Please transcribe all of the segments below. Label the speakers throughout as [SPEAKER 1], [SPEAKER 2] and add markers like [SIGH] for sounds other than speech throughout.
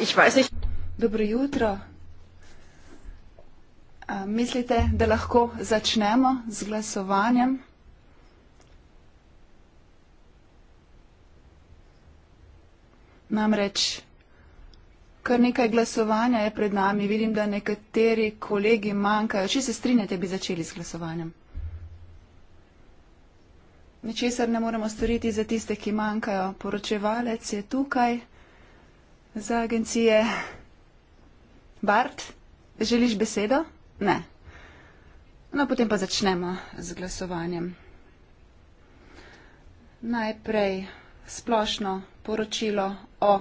[SPEAKER 1] Ich weiß nicht. Dobro jutro. A, mislite, da lahko začnemo z glasovanjem? Namreč kar nekaj glasovanja je pred nami. Vidim, da nekateri kolegi manjkajo. Če se strinjate, bi začeli z glasovanjem. Ničesar ne moremo storiti za tiste, ki manjkajo. Poročevalec je tukaj za agencije. Bart, želiš besedo? Ne. No, potem pa začnemo z glasovanjem. Najprej splošno poročilo o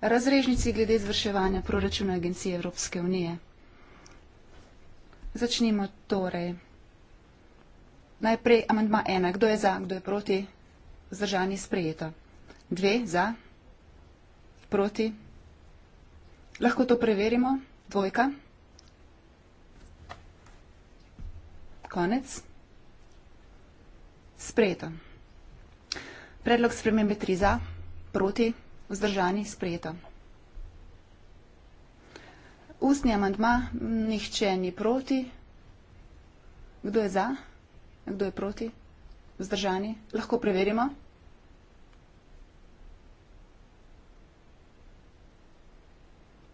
[SPEAKER 1] razrežnici glede izvrševanja proračuna Agencije Evropske unije. Začnimo torej. Najprej amandma ena. Kdo je za, kdo je proti? Zdržanje sprejeto. Dve za, proti. Lahko to preverimo? Dvojka. Konec. Sprejeto. Predlog spremembe 3 za, proti, vzdržani, sprejeto. Ustni amantma, nihče ni proti. Kdo je za, kdo je proti, vzdržani, lahko preverimo.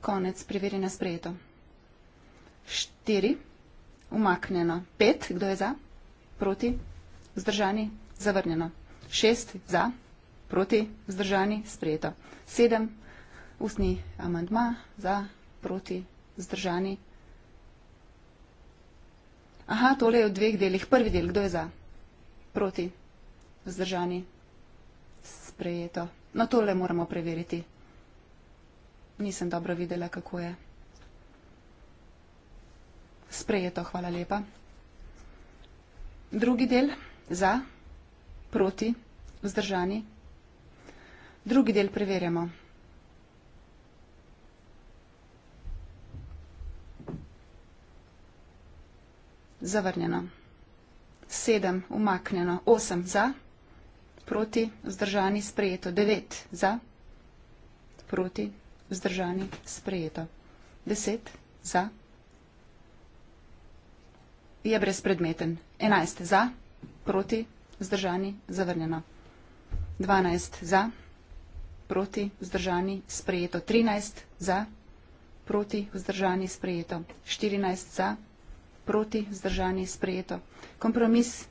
[SPEAKER 1] konec preverjanja sprejeto. Štiri, umaknjeno. Pet, kdo je za? Proti, vzdržani, zavrnjeno. Šest, za, proti, vzdržani, sprejeto. Sedem, ustni amandma, za, proti, vzdržani. Aha, tole je v dveh delih. Prvi del, kdo je za? Proti, vzdržani, sprejeto. No, tole moramo preveriti nisem dobro videla, kako je. Sprejeto, hvala lepa. Drugi del za, proti, vzdržani. Drugi del preverjamo. Zavrnjeno. Sedem umaknjeno. Osem za, proti, vzdržani, sprejeto. Devet za, proti, vzdržani vzdržani, sprejeto. Deset za. Je brezpredmeten. Enajst za, proti, vzdržani, zavrnjeno. Dvanajst za, proti, vzdržani, sprejeto. Trinajst za, proti, vzdržani, sprejeto. Štirinajst za, proti, vzdržani, sprejeto. Kompromis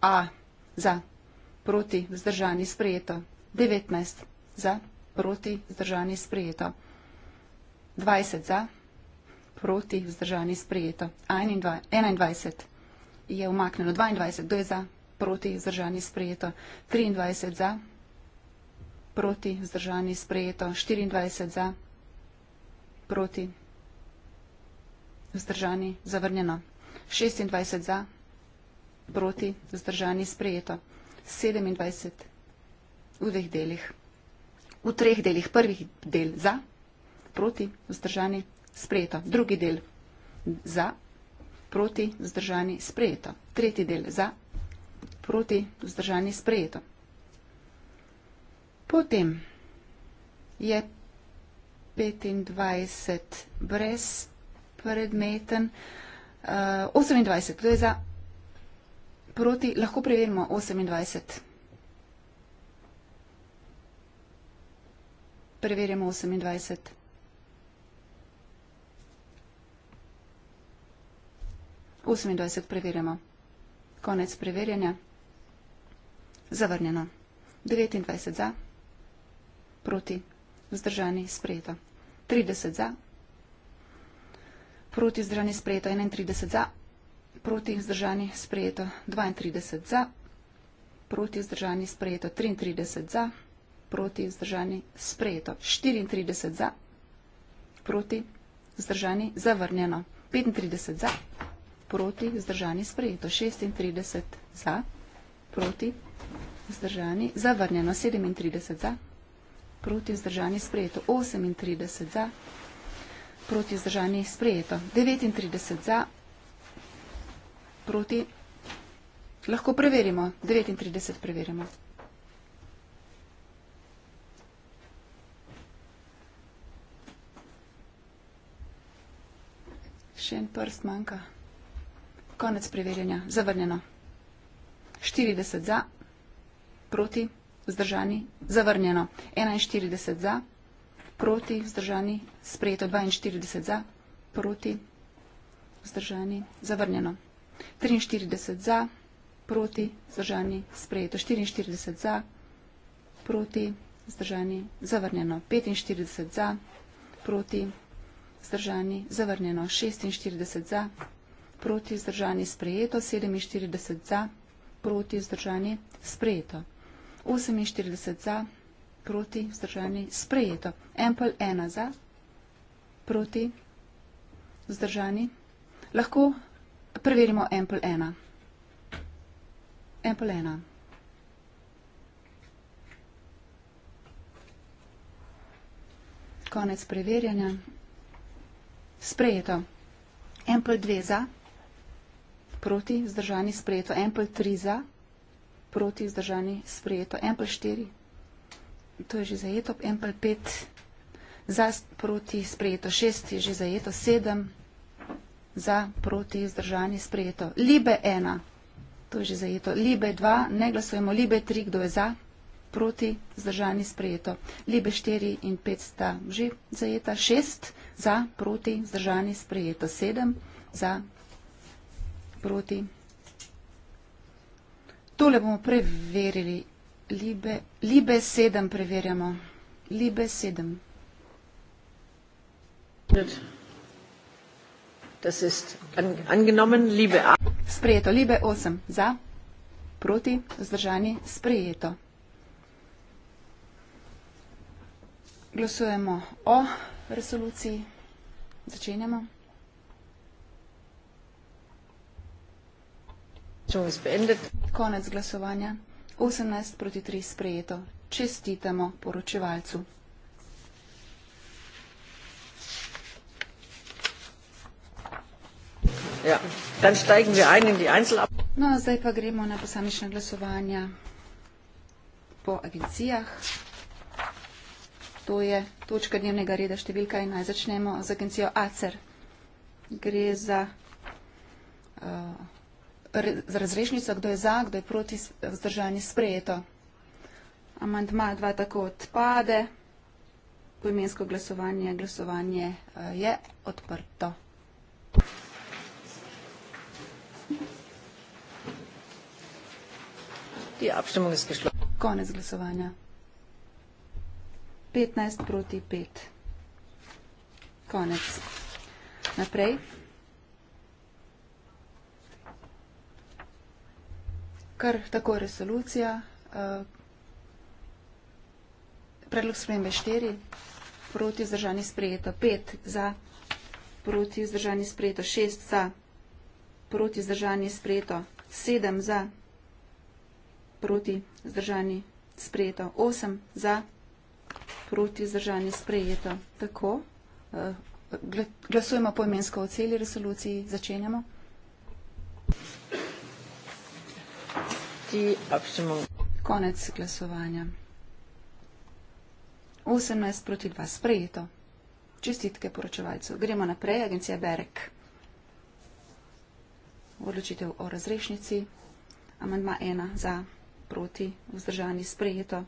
[SPEAKER 1] A za, proti, vzdržani, sprejeto. Devetnajst za, proti, vzdržani, sprejeto proti, vzdržani sprejeto. 20 za, proti, vzdržani sprejeto. 21 je umaknjeno. 22, kdo je za, proti, vzdržani sprejeto. 23 za, proti, vzdržani sprejeto. 24 za, proti, vzdržani zavrnjeno. 26 za, proti, vzdržani sprejeto. 27 v dveh delih v treh delih. Prvi del za, proti, vzdržani, sprejeto. Drugi del za, proti, vzdržani, sprejeto. Tretji del za, proti, vzdržani, sprejeto. Potem je 25 brez predmeten, 28, to je za, proti, lahko preverimo 28. Preverjamo 28. Osemindvajset preverjamo. Konec preverjanja. Zavrnjeno. Devetindvajset za. Proti. Vzdržani. Sprejeto. Trideset za. Proti. Vzdržani. Sprejeto. Enaintrideset za. Proti. Vzdržani. Sprejeto. Dvaintrideset za. Proti. Vzdržani. Sprejeto. Trintrideset za. Proti. Vzdržani. Sprejeto proti zdržani sprejeto, 34 za, proti zdržani zavrnjeno, 35 za, proti zdržani sprejeto, 36 za, proti zdržani zavrnjeno, 37 za, proti zdržani sprejeto, 38 za, proti zdržani sprejeto, 39 za, proti, lahko preverimo, 39 preverimo. še en prst manjka. Konec preverjanja. Zavrnjeno. 40 za, proti, vzdržani, zavrnjeno. 41 za, proti, vzdržani, sprejeto. 42 za, proti, vzdržani, zavrnjeno. 43 za, proti, vzdržani, sprejeto. 44 za, proti, vzdržani, zavrnjeno. 45 za, proti, vzdržani zdržani, zavrnjeno 46 za, proti zdržani sprejeto, 47 za, proti zdržani sprejeto, 48 za, proti zdržani sprejeto, ampel 1 za, proti zdržani, lahko preverimo ampel 1. Ampel 1. Konec preverjanja sprejeto. En plus dve za, proti zdržani sprejeto. En plus tri za, proti zdržani sprejeto. En plus štiri, to je že zajeto. En plus pet za, proti sprejeto. Šest je že zajeto. Sedem za, proti zdržani sprejeto. Libe ena, to je že zajeto. Libe dva, ne glasujemo. Libe tri, kdo je za? proti zdržani sprejeto. Libe 4 in 5 sta že zajeta, 6 Za, proti, zdržani, sprejeto sedem. Za, proti. Tole bomo preverili. Libe, libe sedem preverjamo. Libe sedem. Das ist an, angenommen, liebe A. Sprejeto, liebe 8, za, proti, zdržani, sprejeto. Glasujemo o resoluciji. Začenjamo. Konec glasovanja. 18 proti 3 sprejeto. Čestitamo poročevalcu. Ja, no, zdaj pa gremo na posamična glasovanja po agencijah to je točka dnevnega reda številka in naj začnemo z agencijo ACER. Gre za uh, razrešnico, kdo je za, kdo je proti vzdržanje sprejeto. Amandma dva tako odpade, poimensko glasovanje, glasovanje uh, je odprto. Konec glasovanja. 15 proti 5. Konec. Naprej. Kar tako resolucija. Eh, predlog spremembe 4. Proti vzdržani sprejeto 5 za. Proti vzdržani sprejeto 6 za. Proti vzdržani sprejeto 7 za. Proti vzdržani sprejeto 8 za proti zdržanje sprejeto. Tako, eh, glasujemo po imensko o celi resoluciji, začenjamo. Konec glasovanja. 18 proti 2 sprejeto. Čestitke poročevalcev. Gremo naprej, agencija Berek. Odločitev o razrešnici. Amandma 1 za proti vzdržani sprejeto.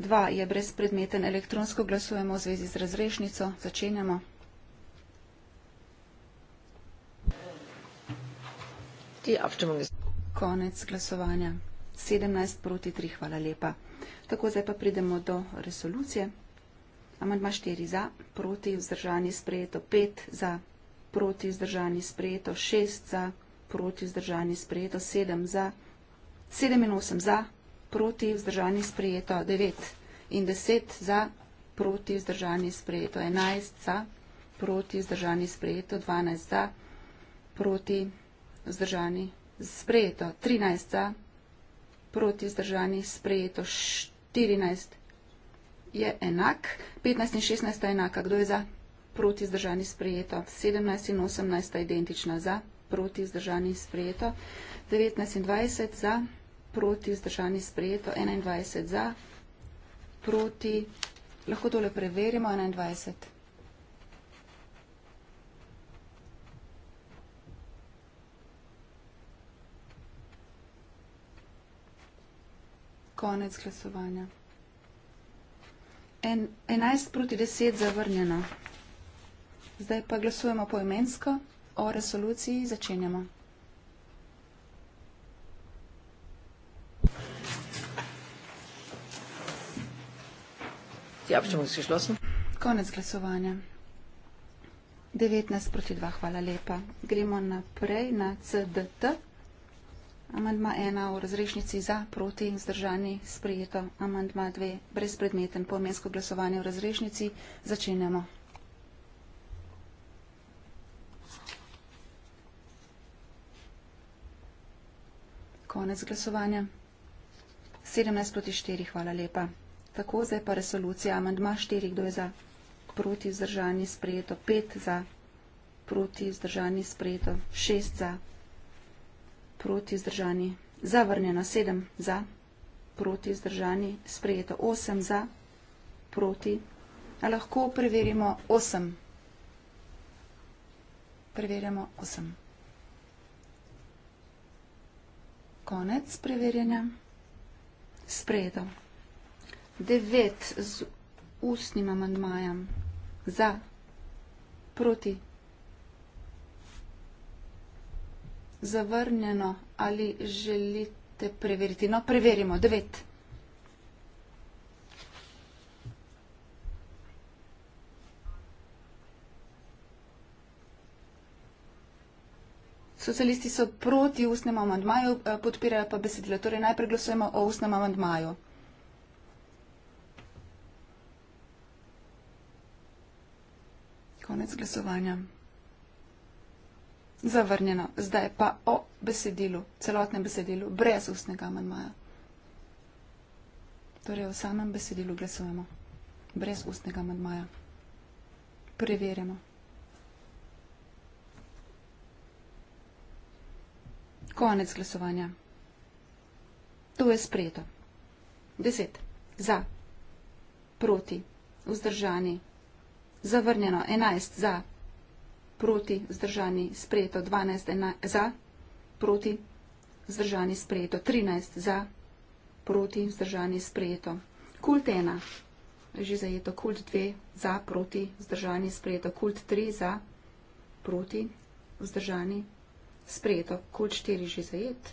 [SPEAKER 1] 2 je brezpredmeten, elektronsko glasujemo v zvezi z razrešnico. Začenjamo. Konec glasovanja. 17 proti 3, hvala lepa. Tako zdaj pa pridemo do resolucije. Amandma 4 za, proti vzdržani sprejeto, 5 za, proti vzdržani sprejeto, 6 za, proti vzdržani sprejeto, 7 za, 7 in 8 za, proti vzdržani sprejeto 9 in 10 za proti vzdržani sprejeto 11 za proti vzdržani sprejeto 12 za proti vzdržani sprejeto 13 za proti vzdržani sprejeto 14 je enak 15 in 16 enaka kdo je za proti vzdržani sprejeto 17 in 18 identična za proti vzdržani sprejeto 19 in 20 za proti vzdržani sprejeto proti vzdržani sprejeto, 21 za, proti, lahko tole preverimo, 21. Konec glasovanja. En, 11 proti 10 zavrnjeno. Zdaj pa glasujemo poimensko o resoluciji, začenjamo. Die
[SPEAKER 2] Abstimmung ist geschlossen.
[SPEAKER 1] Konec glasovanja. 19 proti 2, hvala lepa. Gremo naprej na CDT. Amandma 1 v razrešnici za, proti in zdržani sprejeto. Amandma 2 brezpredmeten. Pomensko glasovanje v razrešnici. Začenjamo. Konec glasovanja. 17 proti 4, hvala lepa. Tako, zdaj pa resolucija. Amandma štiri, kdo je za proti zdržani sprejeto, pet za proti zdržani sprejeto, šest za proti zdržani zavrnjeno, sedem za proti zdržani sprejeto, osem za proti. A lahko preverimo osem. Preverjamo osem. Konec preverjanja. Sprejeto devet z ustnim amandmajem za proti zavrnjeno ali želite preveriti. No, preverimo. Devet. Socialisti so proti ustnemu amandmaju, eh, podpirajo pa besedila. Torej, najprej glasujemo o ustnem amandmaju. Konec glasovanja. Zavrnjeno. Zdaj pa o besedilu, celotnem besedilu, brez ustnega amandmaja. Torej v samem besedilu glasujemo, brez ustnega amandmaja. Preverjamo. Konec glasovanja. To je sprejeto. Deset. Za. Proti. Vzdržani zavrnjeno 11 za, proti zdržani sprejeto 12 ena, za, proti zdržani sprejeto 13 za, proti zdržani sprejeto. Kult 1, že zajeto kult 2 za, proti zdržani sprejeto, kult 3 za, proti zdržani sprejeto, kult 4 že zajet,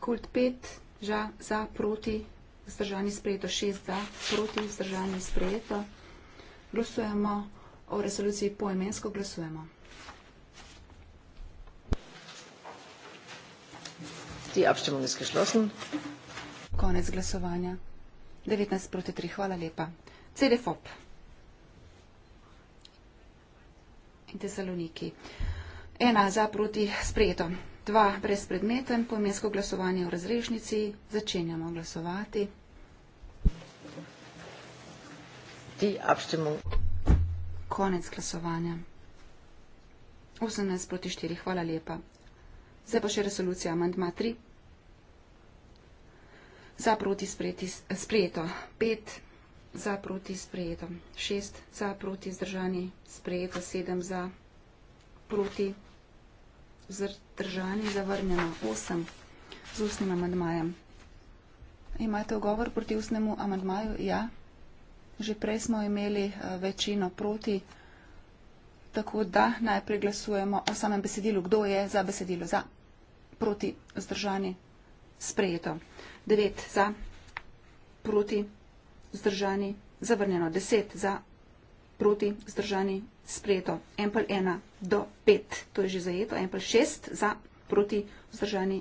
[SPEAKER 1] kult 5 za, za proti. Zdržani sprejeto 6 za, proti zdržani sprejeto. Glasujemo o resoluciji poimensko. Glasujemo.
[SPEAKER 2] Die Abstimmung ist geschlossen.
[SPEAKER 1] Konec glasovanja. 19 proti 3. Hvala lepa. CDFOP in Tesaloniki. Ena za proti sprejeto. Dva brezpredmeten. Poimensko glasovanje o razrešnici. Začenjamo glasovati. Die Abstimmung. Konec glasovanja. 18 proti 4, hvala lepa. Zdaj pa še resolucija, amandma 3. Za proti sprejeti, sprejeto 5, za proti sprejeto 6, za proti zdržani sprejeto 7, za proti zdržani zavrnjeno 8 z ustnim amandmajem. Imate ogovor proti ustnemu amandmaju? Ja. Že prej smo imeli eh, večino proti, tako da najprej glasujemo o samem besedilu. Kdo je za besedilo za? Proti zdržani sprejeto. 9 za, proti zdržani zavrnjeno. 10 za, proti zdržani sprejeto. Empel 1 do 5, to je že zajeto. Empel 6 za, proti zdržani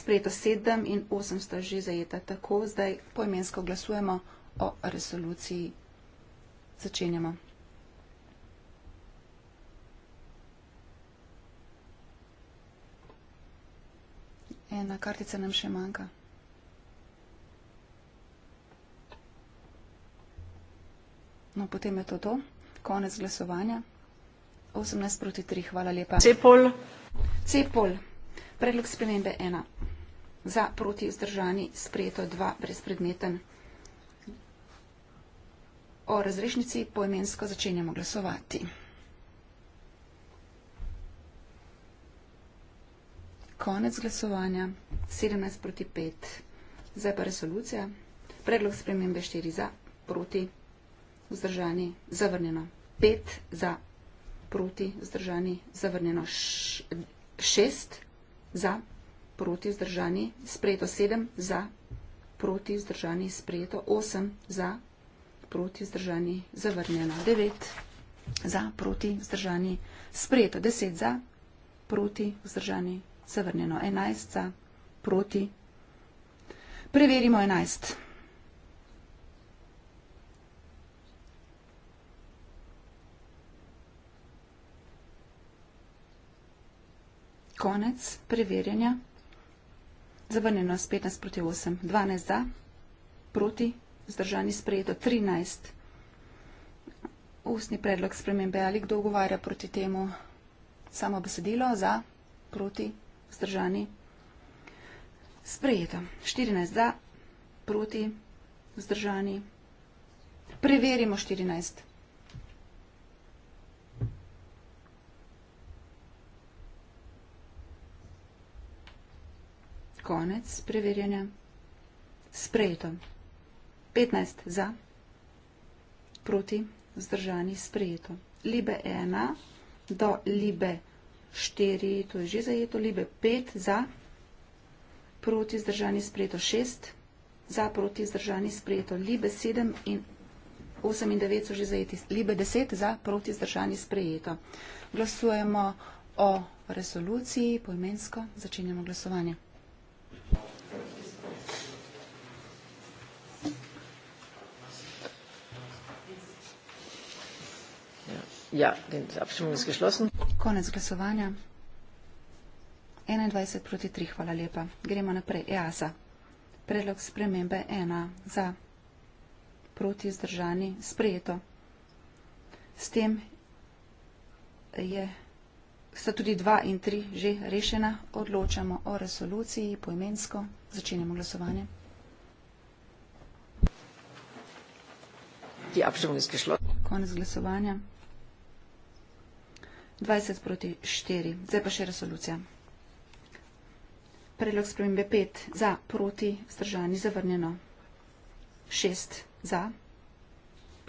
[SPEAKER 1] sprejeto. 7 in 8 sta že zajeta. Tako zdaj poimensko glasujemo o resoluciji. Začenjamo. Ena kartica nam še manjka. No, potem je to to. Konec glasovanja. 18 proti 3. Hvala lepa. Cepol. Cepol. Predlog spremembe 1. Za proti vzdržani sprejeto 2 brezpredmeten o razrešnici poimensko začenjamo glasovati. Konec glasovanja, 17 proti 5. Zdaj pa resolucija. Predlog spremembe 4 za, proti, vzdržani, zavrnjeno. 5 za, proti, vzdržani, zavrnjeno. 6 za, proti, vzdržani, sprejeto. 7 za, proti, vzdržani, sprejeto. 8 za, proti zdržani zavrnjena, 9 za proti zdržani sprejeta, 10 za proti zdržani zavrnjeno, 11 za proti. Preverimo 11. Konec preverjanja. Zavrnjeno je 15 proti 8, 12 za, proti Zdržani sprejeto. 13. Ustni predlog spremembe. Ali kdo ogovarja proti temu? Samo besedilo za, proti, zdržani. Sprejeto. 14. Za, proti, zdržani. Preverimo 14. Konec preverjanja. Sprejeto. 15 za, proti, zdržani, sprejeto. Libe 1 do Libe 4, to je že zajeto, Libe 5 za, proti, zdržani, sprejeto 6, za, proti, zdržani, sprejeto Libe 7 in 8 in 9 so že zajeti, Libe 10 za, proti, zdržani, sprejeto. Glasujemo o resoluciji poimensko, začenjamo glasovanje.
[SPEAKER 2] Ja, den Abstimmung ist geschlossen.
[SPEAKER 1] Konec glasovanja. 21 proti 3, hvala lepa. Gremo naprej. EASA. Predlog spremembe 1 za proti zdržani sprejeto. S tem je, sta tudi 2 in 3 že rešena. Odločamo o resoluciji poimensko. Začenjamo glasovanje. Die Abstimmung ist geschlossen. Konec glasovanja. 20 proti 4. Zdaj pa še resolucija. Predlog spremembe 5 za, proti, vzdržani, zavrnjeno. 6 za,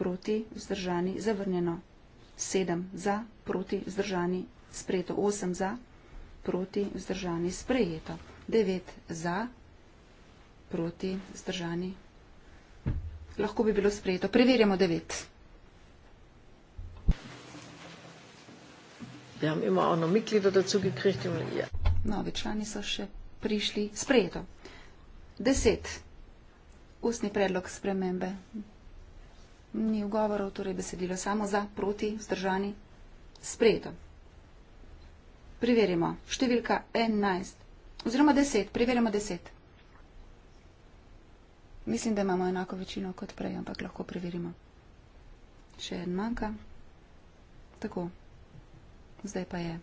[SPEAKER 1] proti, vzdržani, zavrnjeno. 7 za, proti, vzdržani, sprejeto. 8 za, proti, vzdržani, sprejeto. 9 za, proti, vzdržani. Lahko bi bilo sprejeto. Preverjamo 9. Wir haben immer auch noch Mitglieder dazu gekriegt. Ja. Novi člani so še prišli sprejeto. Deset. Ustni predlog spremembe. Ni ugovorov, torej besedilo samo za, proti, vzdržani. Sprejeto. Preverimo. Številka 11. Oziroma 10. Preverimo 10. Mislim, da imamo enako večino kot prej, ampak lahko preverimo. Še en manjka. Tako. Zdaj pa je.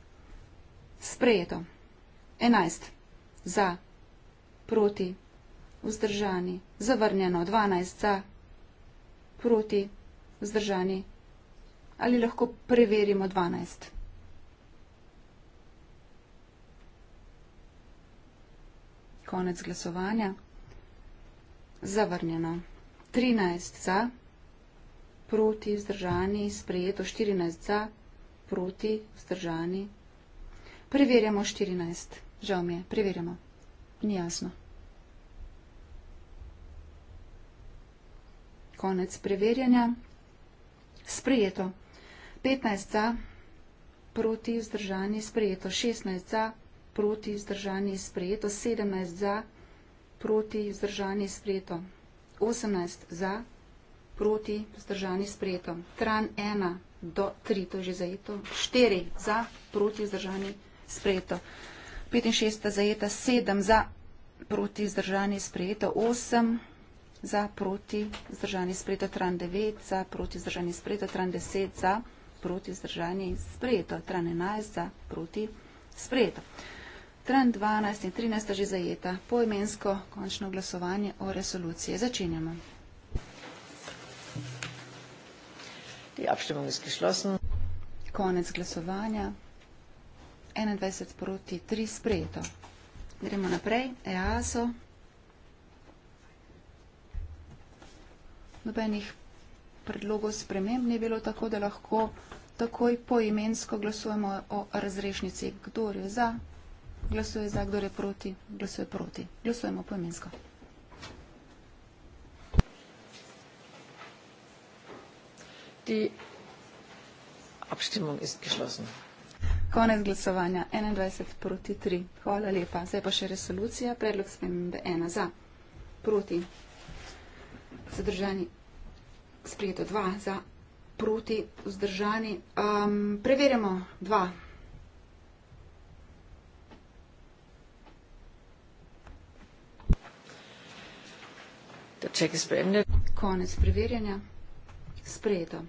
[SPEAKER 1] Sprejeto. Enajst. Za. Proti. Vzdržani. Zavrnjeno. Dvanajst. Za. Proti. Vzdržani. Ali lahko preverimo dvanajst? Konec glasovanja. Zavrnjeno. Trinajst. Za. Proti. Vzdržani. Sprejeto. Štirinajst. Za proti, vzdržani. Preverjamo 14. Žal mi je, preverjamo. Ni jasno. Konec preverjanja. Sprejeto. 15 za, proti, vzdržani, sprejeto. 16 za, proti, vzdržani, sprejeto. 17 za, proti, vzdržani, sprejeto. 18 za, proti, vzdržani, sprejeto. Tran 1, do tri, to je že zajeto, štiri za, proti vzdržani, sprejeto. 65 zajeta, sedem za, proti vzdržani, sprejeto, osem za, proti vzdržani, sprejeto, tran devet za, proti vzdržani, sprejeto, tran deset za, proti vzdržani, sprejeto, tran enajst za, proti sprejeto. Tran 12 in 13 že zajeta, poimensko končno glasovanje o resoluciji. Začenjamo. Die Abstimmung ist geschlossen. Konec glasovanja. 21 proti 3 sprejeto. Gremo naprej. EASO. Nobenih predlogov sprememb ni bilo tako, da lahko takoj poimensko glasujemo o razrešnici. Kdo je za? Glasuje za, kdo je proti? Glasuje proti. Glasujemo poimensko. imensko. Die Abstimmung ist geschlossen. Konec glasovanja 21 proti 3. Hvala lepa. Zdaj pa še resolucija, predlog spremembe 1 za, proti, zadržani, sprijeto 2 za, proti, vzdržani. Um, preverjamo 2. Konec preverjanja. Sprejeto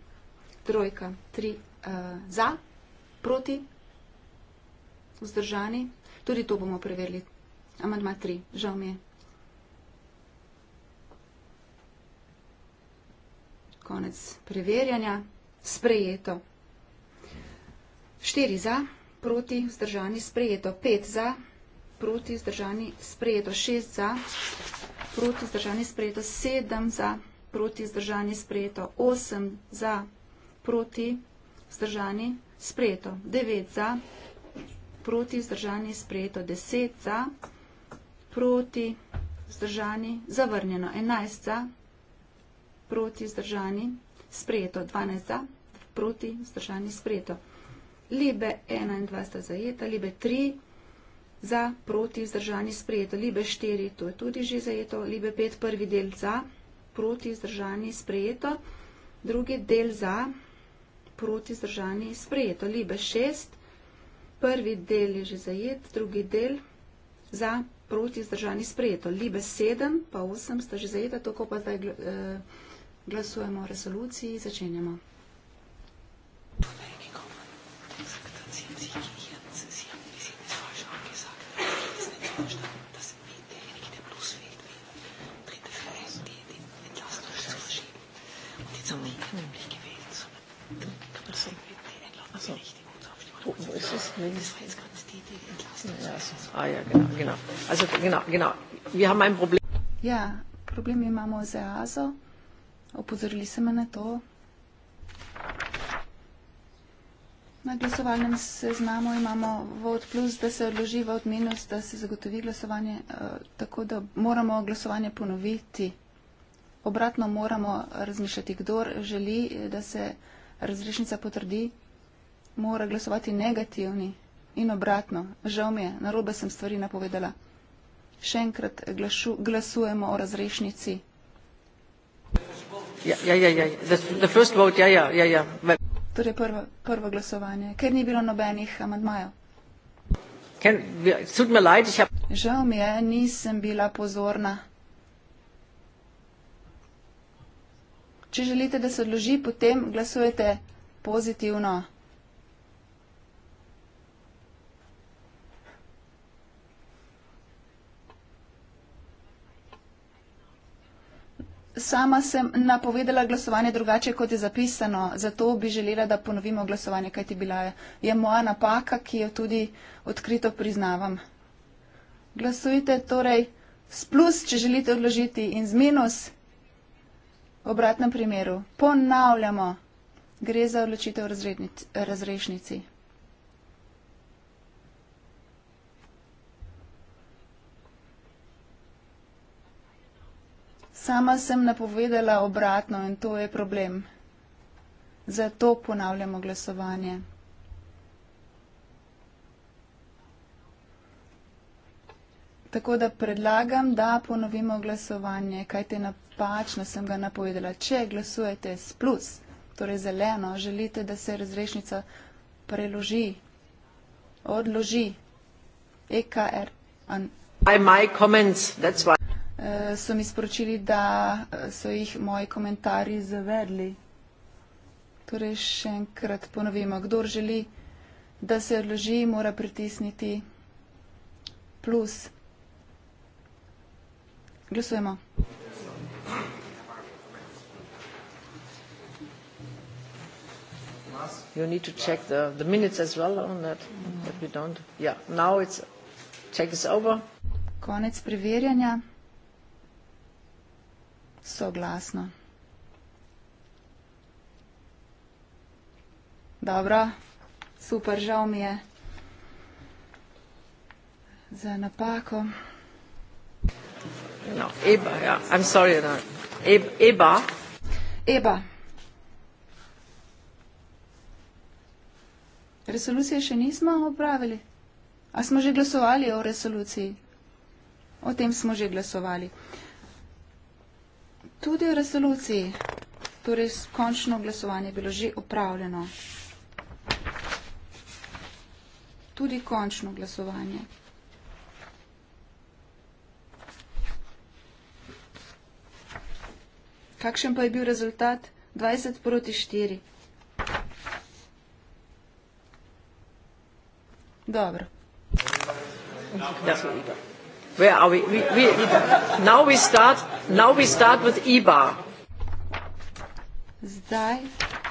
[SPEAKER 1] trojka, tri uh, za, proti, vzdržani. Tudi to bomo preverili. Amandma tri, žal mi je. Konec preverjanja, sprejeto. Štiri za, proti, vzdržani, sprejeto. Pet za, proti, vzdržani, sprejeto. Šest za, proti, vzdržani, sprejeto. Sedem za, proti, vzdržani, sprejeto. Osem za, proti zdržani sprejeto. 9 za, proti zdržani sprejeto. 10 za, proti zdržani zavrnjeno. 11 za, proti zdržani sprejeto. 12 za, proti zdržani sprejeto. Libe 21 zajeta, Libe 3 za, proti zdržani sprejeto. Libe 4, to je tudi že zajeto. Libe 5, prvi del za, proti zdržani sprejeto. Drugi del za, proti zdržani sprejeto proti zdržanje sprejeto. Libe 6, prvi del je že zajet, drugi del za proti zdržanje sprejeto. Libe 7 pa 8 sta že zajeta, tako pa zdaj eh, glasujemo o resoluciji, začenjamo. Tudi.
[SPEAKER 2] Nein, das war jetzt ganz die, die Entlastung. Ja, ist, ah ja, genau, genau. Also genau, genau. Wir haben ein Problem.
[SPEAKER 1] Ja, Problem imamo z EASO. Opozorili se me na to. Na glasovalnem seznamu imamo vod plus, da se odloži vod minus, da se zagotovi glasovanje, eh, tako da moramo glasovanje ponoviti. Obratno moramo razmišljati, kdor želi, eh, da se razrešnica potrdi mora glasovati negativni in obratno. Žal mi je, narobe sem stvari napovedala. Še enkrat glasu, glasujemo o razrešnici.
[SPEAKER 2] Ja, ja, ja, to
[SPEAKER 1] torej je prvo, prvo glasovanje, ker ni bilo nobenih amadmajev. Žal mi je, nisem bila pozorna. Če želite, da se odloži, potem glasujete pozitivno. Sama sem napovedala glasovanje drugače, kot je zapisano, zato bi želela, da ponovimo glasovanje, kajti bila je, je moja napaka, ki jo tudi odkrito priznavam. Glasujte torej s plus, če želite odložiti, in z minus, v obratnem primeru, ponavljamo, gre za odločitev razrešnici. Sama sem napovedala obratno in to je problem. Zato ponavljamo glasovanje. Tako da predlagam, da ponovimo glasovanje, kaj te napačno sem ga napovedala. Če glasujete s plus, torej zeleno, želite, da se razrešnica preloži, odloži. EKR. Er, an... Eh, so mi sporočili, da eh, so jih moji komentarji zavedli. Torej, še enkrat ponovimo. Kdor želi, da se odloži, mora pritisniti plus. Glasujemo.
[SPEAKER 2] You need to check the, the minutes as well on that, that we don't.
[SPEAKER 1] Yeah, now it's check is over. Konec preverjanja soglasno. Dobro, super, žal mi je za napako.
[SPEAKER 3] No,
[SPEAKER 2] Eba, ja, I'm sorry, no. Eba.
[SPEAKER 1] Eba. Resolucije še nismo opravili. A smo že glasovali o resoluciji? O tem smo že glasovali tudi v resoluciji, torej končno glasovanje je bilo že opravljeno. Tudi končno glasovanje. Kakšen pa je bil rezultat? 20 proti 4. Dobro.
[SPEAKER 2] Yeah. Ja. Where are we? We, we, we, now we start. Now we start with EBA.
[SPEAKER 1] Zdaj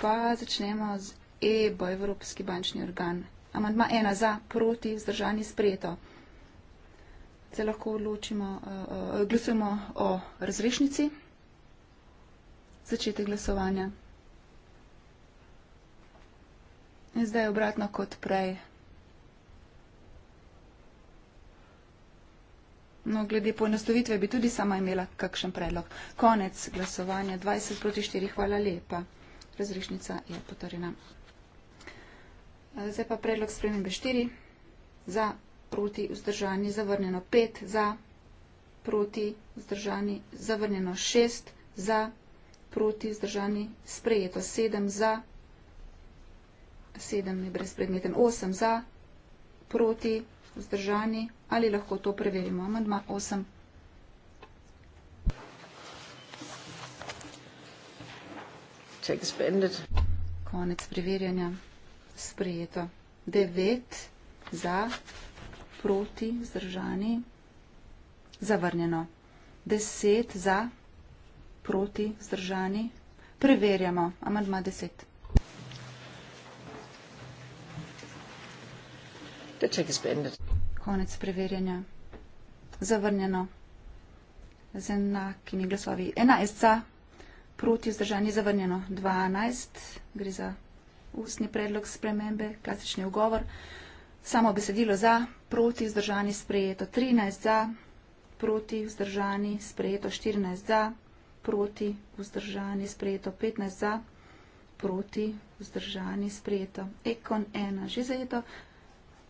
[SPEAKER 1] pa začnemo z EBA, Evropski bančni organ. Amandma ena za, proti, zdržani sprejeto. Se lahko odločimo, uh, glasujemo o razrešnici. Začete glasovanje. In zdaj obratno kot prej. No, glede poenostavitve bi tudi sama imela kakšen predlog. Konec glasovanja 20 proti 4. Hvala lepa. Razrešnica je potrjena. E, zdaj pa predlog spremembe 4. Za proti vzdržani zavrnjeno 5. Za proti vzdržani zavrnjeno 6. Za proti vzdržani sprejeto 7. Za 7 je brezpredmeten 8. Za proti vzdržani 8. Ali lahko to preverimo? Amandma 8. Konec preverjanja. Sprejeto. 9 za, proti, zdržani, zavrnjeno. 10 za, proti, zdržani. Preverjamo. Amandma 10. Der Check ist beendet. Konec preverjanja. Zavrnjeno. Z enakimi glasovi. 11 za, proti vzdržanje zavrnjeno. 12 gre za ustni predlog spremembe, klasični ugovor. Samo besedilo za, proti vzdržanje sprejeto. 13 za, proti vzdržanje sprejeto. 14 za, proti vzdržanje sprejeto. 15 za, proti vzdržanje sprejeto. Ekon 1 že zajeto.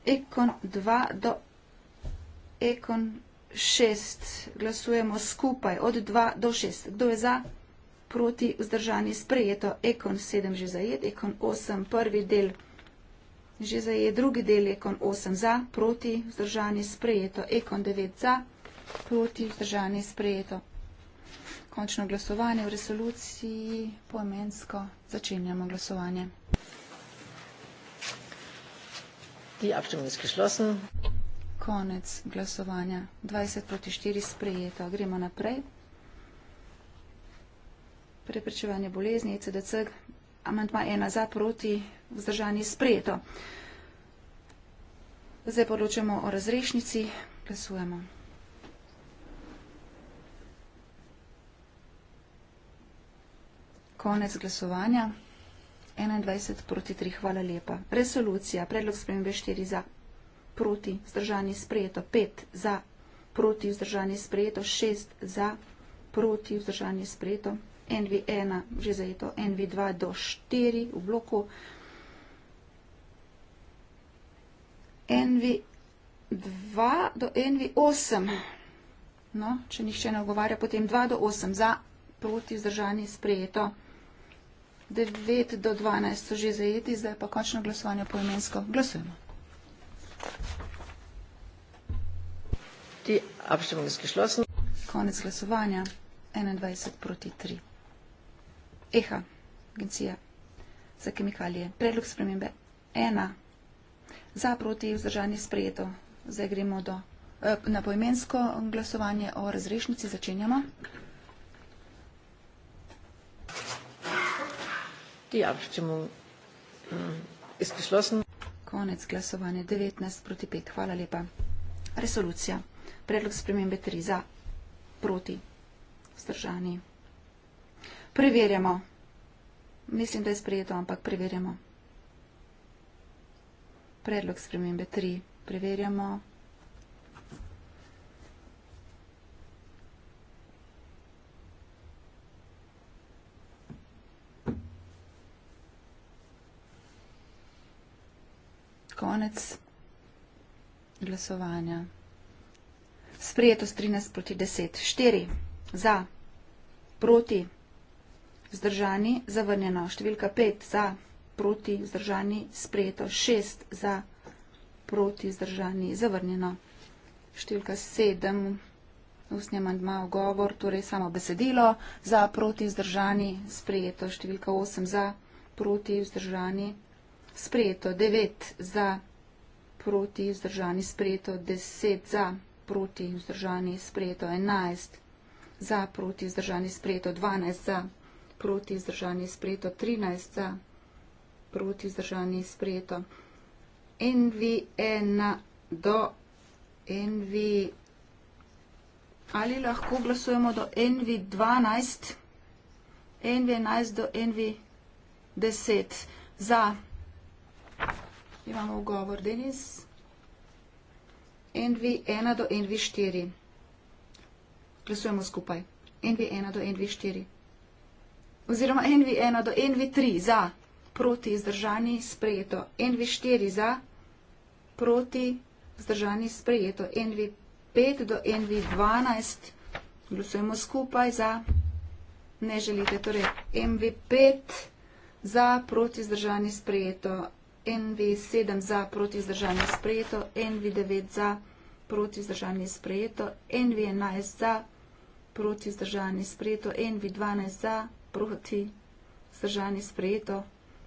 [SPEAKER 1] Ekon 2 do Ekon 6. Glasujemo skupaj od 2 do 6. Kdo je za? Proti vzdržanje sprejeto. Ekon 7 že zajed, Ekon 8 prvi del že zajed, drugi del Ekon 8 za, proti vzdržanje sprejeto. Ekon 9 za, proti vzdržanje sprejeto. Končno glasovanje v resoluciji poemensko začenjamo glasovanje. Die Abstimmung ist geschlossen. Konec glasovanja. 20 proti 4 sprejeto. Gremo naprej. Preprečevanje bolezni, ECDC, amantma 1 za proti vzdržanje sprejeto. Zdaj podločamo o razrešnici. Glasujemo. Konec glasovanja. 21 proti 3, hvala lepa. Resolucija, predlog spremembe 4 za, proti, vzdržani sprejeto, 5 za, proti, vzdržani sprejeto, 6 za, proti, vzdržani sprejeto, NV1, že zajeto, NV2 do 4 v bloku, NV2 do NV8, no, če nihče ne ogovarja, potem 2 do 8 za, proti, vzdržani sprejeto, 6 za, 9 do 12 so že zajeti, zdaj pa končno glasovanje poimensko. Glasujemo. Konec glasovanja. 21 proti 3. EHA, agencija za kemikalije. Predlog spremembe. 1. Za proti vzdržanje sprejeto. Zdaj gremo do, eh, na poimensko glasovanje o razrešnici. Začenjamo. Thank you proti ja, Abščemu. Mm, Izkušlosen. Konec glasovanja 19 proti 5. Hvala lepa. Resolucija. Predlog spremembe 3 za proti vzdržani. Preverjamo. Mislim, da je sprejeto, ampak preverjamo. Predlog spremembe 3. Preverjamo. konec glasovanja. Sprijeto s 13 proti 10. 4 za, proti, zdržani, zavrnjeno. Številka 5 za, proti, zdržani, sprijeto. 6 za, proti, zdržani, zavrnjeno. Številka 7, usnje mandma v govor, torej samo besedilo, za, proti, zdržani, sprijeto. Številka 8 za, proti, vzdržani, sprejeto 9 za, proti vzdržani sprejeto 10 za, proti vzdržani sprejeto 11 za, proti vzdržani sprejeto 12 za, proti vzdržani sprejeto 13 za, proti vzdržani sprejeto NV1 e do NV. Ali lahko glasujemo do NV12, NV11 do NV10 za. Imamo ugovor, Denis. NV1 do NV4. Glasujemo skupaj. NV1 do NV4. Oziroma NV1 do NV3 za, proti, zdržani, sprejeto. NV4 za, proti, zdržani, sprejeto. NV5 do NV12. Glasujemo skupaj za. Ne želite. Torej, MV5 za, proti, zdržani, sprejeto. NV7 za proti vzdržanje sprejeto, NV9 za proti vzdržanje sprejeto, NV11 za proti vzdržanje sprejeto, NV12 za proti vzdržanje sprejeto.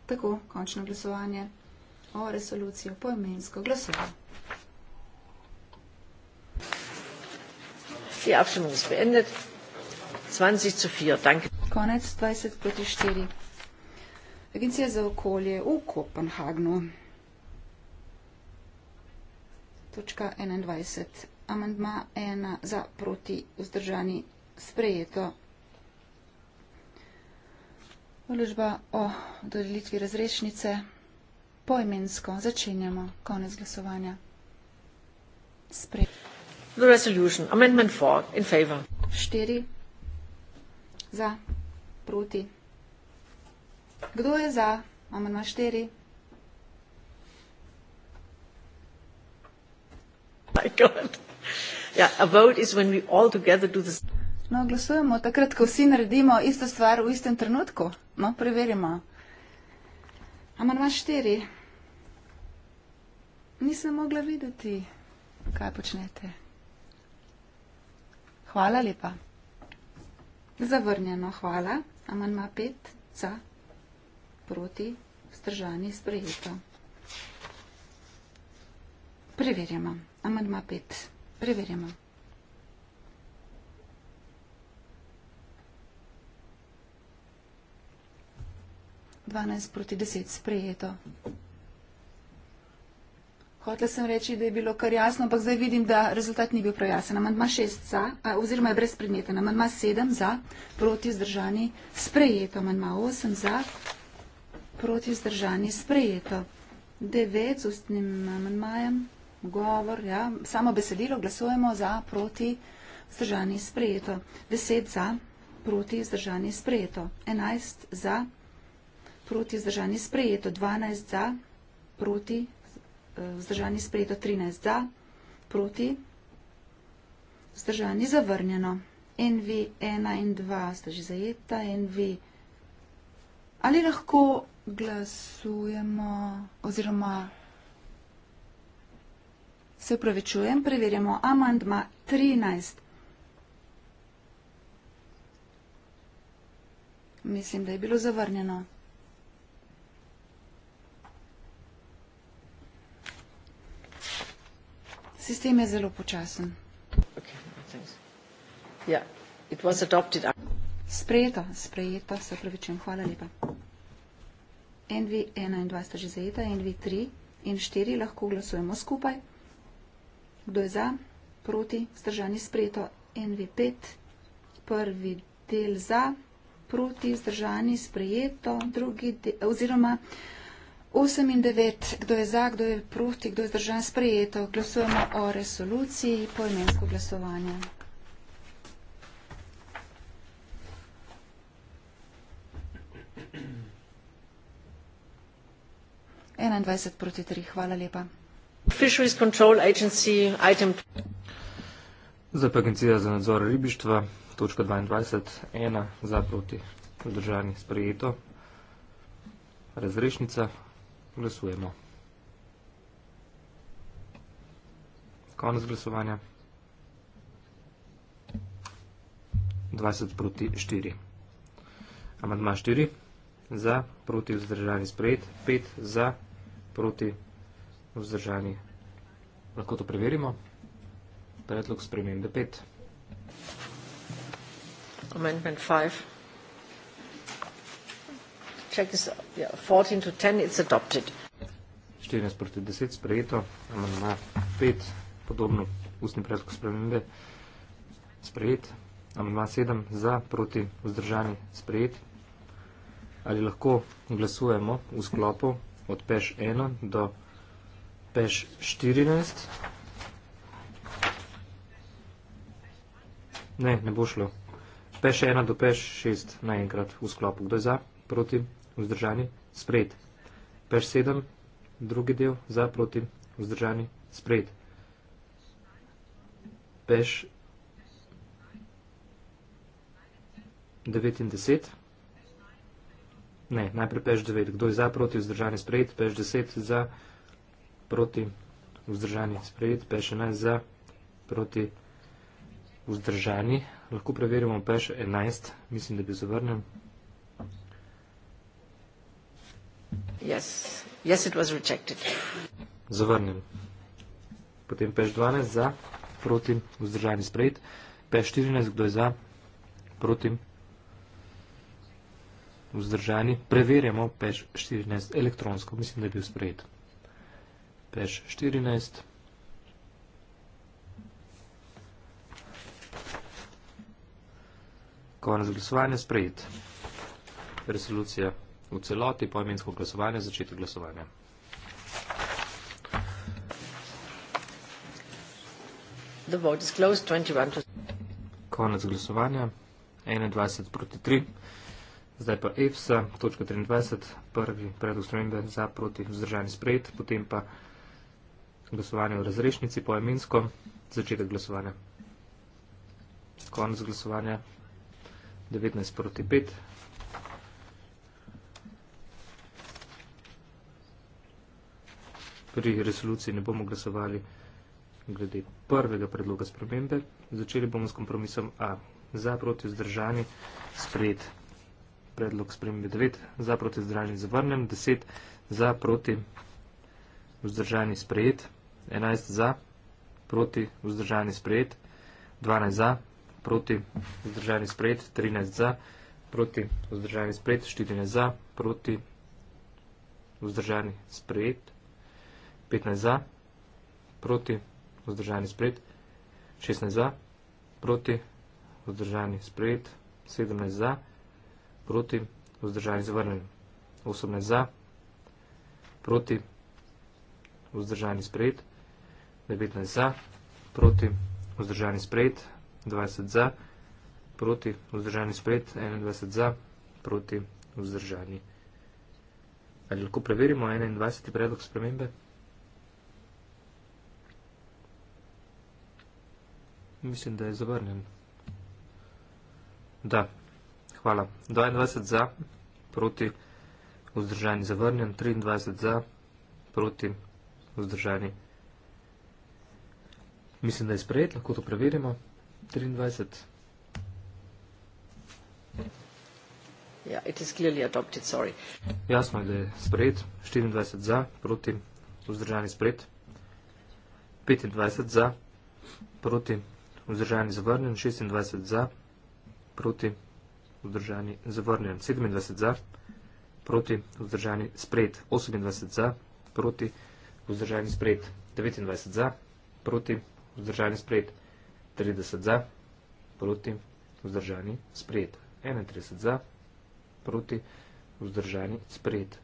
[SPEAKER 1] Tako, končno glasovanje o resoluciji po imensko glasovanje. Die Abstimmung ist beendet.
[SPEAKER 2] 20 zu 4. Danke.
[SPEAKER 1] Konec 20 proti 4. Agencija za okolje v Kopenhagnu. Točka 21. Amandma 1 za proti vzdržani sprejeto. Vložba o dodelitvi razrešnice. Poimensko začenjamo. Konec glasovanja. Sprejeto.
[SPEAKER 2] The resolution. Amendment 4. In favor.
[SPEAKER 1] 4. Za. Proti. Kdo je za? Amen na štiri.
[SPEAKER 2] Yeah, ja,
[SPEAKER 1] no, glasujemo takrat, ko vsi naredimo isto stvar v istem trenutku. No, preverimo. Amen na štiri. Nisem mogla videti, kaj počnete. Hvala lepa. Zavrnjeno, hvala. Amen ima pet za proti, vzdržani, sprejeto. Preverjamo. Amandma 5. Preverjamo. Dvanajst proti deset sprejeto. Hotla sem reči, da je bilo kar jasno, ampak zdaj vidim, da rezultat ni bil prejasen. Amandma šest za, a, oziroma je brez predmeta. Amandma sedem za, proti vzdržani, sprejeto. Amandma osem za, proti zdržanje sprejeto. Devet z ustnim amandmajem, govor, ja, samo besedilo glasujemo za proti zdržanje sprejeto. Deset za proti zdržanje sprejeto. Enajst za proti zdržanje sprejeto. Dvanajst za proti eh, zdržanje sprejeto. Trinajst za proti zdržanje zavrnjeno. NV1 in 2 sta že zajeta. NV. Ali lahko glasujemo, oziroma se upravičujem, preverjamo amandma 13. Mislim, da je bilo zavrnjeno. Sistem je zelo počasen.
[SPEAKER 2] Okay, yeah,
[SPEAKER 1] sprejeto, sprejeto, se upravičujem. Hvala lepa. NV21 že zajeta, NV3 in 4 lahko glasujemo skupaj. Kdo je za? Proti? Zdržani sprejeto. NV5, prvi del za, proti? Zdržani sprejeto. Drugi del, oziroma 8 in 9, kdo je za, kdo je proti, kdo je zdržan sprejeto. Glasujemo o resoluciji po imensko glasovanje. enaindvajset proti tri hvala lepa
[SPEAKER 4] Zdaj pa Agencija za nadzor ribištva, točka 22, 1 za proti vzdržanje sprejeto. Razrešnica, glasujemo. Konec glasovanja. 20 proti 4. Amadma 4, za proti vzdržanje sprejet, 5 za 4 proti vzdržani. Lahko to preverimo. Predlog spremembe 5.
[SPEAKER 2] Amendment 5. Check is yeah, 14 to 10, it's adopted.
[SPEAKER 4] 14 proti 10, sprejeto. Amendment 5, podobno ustni predlog spremembe, sprejet. Amendment 7, za, proti, vzdržani, sprejet. Ali lahko glasujemo v sklopu od peš 1 do peš 14. Ne, ne bo šlo. Peš 1 do peš 6 naenkrat v sklopu. Kdo je za, proti, vzdržani, sprejet. Peš 7, drugi del, za, proti, vzdržani, sprejet. Peš 9 in 10. Ne, najprej peš 9. Kdo je za proti vzdržanje sprejet, peš 10 za proti vzdržanje sprejet, peš 11 za proti vzdržanje. Lahko preverimo peš 11, mislim, da bi zavrnem.
[SPEAKER 2] Yes. Yes, it was rejected.
[SPEAKER 4] Zavrnem. Potem peš 12 za proti vzdržanje sprejet, peš 14, kdo je za proti vzdržanje sprejet vzdržani, preverjamo peš 14 elektronsko. Mislim, da je bil sprejet. Peš 14. Konec glasovanja sprejet. Resolucija v celoti, poimensko glasovanje, začetek glasovanja.
[SPEAKER 2] The vote is closed, 21.
[SPEAKER 4] Konec glasovanja. 21 proti 3. Zdaj pa EFSA, točka 23, prvi predlog spremembe za proti vzdržani sprejet, potem pa glasovanje v razrešnici po eminsko, začetek glasovanja. Konec glasovanja, 19 proti 5. Pri resoluciji ne bomo glasovali glede prvega predloga spremembe. Začeli bomo s kompromisom A. Za proti vzdržani sprejet predlog spremembe 9, za proti zdražen zavrnem, 10 za proti vzdržani sprejet, 11 za proti vzdržani sprejet, 12 za proti vzdržani sprejet, 13 za proti vzdržani sprejet, 14 za proti vzdržani sprejet, 15 za proti vzdržani sprejet, 16 za proti vzdržani sprejet, 17 za proti vzdržani sprejet proti, vzdržani zavrnjeni. 18 za, proti, vzdržani sprejet, 19 za, proti, vzdržani sprejet, 20 za, proti, vzdržani sprejet, 21 za, proti, vzdržani. Ali lahko preverimo 21. predlog spremembe? Mislim, da je zavrnjen. Da, Hvala. 22 za, proti, vzdržani zavrnjen, 23 za, proti, vzdržani. Mislim, da je sprejet, lahko to preverimo. 23.
[SPEAKER 2] Ja, it is clearly adopted, sorry.
[SPEAKER 4] Jasno je, da je sprejet, 24 za, proti, vzdržani sprejet, 25 za, proti, vzdržani zavrnjen, 26 za, proti, vzdržani zavrnjen vzdržani, zavrnjen 27 za, proti vzdržani sprejet 28 za, proti vzdržani sprejet 29 za, proti vzdržani sprejet 30 za, proti vzdržani sprejet 31 za, proti vzdržani sprejet.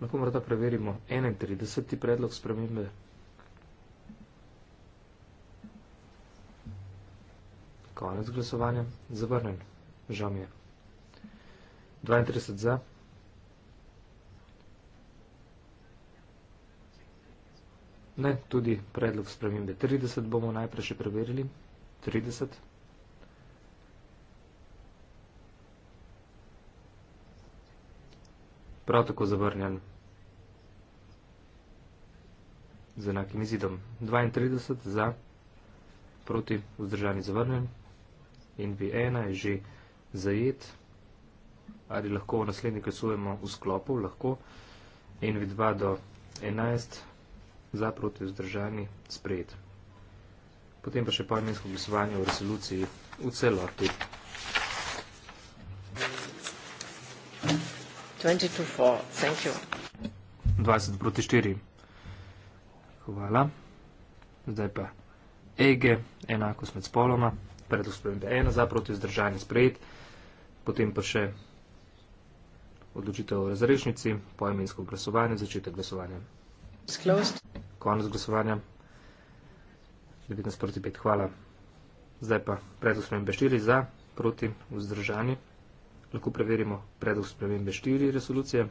[SPEAKER 4] Lahko morda preverimo 31. predlog spremembe Konec glasovanja. Zavrnen. Žal mi je. 32 za. Ne, tudi predlog spremembe 30 bomo najprej še preverili. 30. Prav tako zavrnjen. Z enakim izidom. 32 za, proti, vzdržani zavrnjen in V1 je že zajet. Ali lahko v naslednji kasujemo v sklopu? Lahko. In V2 do 11 za proti vzdržani sprejet. Potem pa še parmensko glasovanje v resoluciji v celoti. 20 proti 4. Hvala. Zdaj pa Ege, enakost med spoloma predlog spremembe ena za proti vzdržanje sprejet, potem pa še odločitev o razrešnici, poimensko glasovanje, začetek glasovanja. Sklost. Konec glasovanja. 19 proti 5, hvala. Zdaj pa predlog spremembe 4 za proti vzdržanje. Lahko preverimo predlog spremembe 4 resolucije.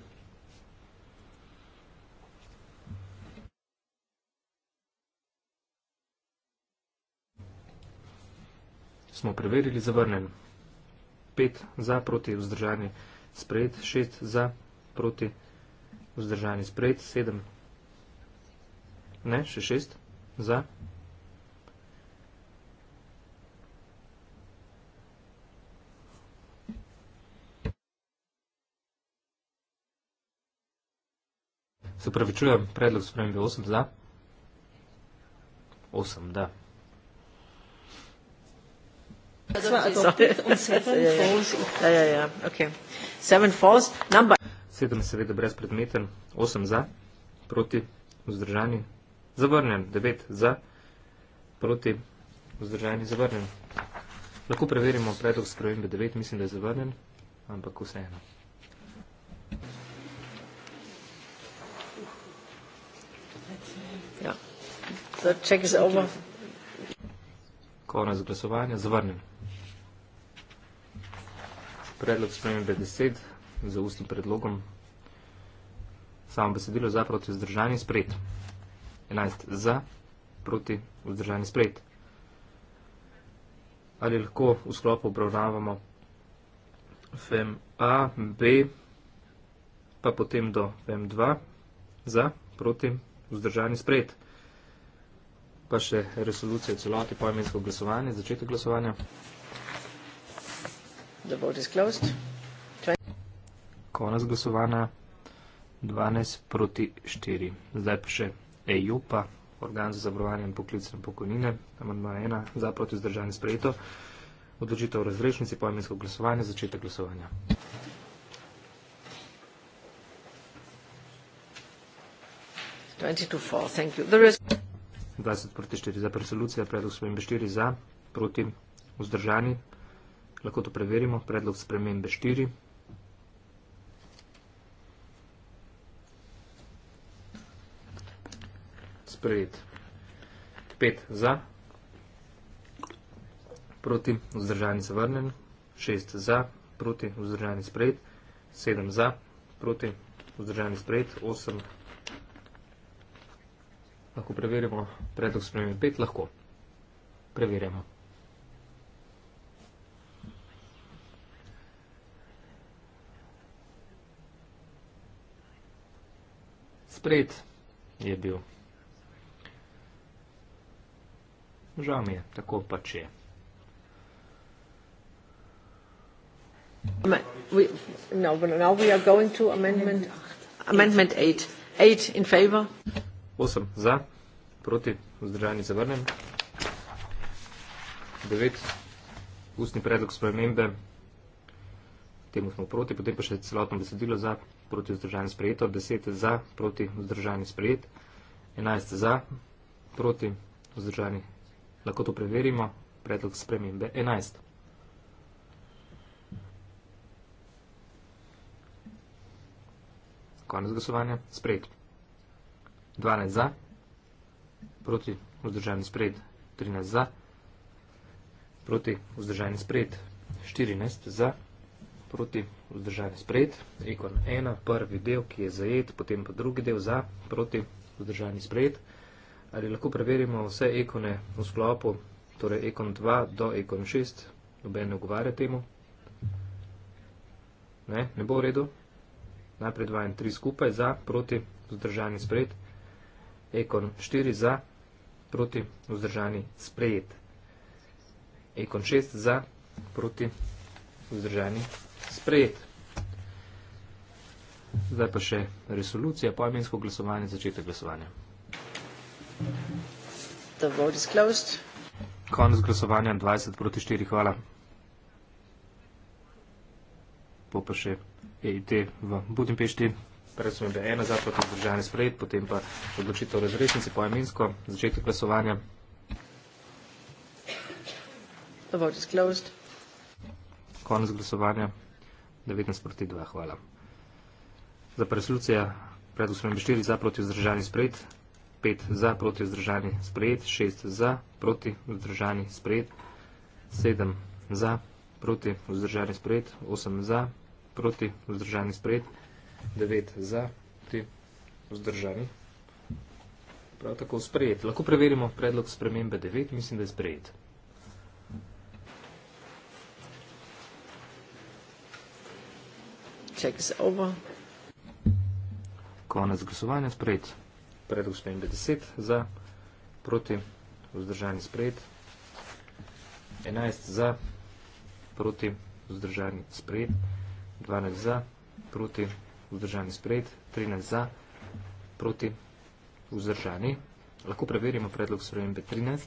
[SPEAKER 4] smo preverili zavrnen. 5 za proti vzdržani sprejet, 6 za proti vzdržani sprejet, 7. Ne, še 6 za. Se pravičujem, predlog spremembe 8 za. 8, da.
[SPEAKER 3] Das war also Sorry. Und Seven [LAUGHS] ja, ja, ja. Falls.
[SPEAKER 2] Ja, ja, ja, okay. Seven Falls, number.
[SPEAKER 4] Sedem seveda brezpredmeten, osem za, proti, vzdržani, zavrnjen, devet za, proti, vzdržani, zavrnjen. Lahko preverimo predlog spremembe 9, mislim, da je zavrnjen, ampak vseeno. Ja. Konec glasovanja, zavrnjen predlog spremembe 10 za ustnim predlogom. Samo besedilo za proti vzdržanje spred. 11 za proti vzdržanje spred. Ali lahko v sklopu obravnavamo FEM A, B, pa potem do FEM 2 za proti vzdržanje spred. Pa še resolucija celoti pojmensko glasovanje, začetek glasovanja.
[SPEAKER 2] The vote is closed. 20.
[SPEAKER 4] Konec glasovanja 12 proti 4. Zdaj pa še EJUPA, organ za zavarovanje in poklicne pokojnine. Amandma 1 za proti zdržanje sprejeto. Odločitev o razrešnici pojemensko glasovanje, začetek glasovanja.
[SPEAKER 2] Thank you. There is...
[SPEAKER 4] 20 proti 4 za resolucija, predlog spremembe 4 za, proti vzdržani lahko to preverimo, predlog spremembe 4. Sprejet. 5 za, proti, vzdržani zavrnen, 6 za, proti, vzdržani sprejet, 7 za, proti, vzdržani sprejet, 8. Lahko preverimo predlog spremembe 5, lahko. Preverjamo. sprejet je bil. Žal mi je, tako pač je. No, Osem za, proti, vzdržani zavrnem. Devet, ustni predlog spremembe temu smo proti, potem pa še celotno besedilo za, proti vzdržanju sprejeto, 10 za, proti vzdržanju sprejet, 11 za, proti vzdržanju. Lahko to preverimo, predlog spremembe 11. Konec glasovanja, sprejet. 12 za, proti vzdržanju sprejet, 13 za, proti vzdržanju sprejet, 14 za proti, vzdržanje sprejet, ikon 1, prvi del, ki je zajet, potem pa drugi del za, proti, vzdržanje sprejet. Ali lahko preverimo vse ikone v sklopu, torej ikon 2 do ikon 6, noben ne ugovarja temu. Ne, ne bo v redu. Najprej 2 in 3 skupaj za, proti, vzdržanje sprejet. Ikon 4 za, proti, vzdržanje sprejet. Ikon 6 za, proti, vzdržanje sprejet sprejet. Zdaj pa še resolucija, poimensko glasovanje, začetek glasovanja. Konec glasovanja 20 proti 4, hvala. Po pa še EIT v Budimpešti. Prej smo imeli ena zapor, ki je držani sprejet, potem pa odločitev razrešnice poimensko, začetek glasovanja.
[SPEAKER 2] The vote is closed.
[SPEAKER 4] Konec glasovanja 19 proti 2. Hvala. Za resolucija predlog spremembe 4 za proti vzdržani sprejet, 5 za proti vzdržani sprejet, 6 za proti vzdržani sprejet, 7 za proti vzdržani sprejet, 8 za proti vzdržani sprejet, 9 za proti vzdržani. Prav tako sprejet. Lahko preverimo predlog spremembe 9, mislim, da je sprejet.
[SPEAKER 2] takes over.
[SPEAKER 4] Konec glasovanja sprejet. Predlog spremembe 10 za, proti, vzdržani sprejet. 11 za, proti, vzdržani sprejet. 12 za, proti, vzdržani sprejet. 13 za, proti, vzdržani. Lahko preverimo predlog spremembe 13.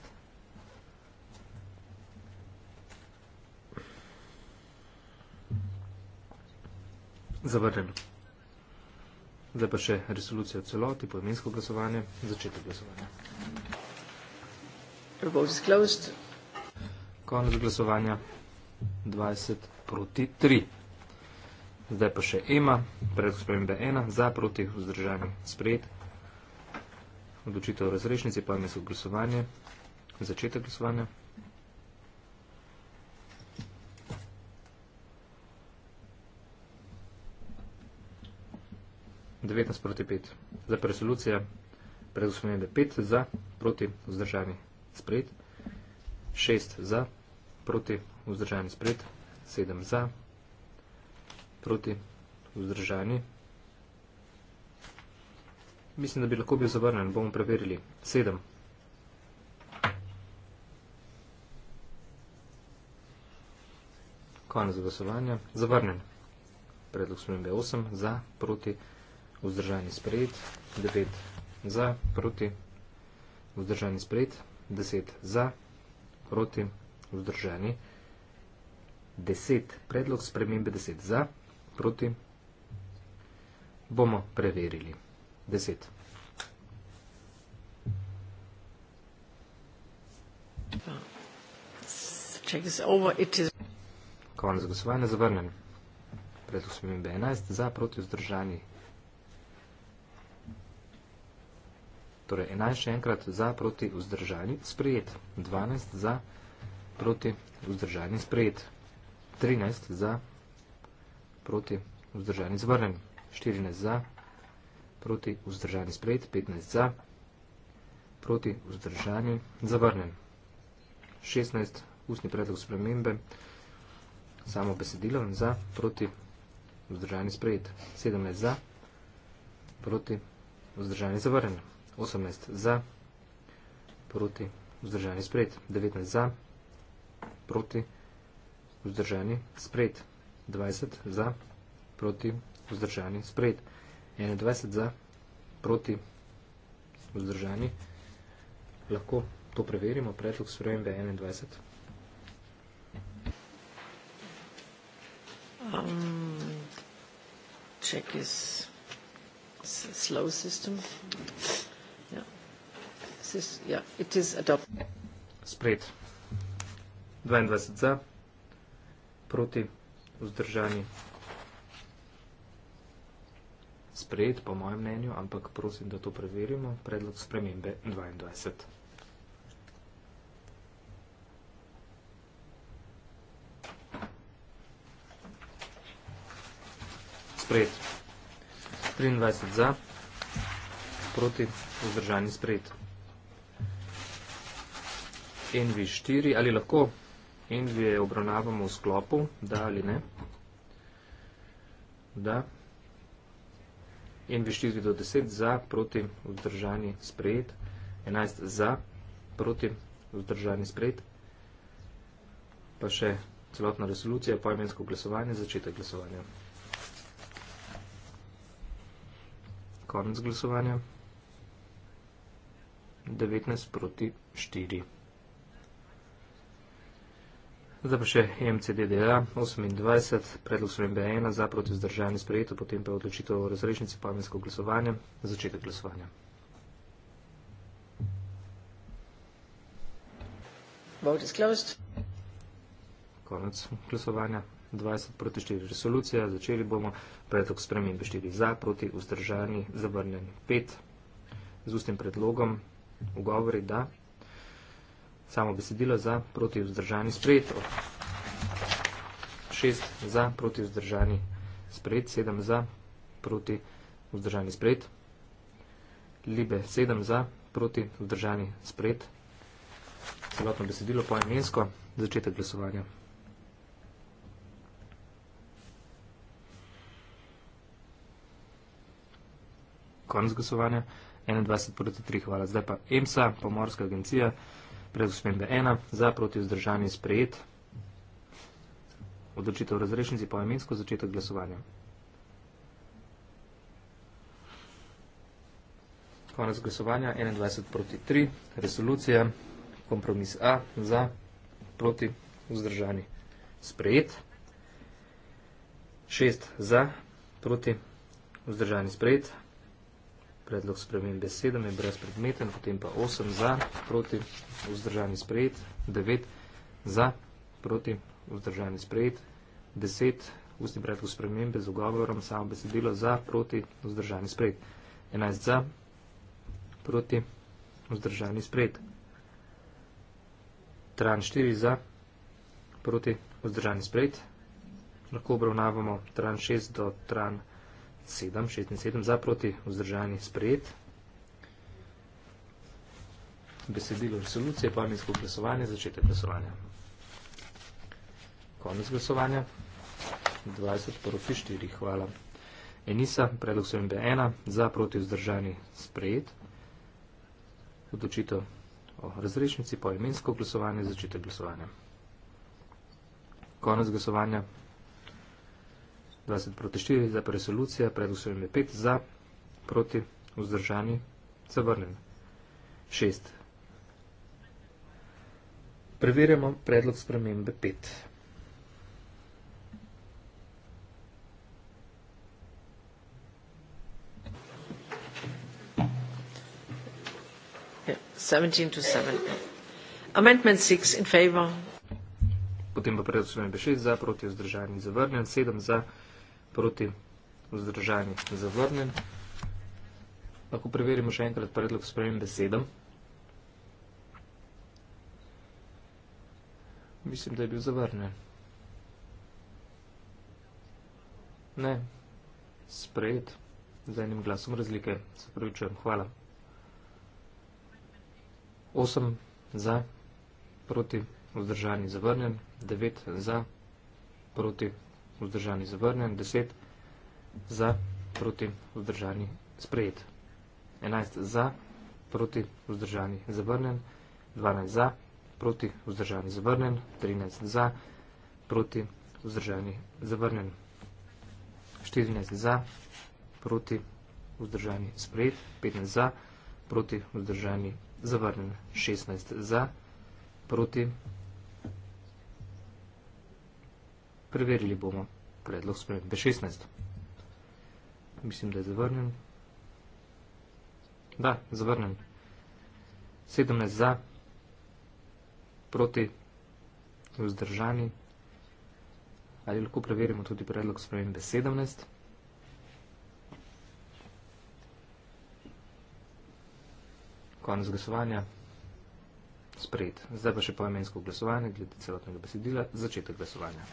[SPEAKER 4] zavrnjeno. Zdaj pa še resolucija v celoti, poimensko glasovanje, začetek glasovanja. Proposed closed. Konec glasovanja 20 proti 3. Zdaj pa še EMA, predlog spremembe 1, za proti vzdržanje sprejet. Odločitev razrešnice, poimensko glasovanje, začetek glasovanja. 19 proti 5. Za resolucije predusmenjene 5 za, proti vzdržani spred, 6 za, proti vzdržani spred, 7 za, proti vzdržani. Mislim, da bi lahko bil zavrnen, bomo preverili. 7. Konec glasovanja. Zavrnen. Predlog smembe 8 za, proti vzdržani spred vzdržani sprejet, 9 za, proti, vzdržani sprejet, 10 za, proti, vzdržani, 10 predlog spremembe, 10 za, proti, bomo preverili, 10. Konec glasovanja, zavrnem. Predlog spremembe 11, za, proti, vzdržani 10. Torej, 11 še enkrat za proti vzdržanji sprejet, 12 za proti vzdržanji sprejet, 13 za proti vzdržanji zvrnen, 14 za proti vzdržanji sprejet, 15 za proti vzdržanji zavrnen, 16 ustni predlog spremembe, samo besedilo za proti vzdržanji sprejet, 17 za proti vzdržanji zavrnen. 18 za, proti, vzdržani, sprejet. 19 za, proti, vzdržani, sprejet. 20 za, proti, vzdržani, sprejet. 21 za, proti, vzdržani. Lahko to preverimo, predlog sprejem v 21.
[SPEAKER 2] Um, check his slow system. Mm -hmm.
[SPEAKER 4] Sprejet. 22 za, proti, vzdržani. Sprejet, po mojem mnenju, ampak prosim, da to preverimo. Predlog spremembe 22. Sprejet. 23 za, proti, vzdržani sprejet. NV4, ali lahko NV obravnavamo v sklopu, da ali ne. Da. NV4 do 10 za, proti, vzdržani, sprejet. 11 za, proti, vzdržani, sprejet. Pa še celotna resolucija, poimensko glasovanje, začetek glasovanja. Konec glasovanja. 19 proti 4. Zdaj pa še MCDDA 28, predlog spremembe 1 za proti zdržanje sprejeto, potem pa odločitev o razrešnici pametnega glasovanja, začetek glasovanja. Vote is closed. Konec glasovanja. 20 proti 4 resolucija. Začeli bomo predlog spremembe 4 za proti vzdržani zavrnjen 5. Z ustnim predlogom ugovori da. Samo besedilo za proti vzdržani sprejeto. Šest za proti vzdržani sprejet, sedem za proti vzdržani sprejet. Libe sedem za proti vzdržani sprejet. Celotno besedilo poimensko, začetek glasovanja. Konec glasovanja, 21 proti 3, hvala. Zdaj pa EMSA, Pomorska agencija brez usmembe 1, za proti vzdržanje sprejet, odločitev razrešnici po imensko začetek glasovanja. Konec glasovanja, 21 proti 3, resolucija, kompromis A, za proti vzdržanje sprejet, 6 za proti vzdržanje sprejet, predlog spremen besedami brezpredmeten, potem pa 8 za, proti, vzdržani sprejet, 9 za, proti, vzdržani sprejet, 10 ustni predlog spremembe z ugovorom, samo besedilo za, proti, vzdržani sprejet, 11 za, proti, vzdržani sprejet, tran 4 za, proti, vzdržani sprejet, lahko obravnavamo tran 6 do tran 6. 7, 6 in 7 za proti vzdržani sprejet. Besedilo resolucije, pametsko glasovanje, začetek glasovanja. Konec glasovanja. 20 proti 4, hvala. Enisa, predlog sem B1, za proti vzdržani sprejet. Odločitev o razrešnici, poimensko glasovanje, začetek glasovanja. Konec glasovanja. 20 proti 4 za resolucije, pred vsem je 5 za, proti vzdržani, zavrnjen. 6. Preverjamo predlog spremembe 5. Potem pa predlog spremembe 6 za, proti vzdržani, zavrnjen. 7 za proti vzdržanje zavrnen. Lahko preverimo še enkrat predlog spremembe 7. Mislim, da je bil zavrnen. Ne, sprejet z enim glasom razlike. Se pravi, čujem. Hvala. 8 za, proti vzdržanje zavrnen, 9 za, proti vzdržanje vzdržani zavrnjen, 10 za, proti vzdržani sprejet. 11 za, proti vzdržani zavrnjen, 12 za, proti vzdržani zavrnjen, 13 za, proti vzdržani zavrnjen, 14 za, proti vzdržani sprejet, 15 za, proti vzdržani zavrnjen, 16 za, proti vzdržani zavrnjen. Preverili bomo predlog spremembe 16. Mislim, da je zavrnen. Da, zavrnen. 17 za, proti, vzdržani. Ali lahko preverimo tudi predlog spremembe 17? Konec glasovanja. Sprejet. Zdaj pa še poemensko glasovanje glede celotnega besedila. Začetek glasovanja.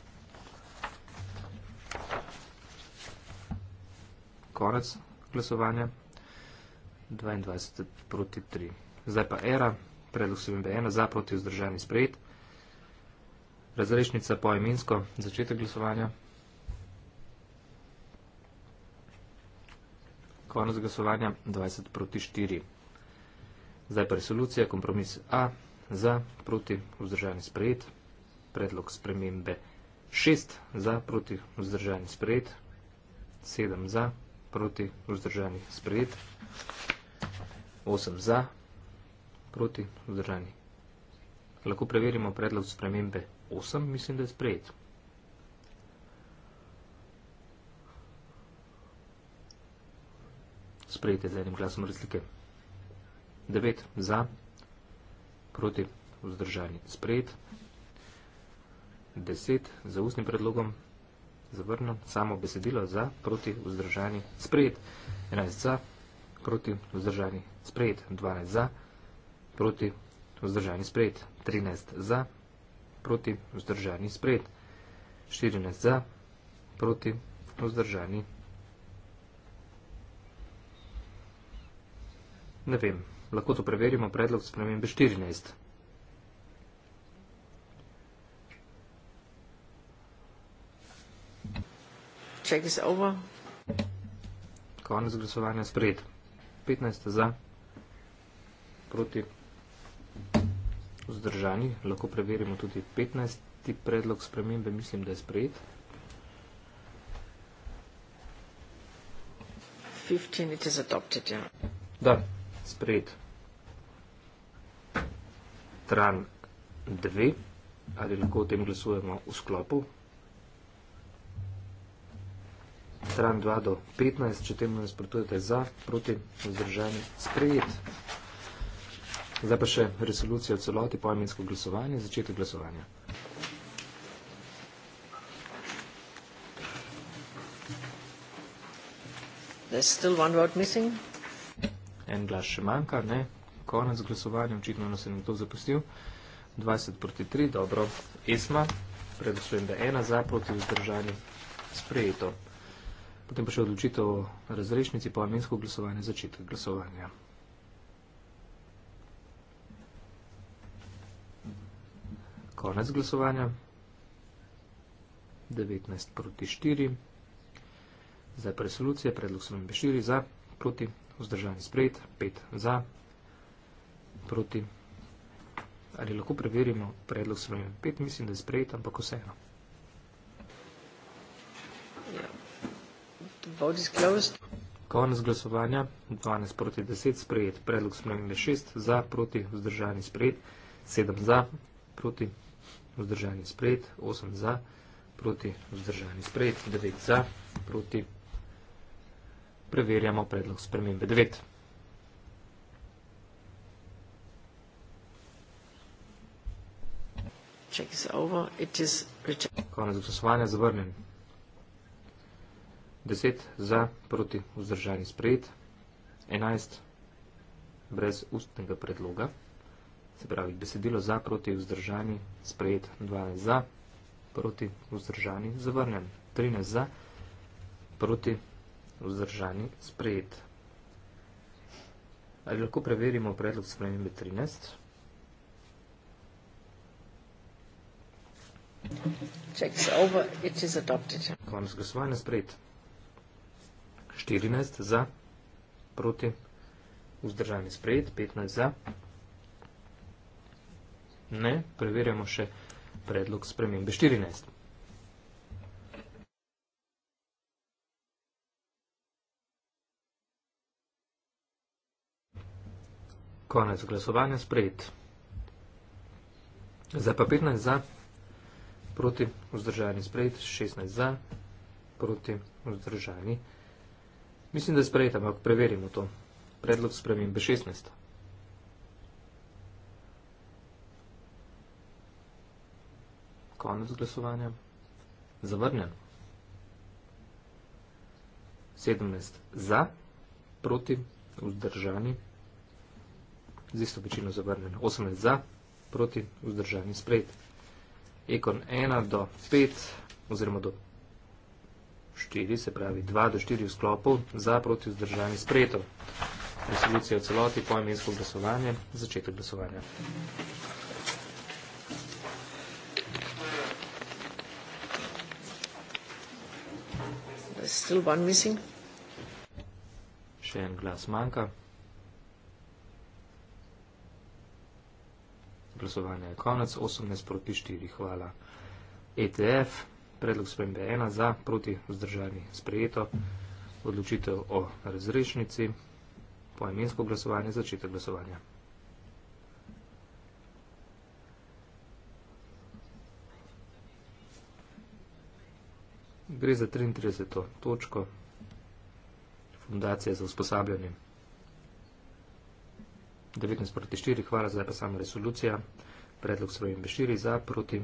[SPEAKER 4] konec glasovanja. 22 proti 3. Zdaj pa era, predlog 7b1, za proti vzdržani sprejet. Razrešnica po imensko, začetek glasovanja. Konec glasovanja, 20 proti 4. Zdaj pa resolucija, kompromis A, za proti vzdržani sprejet. Predlog spremembe 6, za proti vzdržani sprejet. 7 za proti proti, vzdržani, sprejet. 8 za, proti, vzdržani. Lahko preverimo predlog spremembe 8, mislim, da je sprejet. Sprejete z enim glasom razlike. 9 za, proti, vzdržani, sprejet. 10 za ustnim predlogom, zavrnem samo besedilo za proti vzdržani sprejet. 11 za proti vzdržani sprejet. 12 za proti vzdržani sprejet. 13 za proti vzdržani sprejet. 14 za proti vzdržani Ne vem, lahko to preverimo, predlog spremembe 14. Check is over. Konec glasovanja sprejet. 15 za, proti vzdržani. Lahko preverimo tudi 15. predlog spremembe, mislim, da je sprejet.
[SPEAKER 2] 15 je adopted, ja. Yeah.
[SPEAKER 4] Da, sprejet. Tran 2, ali lahko o tem glasujemo v sklopu Tran 2 do 15, če temu nasprotujete za, proti, vzdržanje, sprejet. Zdaj pa še resolucija v celoti, poimensko glasovanje, začetek glasovanja. There's still one vote missing. En glas še manjka, ne. Konec glasovanja, očitno nas je nekdo zapustil. 20 proti 3, dobro. ESMA, predvsem da ena za, proti vzdržanje, sprejeto potem pa še odločitev o razrešnici, pa armensko glasovanje, začetek glasovanja. Konec glasovanja. 19 proti 4. Zdaj pa resolucija, predlog so mi 4 za, proti, vzdržani sprejet, 5 za, proti. Ali lahko preverimo predlog so mi 5, mislim, da je sprejet, ampak vseeno.
[SPEAKER 2] Yeah. Ja. Vote is closed.
[SPEAKER 4] Konec glasovanja, 12 proti 10, sprejet. Predlog spremenili 6 za, proti, vzdržani sprejet, 7 za, proti, vzdržani sprejet, 8 za, proti, vzdržani sprejet, 9 za, proti. Preverjamo predlog spremenbe 9. Konec glasovanja, zavrnjen. 10 za, proti vzdržani sprejet, 11 brez ustnega predloga, se pravi besedilo za, proti vzdržani sprejet, 12 za, proti vzdržani zavrnjen, 13 za, proti vzdržani sprejet. Ali lahko preverimo predlog spremembe 13?
[SPEAKER 2] Check this over, it is adopted.
[SPEAKER 4] Konec glasovanja sprejet. 14 za, proti, vzdržani sprejet, 15 za, ne, preverjamo še predlog spremembe 14. Konec glasovanja sprejet. Zdaj pa 15 za, proti, vzdržani sprejet, 16 za, proti, vzdržani sprejet. Mislim, da je sprejeta, ampak preverimo to. Predlog spremim, B16. Konec glasovanja. Zavrnjen. 17 za, proti, vzdržani. Z isto večino zavrnjen. 18 za, proti, vzdržani, sprejet. Ekon 1 do 5 oziroma do 5. 4, se pravi 2 do 4 sklopov za proti vzdržanje sprejeto. Resolucija v celoti, poimensko glasovanje, začetek glasovanja.
[SPEAKER 2] Still one missing.
[SPEAKER 4] Še en glas manjka. Glasovanje je konec, 18 proti 4, hvala. ETF, predlog spremembe ena za, proti vzdržani sprejeto, odločitev o razrešnici, poemensko glasovanje, začetek glasovanja. Gre za 33. točko Fundacije za usposabljanje. 19 proti 4, hvala, zdaj pa sama resolucija, predlog svojim beširi za, proti,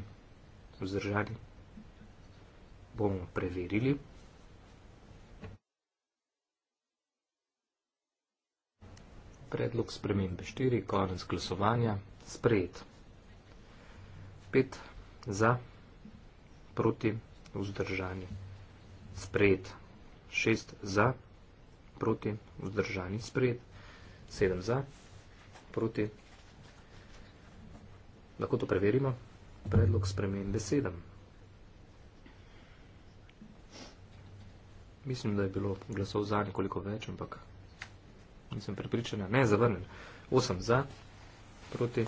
[SPEAKER 4] vzdržani, bomo preverili. Predlog spremembe 4, konec glasovanja, sprejet. 5 za, proti, vzdržani, sprejet. 6 za, proti, vzdržani, sprejet. 7 za, proti. Lahko to preverimo. Predlog spremembe 7. Mislim, da je bilo glasov za nekoliko več, ampak nisem prepričana. Ne, zavrnen. Osem za, proti.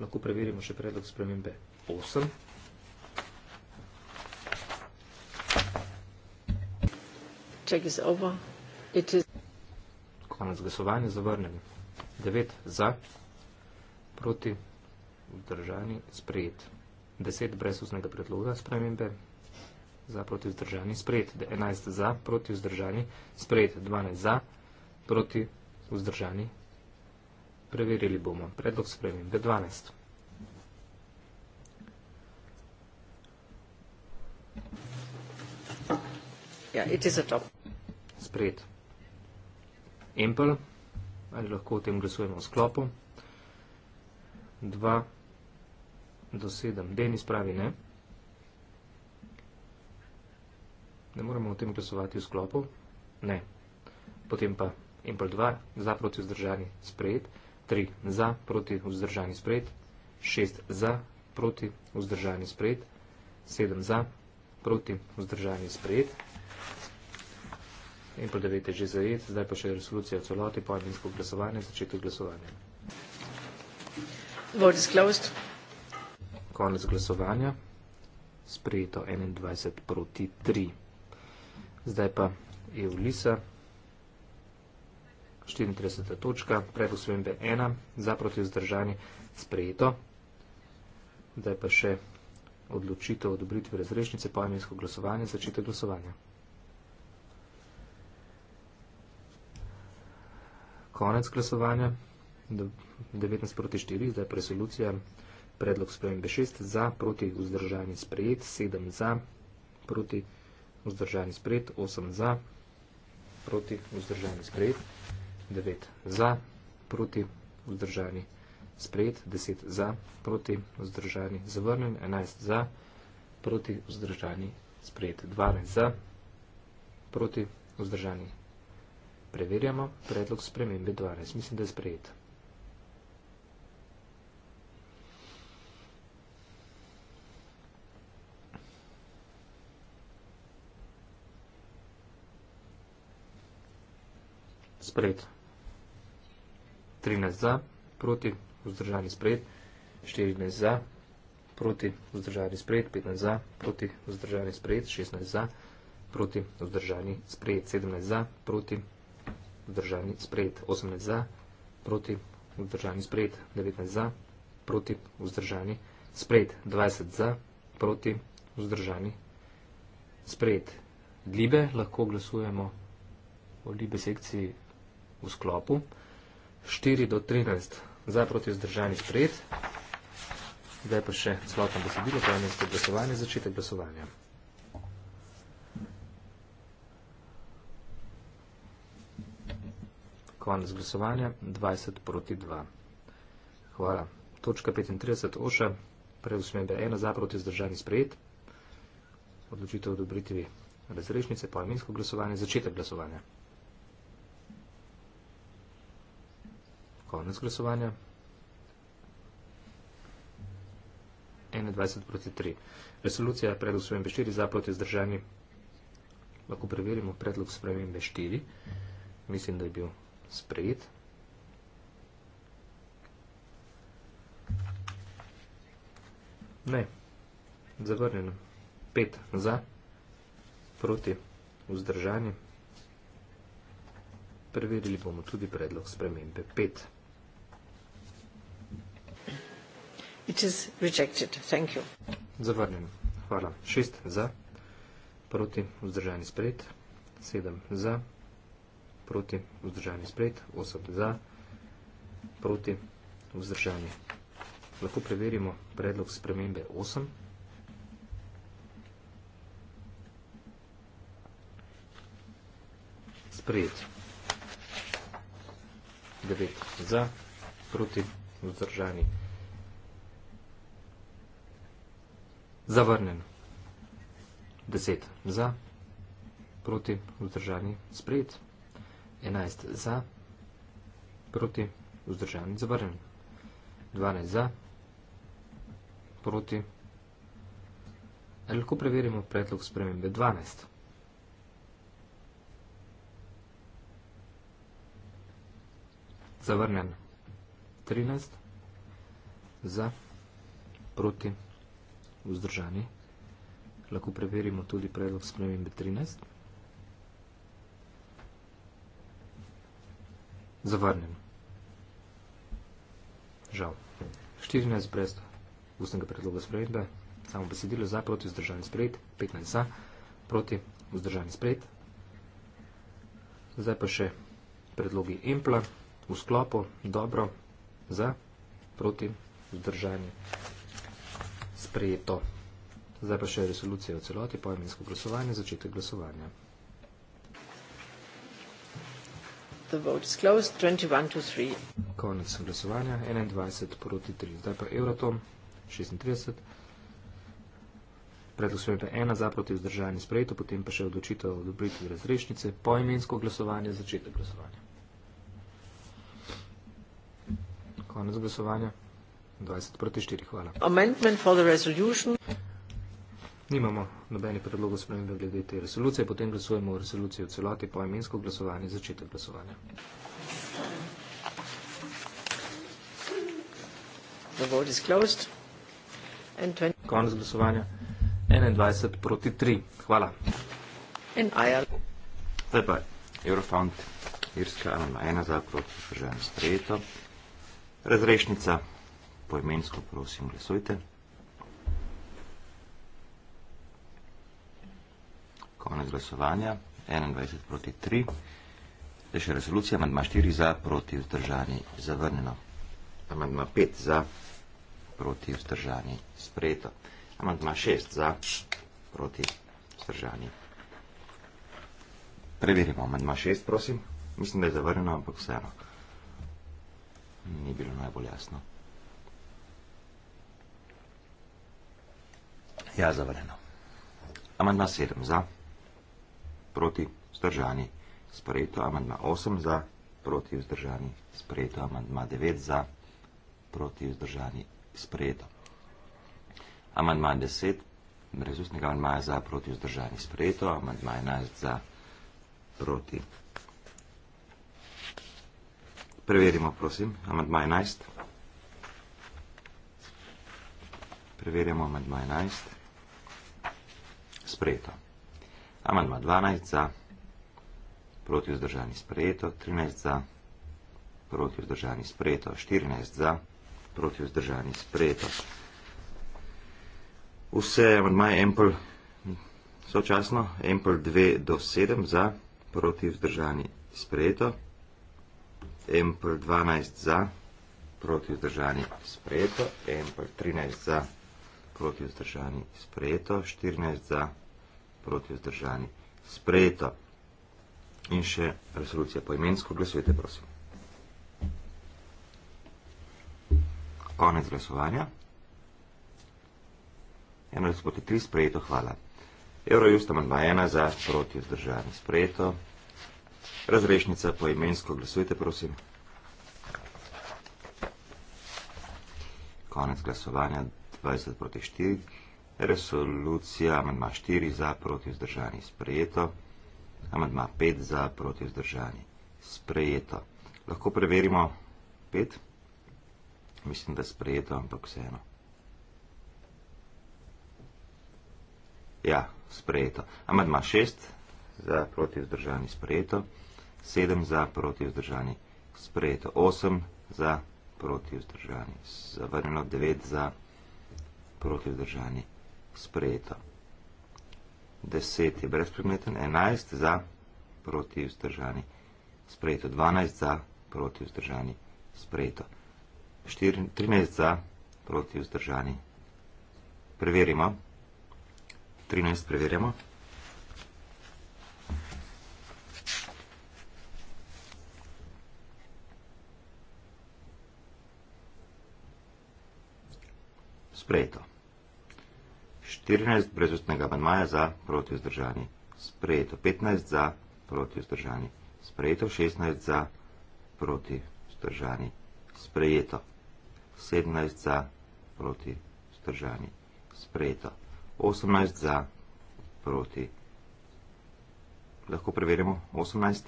[SPEAKER 4] Lahko preverimo še predlog spremembe. Osem.
[SPEAKER 2] Check is over. It is...
[SPEAKER 4] Konec glasovanja, zavrnen. Devet za, proti, vdržani, sprejet. Deset brez osnega predloga spremembe za, proti vzdržani, sprejet, 11 za, proti vzdržani, sprejet, 12 za, proti vzdržani. Preverili bomo. Predlog spremim. B12.
[SPEAKER 2] Yeah, it is a top.
[SPEAKER 4] Sprejet. Empel. Ali lahko o tem glasujemo v sklopu? 2 do 7. Denis pravi ne. Mm -hmm. ne moremo o tem glasovati v sklopu? Ne. Potem pa impl 2, za proti vzdržani sprejet, 3 za proti vzdržani sprejet, 6 za proti vzdržani sprejet, 7 za proti vzdržani sprejet. In po 9 je že zajet, zdaj pa še resolucija v celoti, po enem glasovanju, začetek glasovanja.
[SPEAKER 2] Vote is closed.
[SPEAKER 4] Konec glasovanja. Sprejeto 21 proti 3. Zdaj pa EU-LISA, 34. točka, predlog svembe 1, za proti vzdržanje sprejeto. Zdaj pa še odločitev odobritve razrešnice po imensko glasovanje, začite glasovanje. Konec glasovanja, 19 proti 4, zdaj pa resolucija, predlog svembe 6, za proti vzdržanje sprejet, 7 za proti vzdržanje vzdržani sprejet, 8 za, proti, vzdržani sprejet, 9 za, proti, vzdržani sprejet, 10 za, proti, vzdržani zavrnen, 11 za, proti, vzdržani sprejet, 12 za, proti, vzdržani preverjamo predlog spremembe 12. Mislim, da je sprejet. sprejet. 13 za, proti, vzdržani sprejet. 14 za, proti, vzdržani sprejet. 15 za, proti, vzdržani sprejet. 16 za, proti, vzdržani sprejet. 17 za, proti, vzdržani sprejet. 18 za, proti, vzdržani sprejet. 19 za, proti, vzdržani sprejet. 20 za, proti, vzdržani sprejet. Libe lahko glasujemo v libe sekciji v sklopu, 4 do 13 za proti vzdržani sprejet, zdaj pa še celotno besedilo, pravim izpred glasovanja, začetek glasovanja. Konec glasovanja, 20 proti 2. Hvala. Točka 35, Oša, preusmembe 1 za proti vzdržani sprejet, odločitev odobritvi razrešnice, pojmensko glasovanje, začetek glasovanja. konec glasovanja. 21 proti 3. Resolucija predlog svojim 4 za proti zdržani. Lahko preverimo predlog svojim 4. Mislim, da je bil sprejet. Ne, zavrnjeno. 5 za, proti vzdržanje. Preverili bomo tudi predlog spremembe 5.
[SPEAKER 2] It is rejected. Thank you.
[SPEAKER 4] Zavrnjeno. Hvala. Šest za, proti, vzdržani sprejet. Sedem za, proti, vzdržani sprejet. Osem za, proti, vzdržani. Lahko preverimo predlog spremembe 8. Sprejet. 9 za, proti, vzdržani sprejet. Zavrnjen. Deset za, proti, vzdržani, sprejet. Enajst za, proti, vzdržani, zavrnjen. Dvanajst za, proti. Ali lahko preverimo predlog spremembe? Dvanajst. Zavrnjen. Trinajst. Za, proti, vzdržani vzdržani. Lahko preverimo tudi predlog spremembe 13. Zavrnjen. Žal. 14 brez ustnega predloga spremembe. Samo besedilo za proti vzdržani sprejet. 15 za proti vzdržani sprejet. Zdaj pa še predlogi empla v sklopu dobro za proti vzdržanje sprejeto. Zdaj pa še resolucija v celoti, pojemensko glasovanje, začetek glasovanja. Konec glasovanja, 21 proti 3. Zdaj pa Euratom, 36. Predlog svojega ena za proti vzdržanje sprejeto, potem pa še odločitev o odobritvi razrešnice, pojemensko glasovanje, začetek glasovanja. Konec glasovanja. 20 proti 4. Hvala. Nimamo nobeni predlogov spremembe glede te resolucije, potem glasujemo o resoluciji v celoti, poemensko glasovanje, začetek glasovanja. Konec glasovanja.
[SPEAKER 5] 21 proti 3. Hvala. Zdaj pa Eurofond, Irska, 1 za proti, že je sprejeto. Razrešnica poimensko, prosim, glasujte. Konec glasovanja, 21 proti 3. Zdaj še resolucija, amadma 4 za, proti vzdržani, zavrneno. Amadma 5 za, proti vzdržani, sprejeto. Amadma 6 za, proti vzdržani. Preverimo, amadma 6, prosim. Mislim, da je zavrneno, ampak vseeno. Ni bilo najbolj jasno. Ja, zavrneno. Amandma 7 za, proti vzdržani, sprejeto. Amandma 8 za, proti vzdržani, sprejeto. Amandma 9 za, proti vzdržani, sprejeto. Amandma 10, brezustnega amandmaja za, proti vzdržani, sprejeto. Amandma 11 za, proti. Preverimo, prosim, amandma 11. Preverjamo amandma 11 sprejeto. Amandma 12 za, proti vzdržani sprejeto, 13 za, proti vzdržani sprejeto, 14 za, proti vzdržani sprejeto. Vse amandmaje Empel sočasno, Empel 2 do 7 za, proti vzdržani sprejeto, Empel 12 za, proti vzdržani sprejeto, Empel 13 za, proti vzdržani sprejeto, 14 za, proti vzdržani sprejeto proti vzdržani sprejeta. In še resolucija poimensko, glasujte prosim. Konec glasovanja. Eno je spod tri sprejeto, hvala. Eurojust amandma ena za proti vzdržani sprejeto. Razrešnica poimensko, glasujte prosim. Konec glasovanja 20 proti 4. Resolucija, amadma 4 za, proti vzdržani, sprejeto. Amadma 5 za, proti vzdržani, sprejeto. Lahko preverimo 5. Mislim, da je sprejeto, ampak vseeno. Ja, sprejeto. Amadma 6 za, proti vzdržani, sprejeto. 7 za, proti vzdržani, sprejeto. 8 za, proti vzdržani, zavrnjeno. 9 za, proti vzdržani, sprejeto sprejeto. 10 je brezpredmeten, 11 za proti vzdržani sprejeto, 12 za proti vzdržani sprejeto, 13 za proti vzdržani. Preverimo. 13 preverjamo. Sprejeto. 14 brezustnega manjmaja za proti vzdržani, sprejeto 15 za proti vzdržani, sprejeto 16 za proti vzdržani, sprejeto 17 za proti vzdržani, sprejeto 18 za proti. Lahko preverimo 18.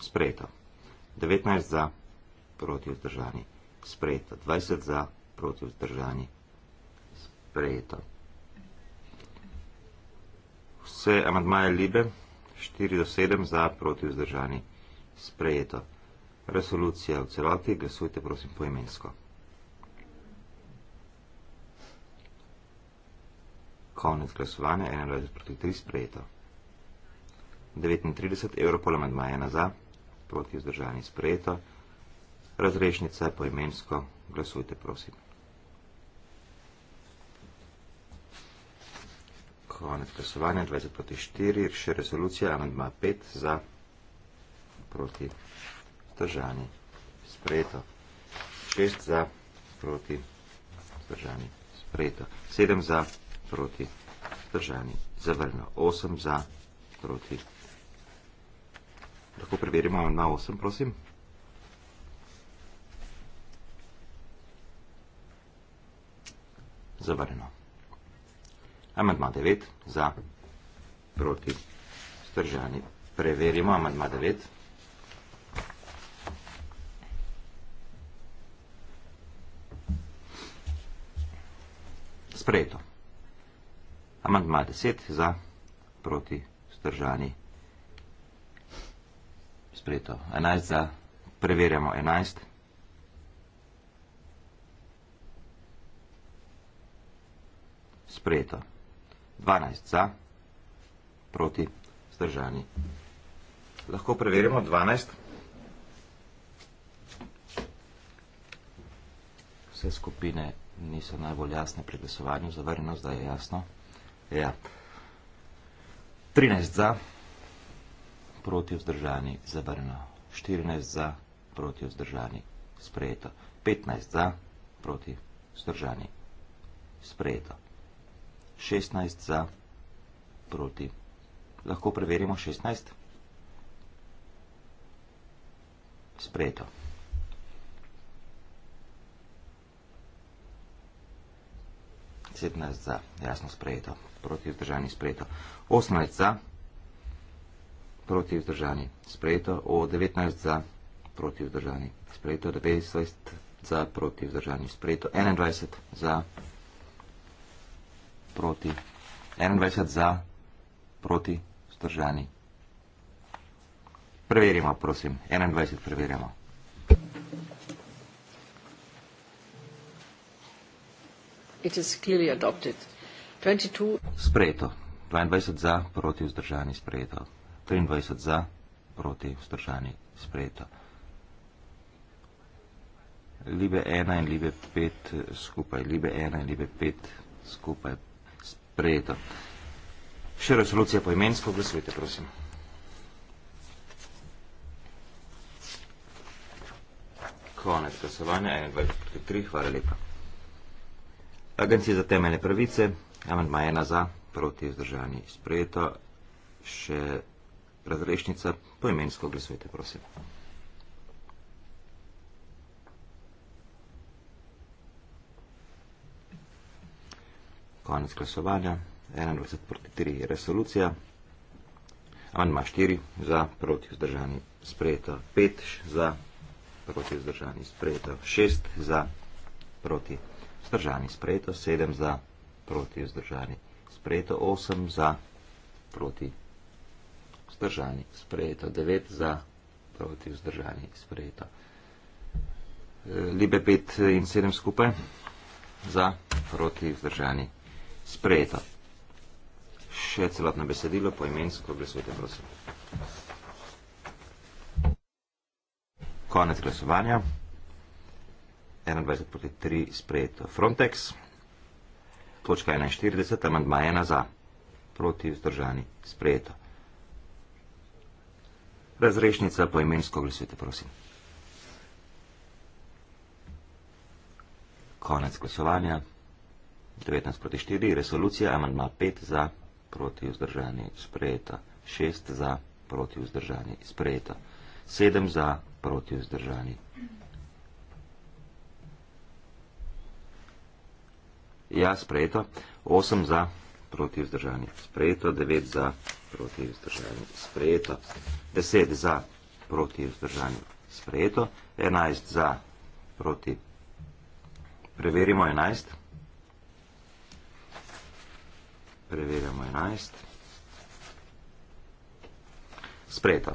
[SPEAKER 5] Sprejeto. 19 za proti vzdržani sprejeto. 20 za, proti vzdržani, sprejeto. Vse amadmaje Libe, 4 do 7 za, proti vzdržani, sprejeto. Resolucija v celoti, glasujte prosim poimensko. Konec glasovanja, 21 proti 3, sprejeto. 39, Evropol amadmaje na za, proti vzdržani, sprejeto razrešnica poimensko. Glasujte, prosim. Konec glasovanja, 20 proti 4, še rezolucija, amandma 5 za proti vzdržani. Sprejeto. 6 za proti vzdržani. Sprejeto. 7 za proti vzdržani. Zavrno. 8 za proti. Lahko preverimo amandma 8, prosim. zavrnjeno. Amandma 9 za proti stržani. Preverimo amandma 9. Sprejeto. Amandma 10 za proti stržani. Sprejeto. 11 za preverjamo 11. 11. sprejeto. 12 za, proti, zdržani. Lahko preverimo 12. Vse skupine niso najbolj jasne pri glasovanju, zavrnjeno zdaj je jasno. Ja. 13 za, proti vzdržani, zavrnjeno. 14 za, proti vzdržani, sprejeto. 15 za, proti vzdržani, sprejeto. 16 za proti. Lahko preverimo 16. Sprejeto. Sednaest za, jasno sprejeto, proti vzdržani sprejeto. Osmaest za, proti vzdržani sprejeto. O, devetnaest za, proti vzdržani sprejeto. Devetnaest za, proti vzdržani sprejeto. Enaest za, proti vzdržani sprejeto proti, 21 za, proti, vzdržani. Preverimo, prosim, 21 preverimo.
[SPEAKER 2] It is clearly adopted. 22.
[SPEAKER 5] Sprejeto. 22 za, proti vzdržani, sprejeto. 23 za, proti vzdržani, sprejeto. Libe 1 in Libe 5 skupaj. Libe 1 in Libe 5 skupaj. Prejeto. Še resolucija po imensko, glasujte, prosim. Konec glasovanja, 21 proti 3, hvala lepa. Agencija za temeljne pravice, amandma 1 za, proti vzdržanji sprejeto. Še razrešnica, po imensko, glasujte, prosim. konec glasovanja, 21 proti 3 je resolucija, amandma 4 za proti vzdržani sprejeto 5, za proti vzdržani sprejeto 6, za proti vzdržani sprejeto 7, za proti vzdržani sprejeto 8, za proti vzdržani sprejeto 9, za proti vzdržani sprejeto. E, Libe 5 in 7 skupaj za proti vzdržani sprejeto sprejeta. Še celotno besedilo po imensko glasujte, prosim. Konec glasovanja. 21 proti 3 sprejeto Frontex. Točka 41, amandma 1 za. Proti vzdržani sprejeto. Razrešnica po imensko glasujte, prosim. Konec glasovanja. 19 proti 4, resolucija, amandma 5 za, proti vzdržani, sprejeta. 6 za, proti vzdržani, sprejeta. 7 za, proti vzdržani. Ja, sprejeto. 8 za, proti vzdržani, sprejeto. 9 za, proti vzdržani, sprejeto. 10 za, proti vzdržani, sprejeto. 11 za, proti. Preverimo 11. Preverjamo 11. Sprejeta.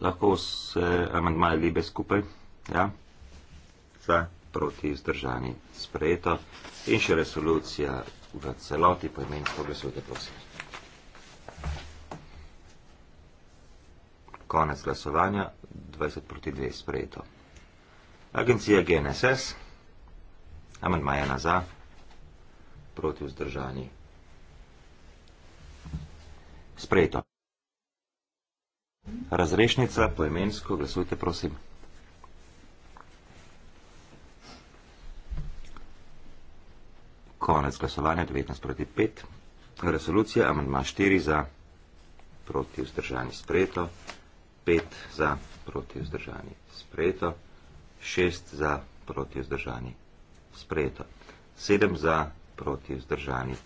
[SPEAKER 5] Lahko se amandmaje libe skupaj. Ja? Vse proti izdržani sprejeto. In še resolucija v celoti po imensko glasujte prosim. Konec glasovanja, 20 proti 2 sprejeto. Agencija GNSS, amandmaje na za proti vzdržani. Sprejeto. Razrešnica po imensko, glasujte prosim. Konec glasovanja, 19 proti 5. Resolucija, amandma 4 za, proti vzdržani sprejeto, 5 za, proti vzdržani sprejeto, 6 za, proti vzdržani sprejeto, 7 za, proti vzdržani.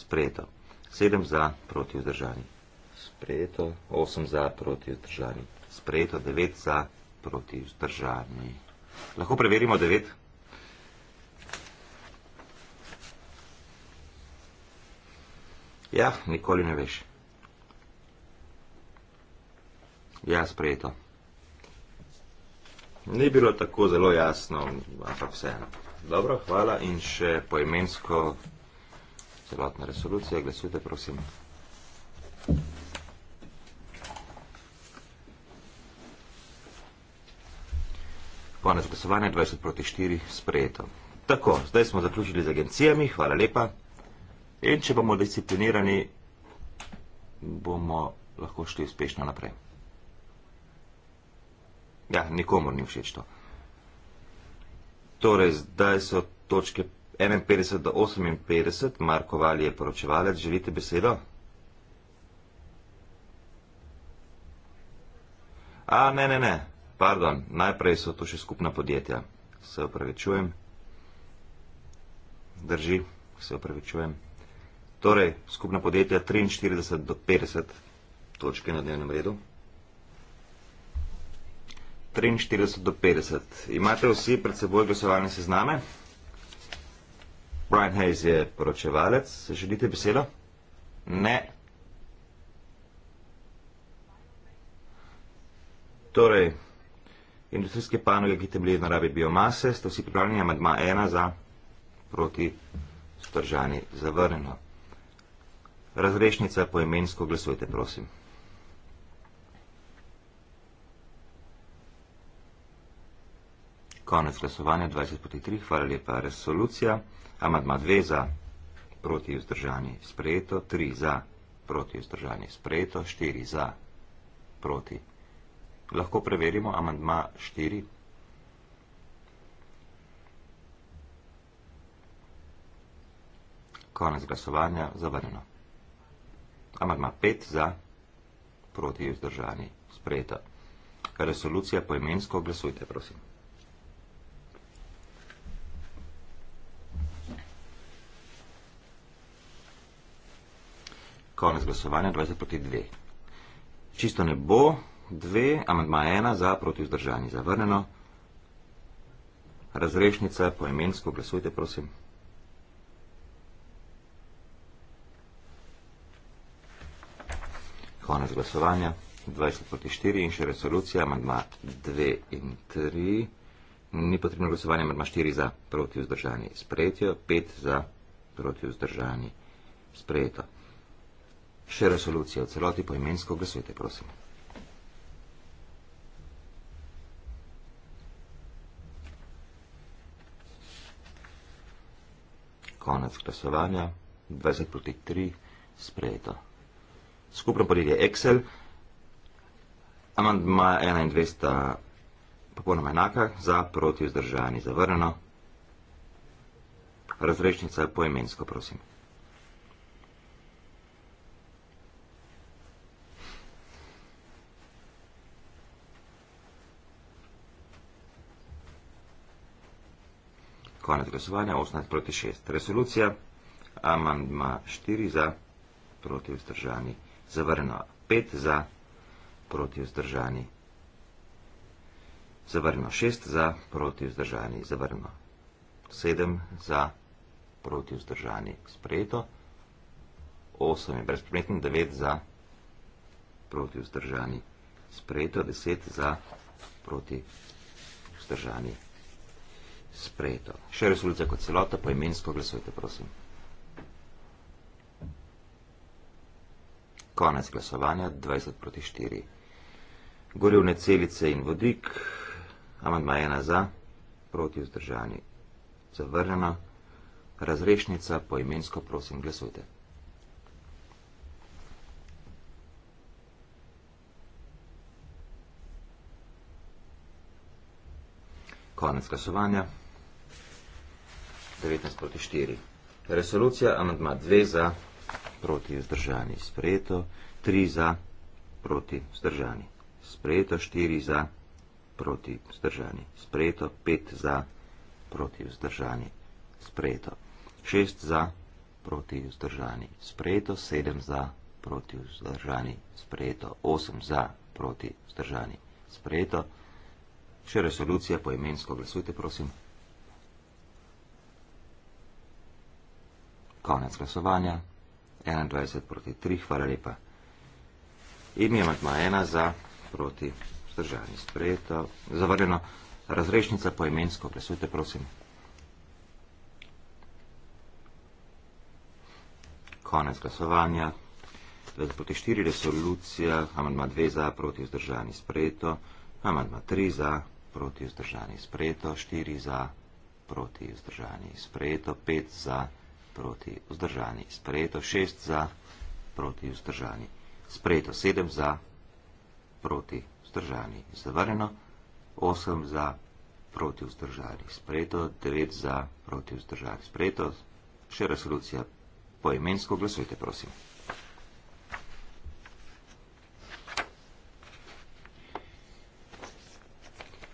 [SPEAKER 5] Sprejeto. 7 za proti vzdržani. Sprejeto. 8 za proti vzdržani. Sprejeto. 9 za proti vzdržani. Lahko preverimo 9. Ja, nikoli ne veš. Ja, sprejeto. Ni bilo tako zelo jasno, ampak vseeno. Dobro, hvala in še poimensko celotna resolucija. Glasujte, prosim. Konec glasovanja 20 proti 4 sprejeto. Tako, zdaj smo zaključili z agencijami, hvala lepa. In če bomo disciplinirani, bomo lahko šli uspešno naprej. Ja, nikomor ni všeč to. Torej, zdaj so točke 51 do 58, Marko Vali je poročevalec, želite besedo? A, ne, ne, ne, pardon, najprej so to še skupna podjetja. Se upravičujem. Drži, se upravičujem. Torej, skupna podjetja 43 do 50 točke na dnevnem redu. 43 do 50. Imate vsi pred seboj glasovalne sezname? Brian Hayes je poročevalec. Želite besedo? Ne. Torej, industrijske panoge, ki temelje na rabi biomase, ste vsi pripravljeni, amadma ena za proti stržani zavrneno. Razrešnica po imensko glasujte, prosim. konec glasovanja 20 proti 3, hvala lepa resolucija, amadma 2 za proti vzdržani sprejeto, 3 za proti vzdržani sprejeto, 4 za proti. Lahko preverimo amadma 4. Konec glasovanja zavadeno. Amadma 5 za proti vzdržani sprejeto. Resolucija poimensko glasujte, prosim. konec glasovanja 20 proti 2. Čisto ne bo, 2, amadma 1 za proti vzdržanje zavrneno. Razrešnica po imensko, glasujte prosim. Konec glasovanja 20 proti 4 in še resolucija, amadma 2 in 3. Ni potrebno glasovanje, amadma 4 za proti vzdržanje sprejetjo, 5 za proti vzdržanje sprejeto. Še resolucijo celoti po imensko glasujte, prosim. Konec glasovanja, 20 proti 3, sprejeto. Skupno podjetje Excel, amandma 1 in 200 popolnoma enaka, za proti vzdržajanje zavrneno. Razrešnica po imensko, prosim. konec glasovanja 18 proti 6. Resolucija amandma 4 za proti vzdržani zavrnjeno. 5 za proti vzdržani zavrnjeno. 6 za proti vzdržani zavrnjeno. 7 za proti vzdržani sprejeto. 8 je brezpredmetno. 9 za proti vzdržani sprejeto. 10 za proti vzdržani sprejeto sprejeto. Še resolucija kot celota, poimensko glasujte, prosim. Konec glasovanja, 20 proti 4. Gorivne celice in vodik, amandma ena za, proti vzdržani, zavrnjena, razrešnica, poimensko prosim glasujte. Konec glasovanja, 19 proti 4. Resolucija amandma 2 za proti vzdržani sprejeto, 3 za proti vzdržani sprejeto, 4 za proti vzdržani sprejeto, 5 za proti vzdržani sprejeto, 6 za proti vzdržani sprejeto, 7 za proti vzdržani sprejeto, 8 za proti vzdržani sprejeto. Še resolucija poimensko glasujte, prosim. Konec glasovanja. 21 proti 3. Hvala lepa. Ime je matma 1 za proti vzdržanje sprejeto. Zavrljeno. Razrešnica po imensko. Glasujte, prosim. Konec glasovanja. 20 proti 4. Resolucija. Amandma 2 za proti vzdržanje sprejeto. Amandma 3 za proti vzdržanje sprejeto. 4 za proti vzdržanje sprejeto. 5 za proti vzdržanje sprejeto proti vzdržani. Sprejeto 6 za proti vzdržani. Sprejeto 7 za proti vzdržani. Zavrneno 8 za proti vzdržani. Sprejeto 9 za proti vzdržani. Sprejeto še resolucija poimensko. Glasujte, prosim.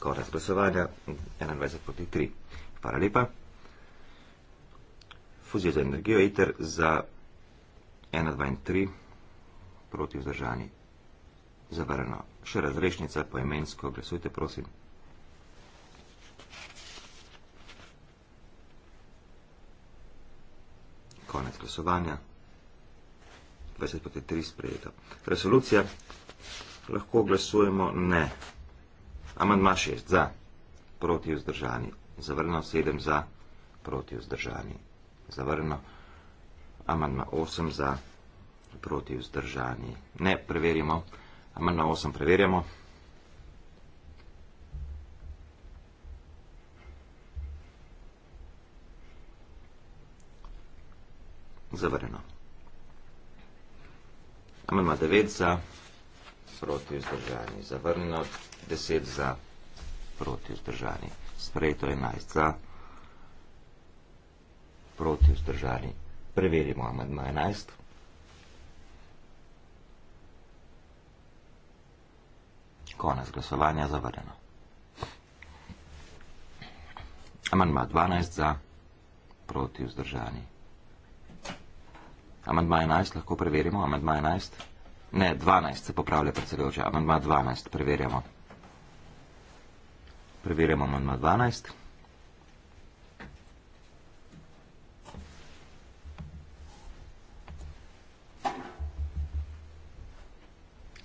[SPEAKER 5] Konec glasovanja 21 proti 3. Hvala lepa fuzijo za energijo, iter za 1, 2 in 3 proti vzdržani. Zavrno. Še razrešnica poimensko, glasujte prosim. Konec glasovanja. 20 proti 3 sprejeto. Resolucija. Lahko glasujemo ne. Amandma 6 za proti vzdržani. Zavrno 7 za proti vzdržani zavrno, amandma 8 za proti vzdržani. Ne, preverimo, amandma 8 preverjamo. Zavrjeno. Amandma 9 za proti vzdržani. Zavrjeno 10 za proti vzdržani. Sprejeto 11 za vzdržani proti vzdržani. Preverimo amadma 11. Konec glasovanja zavrjeno. Amadma 12 za proti vzdržani. Amadma 11 lahko preverimo. Amadma 11. Ne, 12 se popravlja predsedovče. Amadma 12 preverjamo. Preverjamo amadma 12. Amadma 12.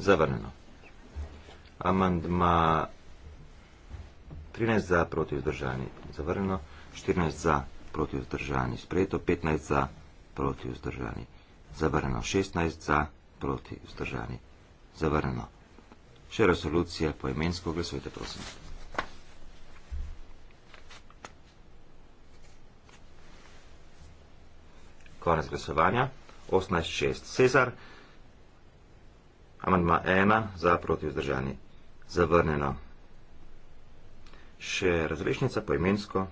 [SPEAKER 5] Zavrnjeno. Amandma 13 za, proti vzdržani, zavrnjeno. 14 za, proti vzdržani, sprejeto. 15 za, proti vzdržani, zavrnjeno. 16 za, proti vzdržani, zavrnjeno. Še resolucija po imensko, glasujte prosim. Konec glasovanja. 18.6. Cezar. Amandma ena, za proti vzdržani. Zavrnjeno. Še razrešnica po imensko.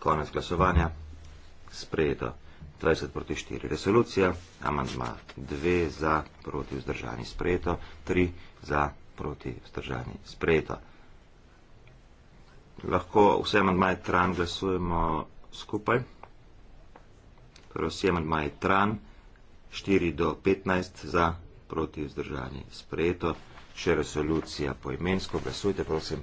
[SPEAKER 5] Konec glasovanja. Sprejeto. 20 proti 4 resolucija. Amandma dve, za proti vzdržani. Sprejeto. Tri, za proti vzdržani. Sprejeto. Lahko vse amandmaje tran glasujemo skupaj. Prosim, amandmaje Tran, 4 do 15 za proti vzdržanje sprejeto. Še resolucija poimensko. Glasujte, prosim.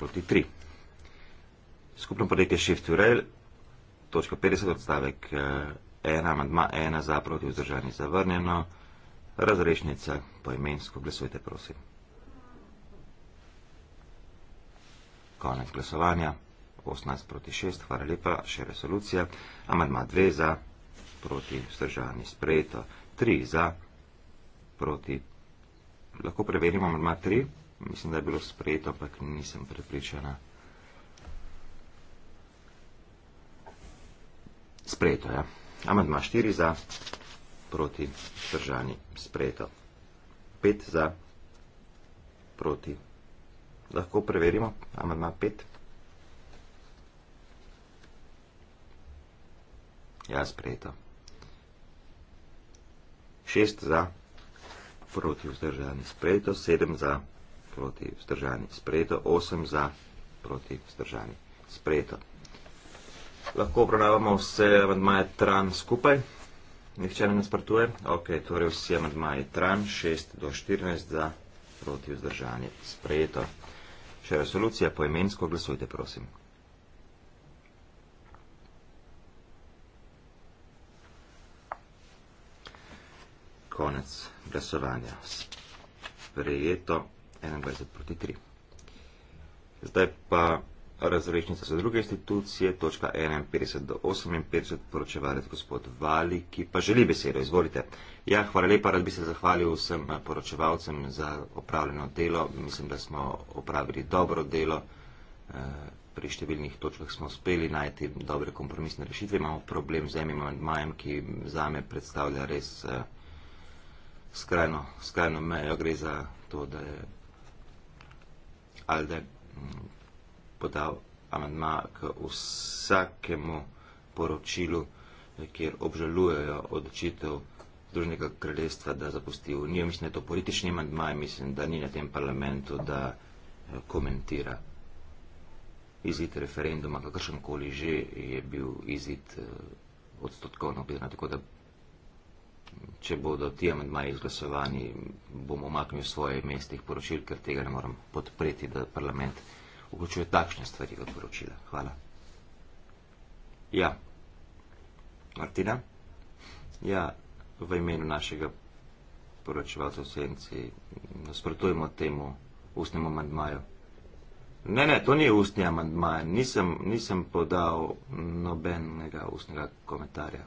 [SPEAKER 5] proti 3. Skupno podjetje Shift URL, točka 50, odstavek 1, eh, amandma 1 za proti vzdržanje zavrnjeno, razrešnica poimensko, glasujte prosim. konec glasovanja. 18 proti 6, hvala lepa, še resolucija. Amandma 2 za, proti vzdržani sprejeto. 3 za, proti. Lahko preverimo amandma 3. Mislim, da je bilo sprejeto, ampak nisem prepričana. Sprejeto, ja. Amandma 4 za, proti vzdržani sprejeto. 5 za, proti vzdržani sprejeto lahko preverimo, amandma 5. Ja, sprejeto. Šest za, proti vzdržani sprejeto, sedem za, proti vzdržani sprejeto, osem za, proti vzdržani sprejeto. Lahko obravnavamo vse amadmaje tran skupaj. Nihče ne nasprotuje. Ok, torej vsi amadmaje tran, 6 do 14 za, proti vzdržani sprejeto. Še resolucija poimensko glasujte, prosim. Konec glasovanja. Sprejeto 21 proti 3. Zdaj pa razrešnica za druge institucije, točka 51 do 58, poročevalec gospod Vali, ki pa želi besedo. Izvolite. Ja, hvala lepa, rad bi se zahvalil vsem eh, poročevalcem za opravljeno delo. Mislim, da smo opravili dobro delo. Eh, pri številnih točkah smo uspeli najti dobre kompromisne rešitve. Imamo problem z enim amandmajem, ki za me predstavlja res eh, skrajno, skrajno mejo. Gre za to, da je ali da je mm, podal amendma k vsakemu poročilu, kjer obžalujejo odločitev Združenega kraljestva, da zapusti unijo. Mislim, da je to politični amendma in mislim, da ni na tem parlamentu, da eh, komentira izid referenduma, kakršen koli že je bil izid eh, odstotkovno gledano. Tako da, če bodo ti amendmaji izglasovani, bom omaknil svoje mestih poročil, ker tega ne morem podpreti, da parlament vključuje takšne stvari kot poročila. Hvala. Ja, Martina, ja, v imenu našega poročevalca v senci nasprotujemo temu ustnemu amandmaju. Ne, ne, to ni ustni amandmaj, nisem, nisem podal nobenega ustnega komentarja.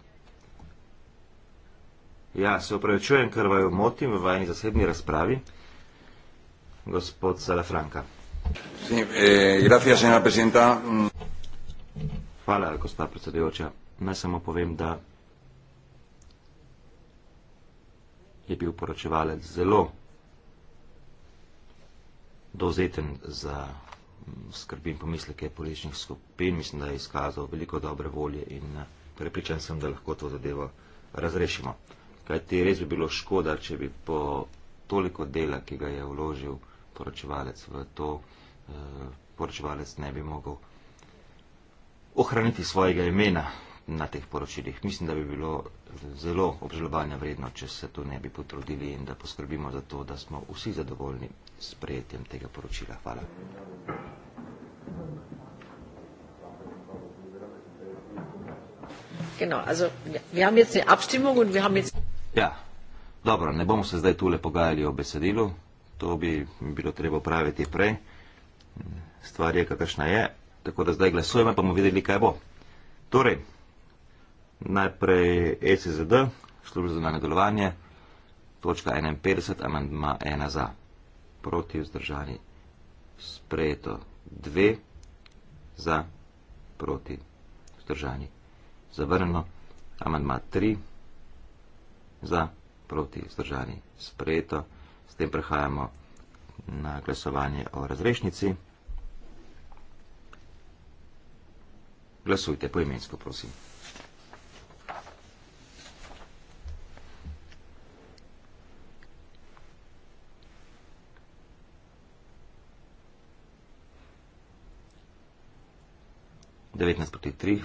[SPEAKER 5] Ja, se opravičujem, ker vaju motim v vajni zasebni razpravi. Gospod Salafranka. Sí, eh, gracias, señora presidenta. Hvala, gospod predsedujoča. Naj samo povem, da je bil poročevalec zelo dovzeten za mm, skrbi in pomisleke političnih skupin. Mislim, da je izkazal veliko dobre volje in eh, prepričan sem, da lahko to zadevo razrešimo. Kajti res bi bilo škoda, če bi po toliko dela, ki ga je vložil, poročevalec v to, eh, poročevalec ne bi mogel ohraniti svojega imena na teh poročilih. Mislim, da bi bilo zelo obžalovanja vredno, če se to ne bi potrudili in da poskrbimo za to, da smo vsi zadovoljni s prejetjem tega poročila. Hvala. Ja, dobro, ne bomo se zdaj tule pogajali o besedilu. To bi bilo treba praviti prej. Stvar je, kakršna je. Tako da zdaj glasujemo, pa bomo videli, kaj bo. Torej, najprej ECZD, službo za nadaljevanje, točka 51, amandma 1 za. Proti vzdržani sprejeto 2, za, proti vzdržani zavrnjeno, amandma 3, za, proti vzdržani sprejeto 2. S tem prehajamo na glasovanje o razrešnici. Glasujte poimensko, prosim.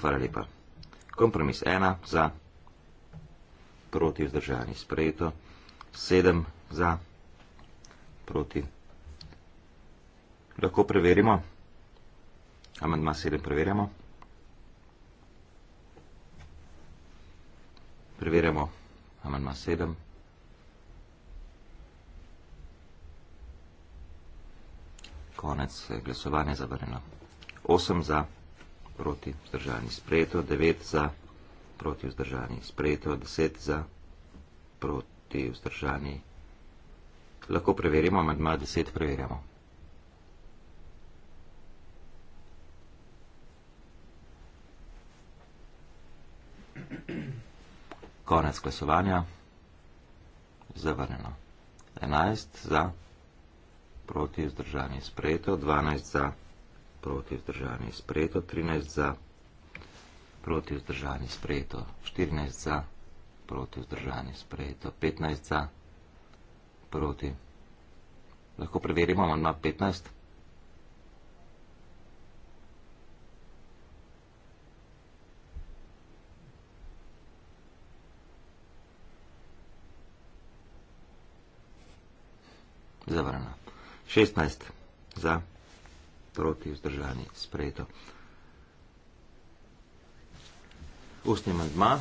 [SPEAKER 5] Hvala lepa. Kompromis 1 za, proti vzdržani sprejeto, 7 za proti. Lahko preverimo. Amandma 7 preverjamo. Preverjamo amandma 7. Konec eh, glasovanja zavrnjeno. 8 za, proti vzdržani sprejeto, 9 za, proti vzdržani sprejeto, 10 za, proti vzdržani sprejeto lahko preverimo, med ma deset preverjamo. Konec glasovanja. Zavrnjeno. 11 za, proti vzdržanje sprejeto, 12 za, proti vzdržanje sprejeto, 13 za, proti vzdržanje sprejeto, 14 za, proti vzdržanje sprejeto, 15 za, proti. Lahko preverimo amandma 15. Zavrnjeno. 16 za, proti vzdržani, sprejeto. Ustni mandma.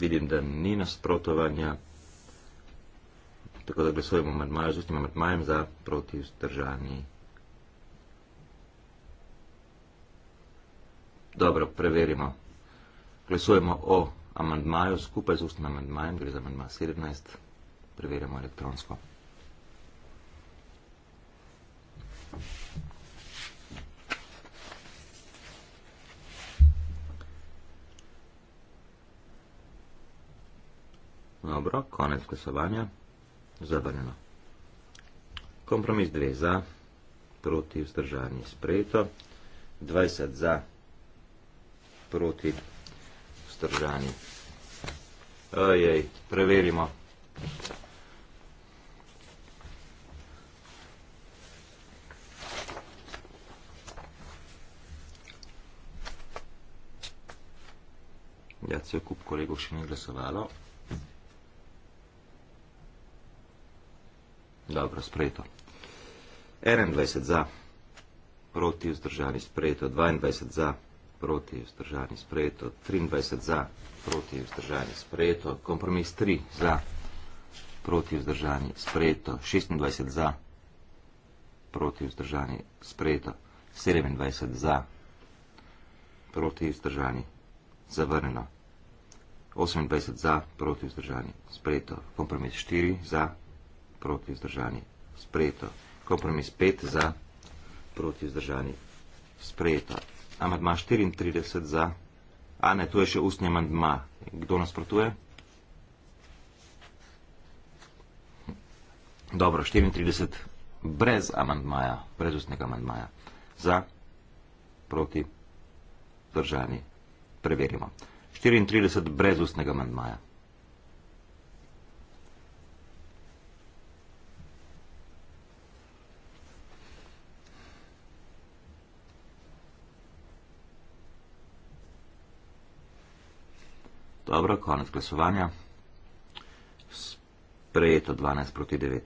[SPEAKER 5] vidim, da ni nasprotovanja, tako da glasujemo z ustnim amatmajem za proti vzdržani. Dobro, preverimo. Glasujemo o amandmaju skupaj z ustnim amandmajem, gre za amandma 17. Preverjamo elektronsko. Thank you. Dobro, konec glasovanja. Zavrnjeno. Kompromis 2 za, proti vzdržanje sprejeto, 20 za, proti vzdržanje. Ojej, preverimo. Ja, cel kup kolegov še ni glasovalo. Dobro, sprejeto. 21 za, proti vzdržani sprejeto, 22 za, proti vzdržani sprejeto, 23 za, proti vzdržani sprejeto, kompromis 3 za, proti vzdržani sprejeto, 26 za, proti vzdržani sprejeto, 27 za, proti vzdržani zavrneno, 28 za, proti vzdržani sprejeto, kompromis 4 za, proti vzdržani, sprejeto. Kompromis 5 za proti vzdržani, sprejeto. Amadma 34 za. A ne, tu je še ustni amadma. Kdo nasprotuje? Dobro, 34 brez amadmaja, brez ustnega amadmaja. Za, proti, vzdržani. Preverimo. 34 brez ustnega amadmaja. Dobro, konec glasovanja. Sprejeto 12 proti 9.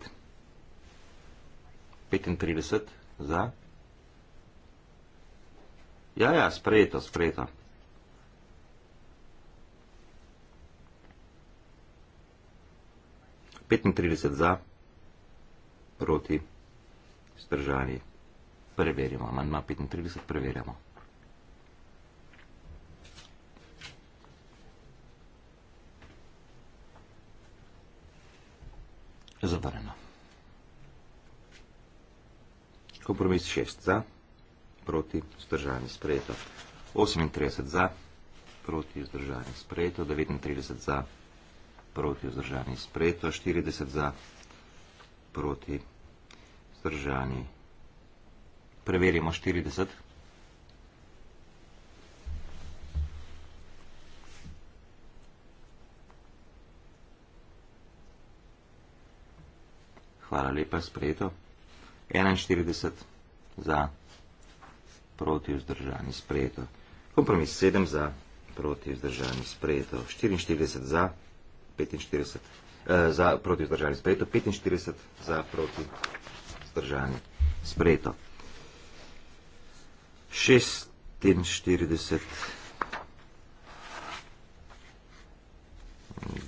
[SPEAKER 5] 35 za. Ja, ja, sprejeto, sprejeto. Petintrideset za, proti, zdržani. Preverimo, manj ima petintrideset, preverjamo. Zavrano. Kompromis 6 za, proti zdržanje sprejeto. 38 za, proti zdržanje sprejeto. 39 za, proti zdržanje sprejeto. 40 za, proti zdržanje. Preverimo 40. 40. Hvala lepa, sprejeto. 41 za, proti vzdržani, sprejeto. Kompromis 7 za, proti vzdržani, sprejeto. 44 za, 45 eh, za, proti vzdržani, sprejeto. 45 za, proti vzdržani, sprejeto. 46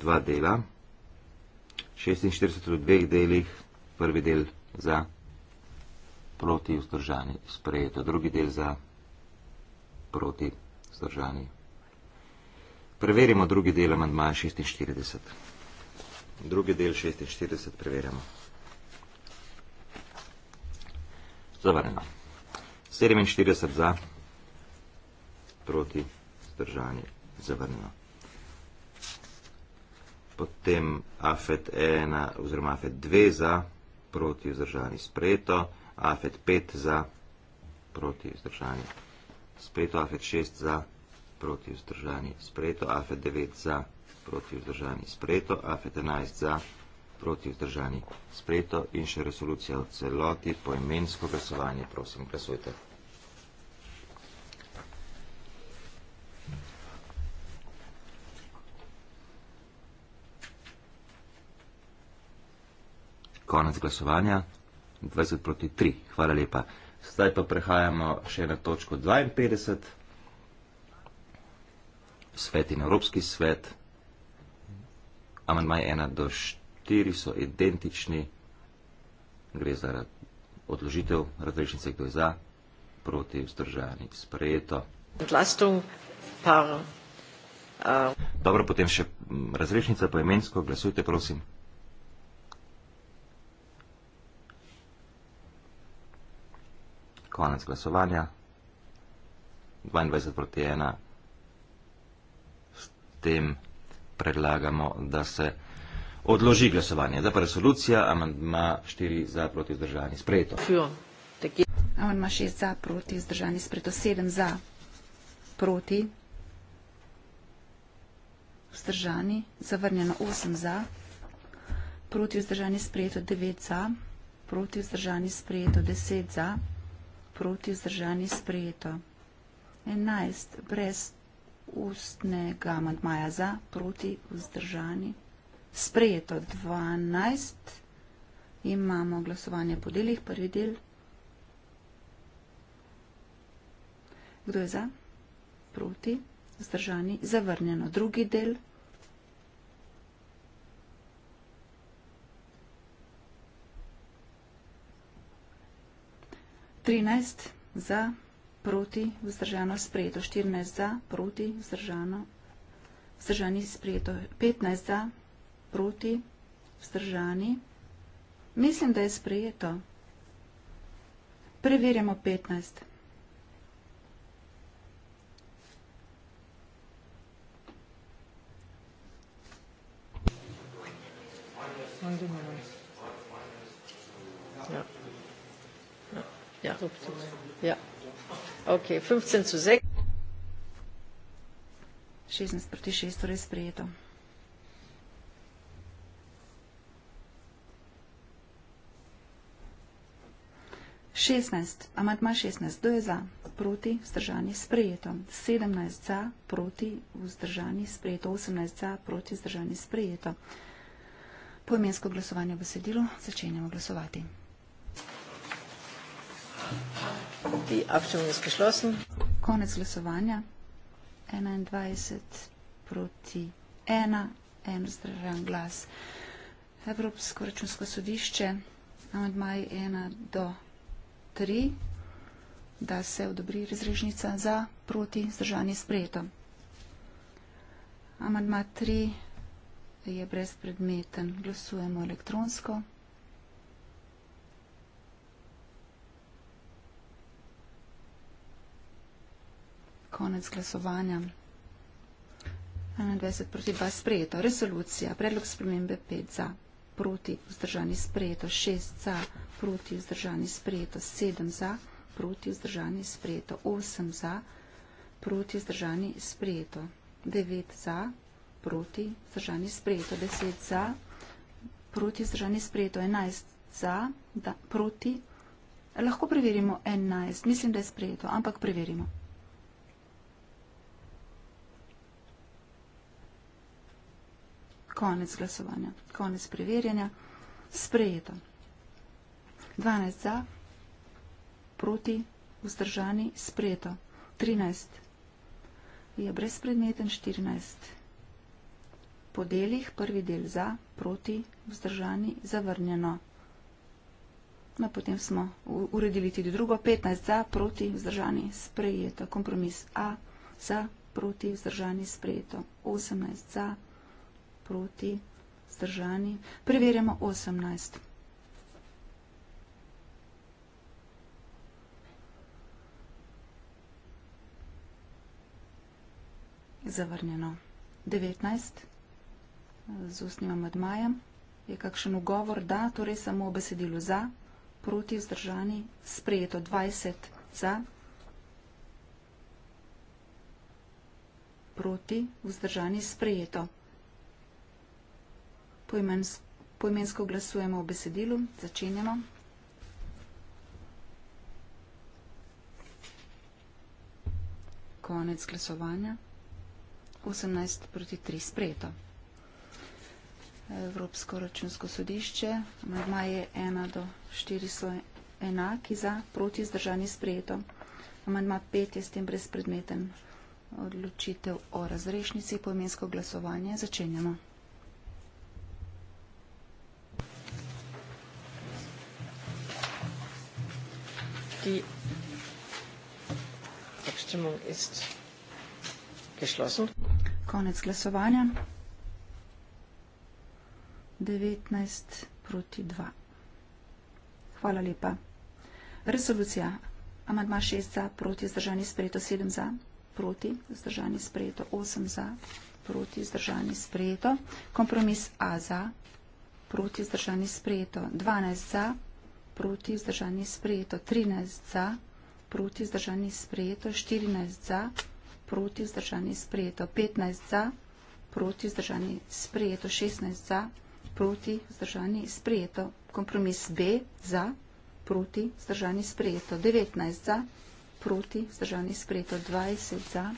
[SPEAKER 5] dva dela. 46 v dveh delih prvi del za proti vzdržani sprejeto, drugi del za proti vzdržani. Preverimo drugi del amandmaja 46. Drugi del 46 preverjamo. Zavrnjeno. 47 za, proti vzdržani. Zavrnjeno. Potem afet 1 oziroma afet 2 za proti vzdržani sprejeto, AFET 5 za proti vzdržani sprejeto, AFET 6 za proti vzdržani sprejeto, AFET 9 za proti vzdržani sprejeto, AFET 11 za proti vzdržani sprejeto in še resolucija v celoti, poimensko glasovanje, prosim, glasujte. konec glasovanja 20 proti 3. Hvala lepa. Zdaj pa prehajamo še na točko 52. Svet in Evropski svet. Amandmaj 1 do 4 so identični. Gre za odložitev razrešnice, kdo je za, proti vzdržani. Sprejeto. Dobro, potem še razrešnica poimensko. Glasujte, prosim. konec glasovanja. 22 proti 1. S tem predlagamo, da se odloži glasovanje. Da pa resolucija, amandma 4 za proti zdržani sprejeto.
[SPEAKER 1] Amandma 6 za proti zdržani sprejeto. 7 za proti vzdržani, zavrnjeno 8 za, proti vzdržani sprejeto 9 za, proti vzdržani sprejeto 10 za proti zdržani sprejeto. 11. Brez ustnega amantmaja za proti vzdržani sprejeto. 12. Imamo glasovanje po delih. Prvi del. Kdo je za? Proti. Zdržani. Zavrnjeno. Drugi del. Zdržani. 13 za, proti, vzdržano, sprejeto. 14 za, proti, vzdržano, vzdržani, sprejeto. 15 za, proti, vzdržani. Mislim, da je sprejeto. Preverjamo 15.
[SPEAKER 3] Hvala.
[SPEAKER 2] Ja. ja. Ok, 15 zu 6.
[SPEAKER 1] 16 proti 6, torej sprejeto. Amatma 16. Kdo je za? Proti vzdržanje sprejeto. 17 za, proti vzdržanje sprejeto. 18 za, proti vzdržanje sprejeto. Poimensko glasovanje v besedilu začenjamo glasovati. Die Abstimmung ist geschlossen. Konec glasovanja. 21 proti 1, en zdržan glas. Evropsko računsko sodišče, amandmaj 1 do 3, da se odobri razrežnica za proti zdržanje sprejeto. Amandma 3 je brezpredmeten. Glasujemo elektronsko. 3. konec glasovanja. 21 proti 2 sprejeto. Resolucija. Predlog spremembe 5 za. Proti vzdržani sprejeto. 6 za. Proti vzdržani sprejeto. 7 za. Proti vzdržani sprejeto. 8 za. Proti vzdržani sprejeto. 9 za. Proti vzdržani sprejeto. 10 za. Proti vzdržani sprejeto. 11 za. Da, proti. Lahko preverimo 11. Mislim, da je sprejeto, ampak preverimo. Konec glasovanja. Konec preverjanja. Sprejeto. 12 za, proti, vzdržani, sprejeto. 13 je brezpredmeten, 14 po delih, prvi del za, proti, vzdržani, zavrnjeno. No, potem smo uredili tudi drugo, 15 za, proti, vzdržani, sprejeto. Kompromis A, za, proti, vzdržani, sprejeto. 18 za, proti, vzdržani, sprejeto proti, zdržani. Preverjamo 18. Zavrnjeno. 19. Z ustnim medmajem. Je kakšen ugovor? Da, torej samo besedilo za, proti, zdržani, sprejeto 20 za, proti, vzdržani, sprejeto poimens, poimensko glasujemo v besedilu. Začenjamo. Konec glasovanja. 18 proti 3 sprejeto. Evropsko računsko sodišče. Amadma je 1 do 4 so enaki za proti zdržanje sprejeto. Amadma 5 je s tem brezpredmeten. Odločitev o razrešnici poimensko glasovanje. Začenjamo. Die Abstimmung ist geschlossen. Konec glasovanja. 19 proti 2. Hvala lepa. Resolucija. Amadma 6 za, proti zdržani sprejeto 7 za, proti zdržani sprejeto 8 za, proti zdržani sprejeto. Kompromis A za, proti zdržani sprejeto 12 za, proti zdržani sprejeto 12 za proti zdržanje sprejeto, 13 za, proti zdržanje sprejeto, 14 za, proti zdržanje sprejeto, 15 za, proti zdržanje sprejeto, 16 za, proti zdržanje sprejeto, kompromis B za, proti zdržanje sprejeto, 19 za, proti zdržanje sprejeto, 20 za,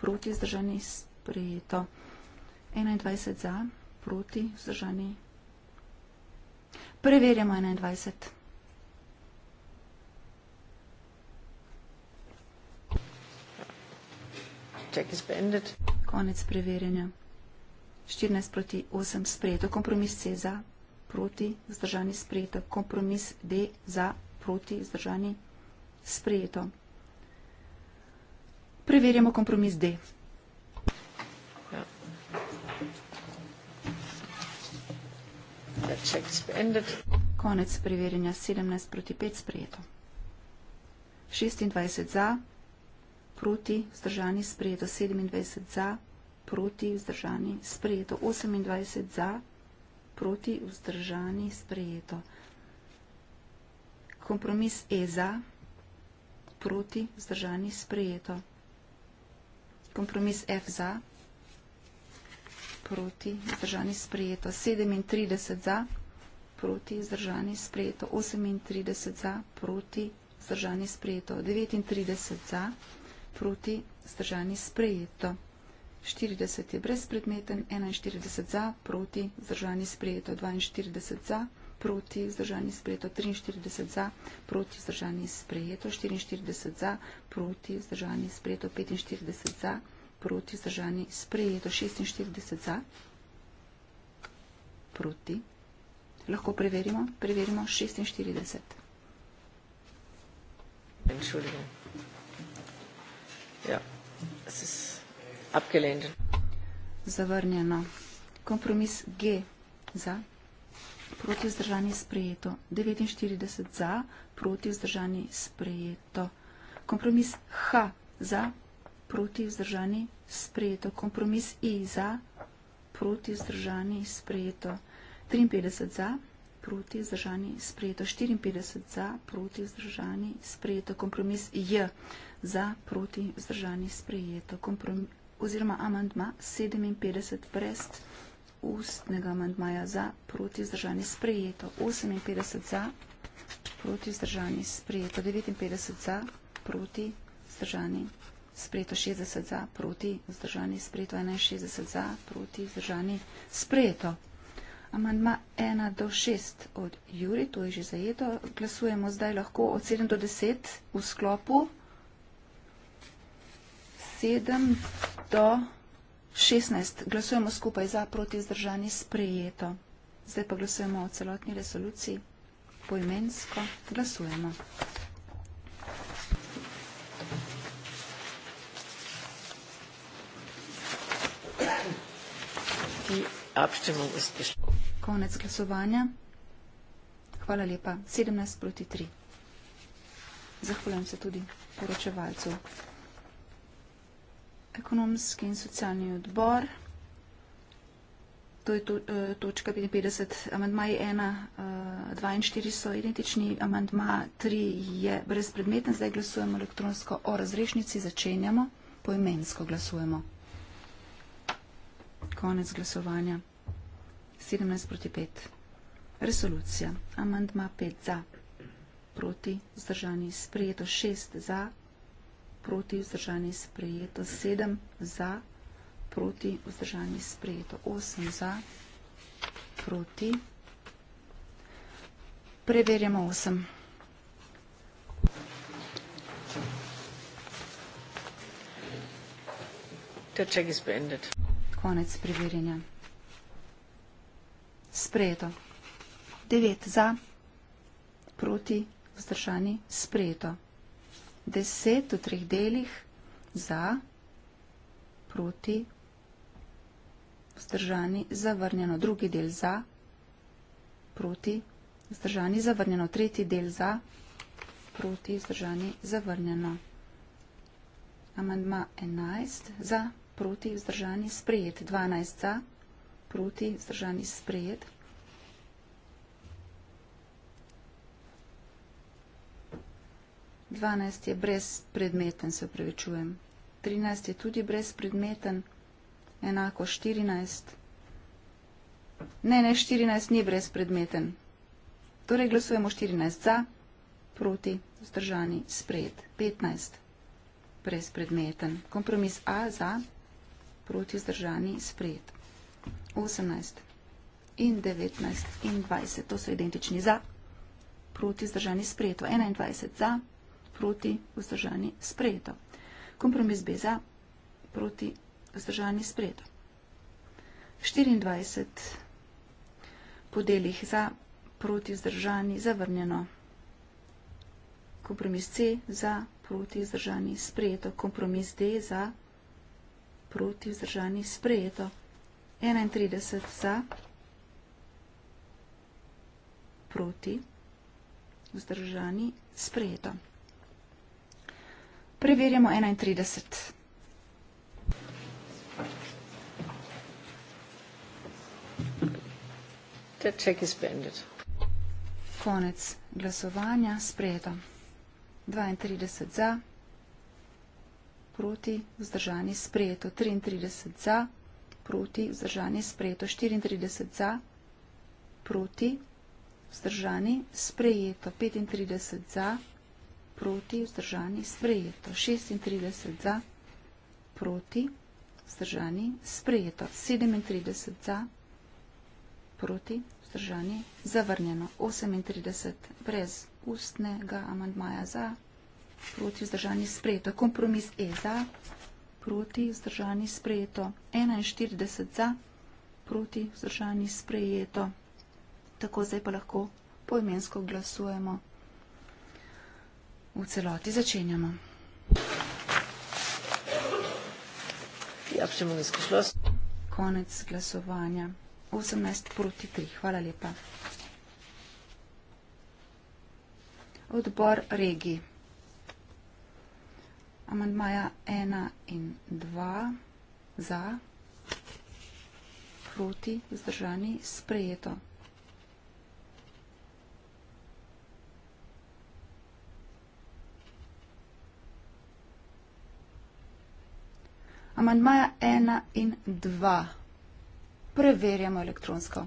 [SPEAKER 1] proti zdržanje sprejeto, 21 za, proti zdržanje. Preverjamo 21. check is banded. Konec preverjanja. 14 proti 8 sprejeto. Kompromis C za, proti, zdržani sprejeto. Kompromis D za, proti, zdržani sprejeto. Preverjamo kompromis D. Ja. Konec preverjanja 17 proti 5 sprejeto. 26 za, proti, vzdržani, sprejeto 27 za, proti, vzdržani, sprejeto 28 za, proti, vzdržani, sprejeto. Kompromis E za, proti, vzdržani, sprejeto. Kompromis F za, proti, vzdržani, sprejeto. 37 za, proti, vzdržani, sprejeto. 38 za, proti, vzdržani, sprejeto. 39 za, proti, vzdržani, sprejeto proti, zdržani sprejeto. 40 je brezpredmeten, 41 za, proti, zdržani sprejeto, 42 za, proti, zdržani sprejeto, 43 za, proti, zdržani sprejeto, 44 za, proti, zdržani sprejeto, 45 za, proti, zdržani sprejeto, 46 za, proti. Lahko preverimo? Preverimo 46.
[SPEAKER 2] Entschuldigung. Ja.
[SPEAKER 1] Abgelehnt. Zavrnjeno. Kompromis G za. Proti vzdržani sprejeto. 49 za. Proti vzdržani sprejeto. Kompromis H za. Proti vzdržani sprejeto. Kompromis I za. Proti vzdržani sprejeto. 53 za proti zdržani sprejeto, 54 za proti zdržani sprejeto, kompromis J za proti zdržani sprejeto, oziroma amandma 57 brez ustnega amandmaja za proti zdržani sprejeto, 58 za proti zdržani sprejeto, 59 za proti zdržani sprejeto, 60 za proti zdržani sprejeto, 61 za proti zdržani sprejeto amandma 1 do 6 od Juri, to je že zajeto. Glasujemo zdaj lahko od 7 do 10 v sklopu 7 do 16. Glasujemo skupaj za proti zdržanje sprejeto. Zdaj pa glasujemo o celotni resoluciji poimensko. Glasujemo.
[SPEAKER 2] Abstimmung ist geschlossen.
[SPEAKER 1] Konec glasovanja. Hvala lepa. 17 proti 3. Zahvaljujem se tudi poročevalcu. Ekonomski in socialni odbor. To je to, eh, točka 55. Amandmaj 1, 2 in 4 so identični. Amandma 3 je brezpredmeten. Zdaj glasujemo elektronsko o razrešnici. Začenjamo. Poimensko glasujemo. Konec glasovanja. 17 proti 5. Resolucija. Amandma 5 za, proti vzdržani sprejeto 6 za, proti vzdržani sprejeto 7 za, proti vzdržani sprejeto 8 za, proti. Preverjamo 8. Konec preverjanja sprejeto. 9 za, proti, vzdržani, sprejeto. 10 v treh delih za, proti, vzdržani, zavrnjeno. Drugi del za, proti, vzdržani, zavrnjeno. Tretji del za, proti, vzdržani, zavrnjeno. Amandma 11 za, proti, vzdržani, sprejet. 12 za, proti, vzdržani, sprejeto proti, zdržani spred. Dvanajst je brezpredmeten, se upravičujem. Trinajst je tudi brezpredmeten, enako štirinajst. Ne, ne, štirinajst ni brezpredmeten. Torej glasujemo štirinajst za, proti, zdržani spred. Petnajst brezpredmeten. Kompromis A za, proti, zdržani spred. 18 in 19 in 20. To so identični za, proti zdržani sprejeto. 21 za, proti vzdržani sprejeto. Kompromis B za, proti vzdržani sprejeto. 24 podelih za, proti vzdržani zavrnjeno. Kompromis C za, proti vzdržani sprejeto. Kompromis D za, proti vzdržani sprejeto. 31 za, proti, vzdržani, sprejeto. Preverjamo 31. Konec glasovanja, sprejeto. 32 za, proti, vzdržani, sprejeto. 33 za, sprejeto proti, vzdržani, sprejeto, 34 za, proti, vzdržani, sprejeto, 35 za, proti, vzdržani, sprejeto, 36 za, proti, vzdržani, sprejeto, 37 za, proti, vzdržani, zavrnjeno, 38 brez ustnega amandmaja za, proti, vzdržani, sprejeto, kompromis E za, proti vzdržani sprejeto, 41 za proti vzdržani sprejeto. Tako zdaj pa lahko poimensko glasujemo. V celoti začenjamo. Ja, Konec glasovanja. 18 proti 3. Hvala lepa. Odbor regij amandmaja 1 in 2 za, proti, vzdržani, sprejeto. Amandmaja 1 in 2. Preverjamo elektronsko.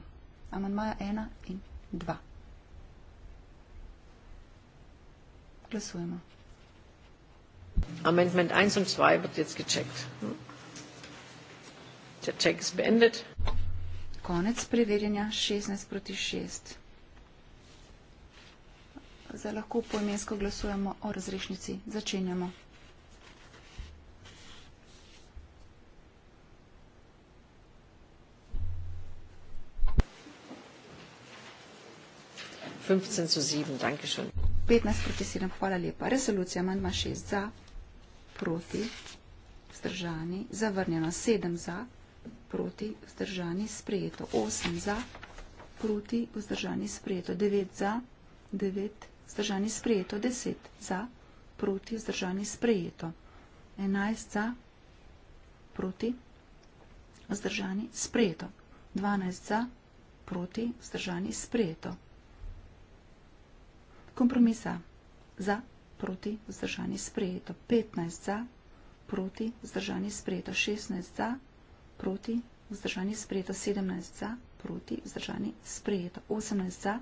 [SPEAKER 1] Amandmaja 1 in 2. Glasujemo.
[SPEAKER 2] Amendment eins und zwei wird jetzt gecheckt.
[SPEAKER 1] Der Check ist beendet. Konec preverjanja 16 proti 6. Zdaj lahko poimensko glasujemo o razrešnici. Začenjamo.
[SPEAKER 2] Zu 7,
[SPEAKER 1] 15 proti 7, hvala lepa. Resolucija manj ima 6 za, proti, vzdržani, zavrnjeno, sedem za, proti, vzdržani, sprejeto, osem za, proti, vzdržani, sprejeto, devet za, devet, vzdržani, sprejeto, deset za, proti, vzdržani, sprejeto, enajst za, proti, vzdržani, sprejeto, dvanajst za, proti, vzdržani, sprejeto. Kompromisa za, proti, vzdržani, sprejeto. 15 za, proti, vzdržani, sprejeto. 16 za, proti, vzdržani, sprejeto. 17 za, proti, vzdržani, sprejeto. 18 za,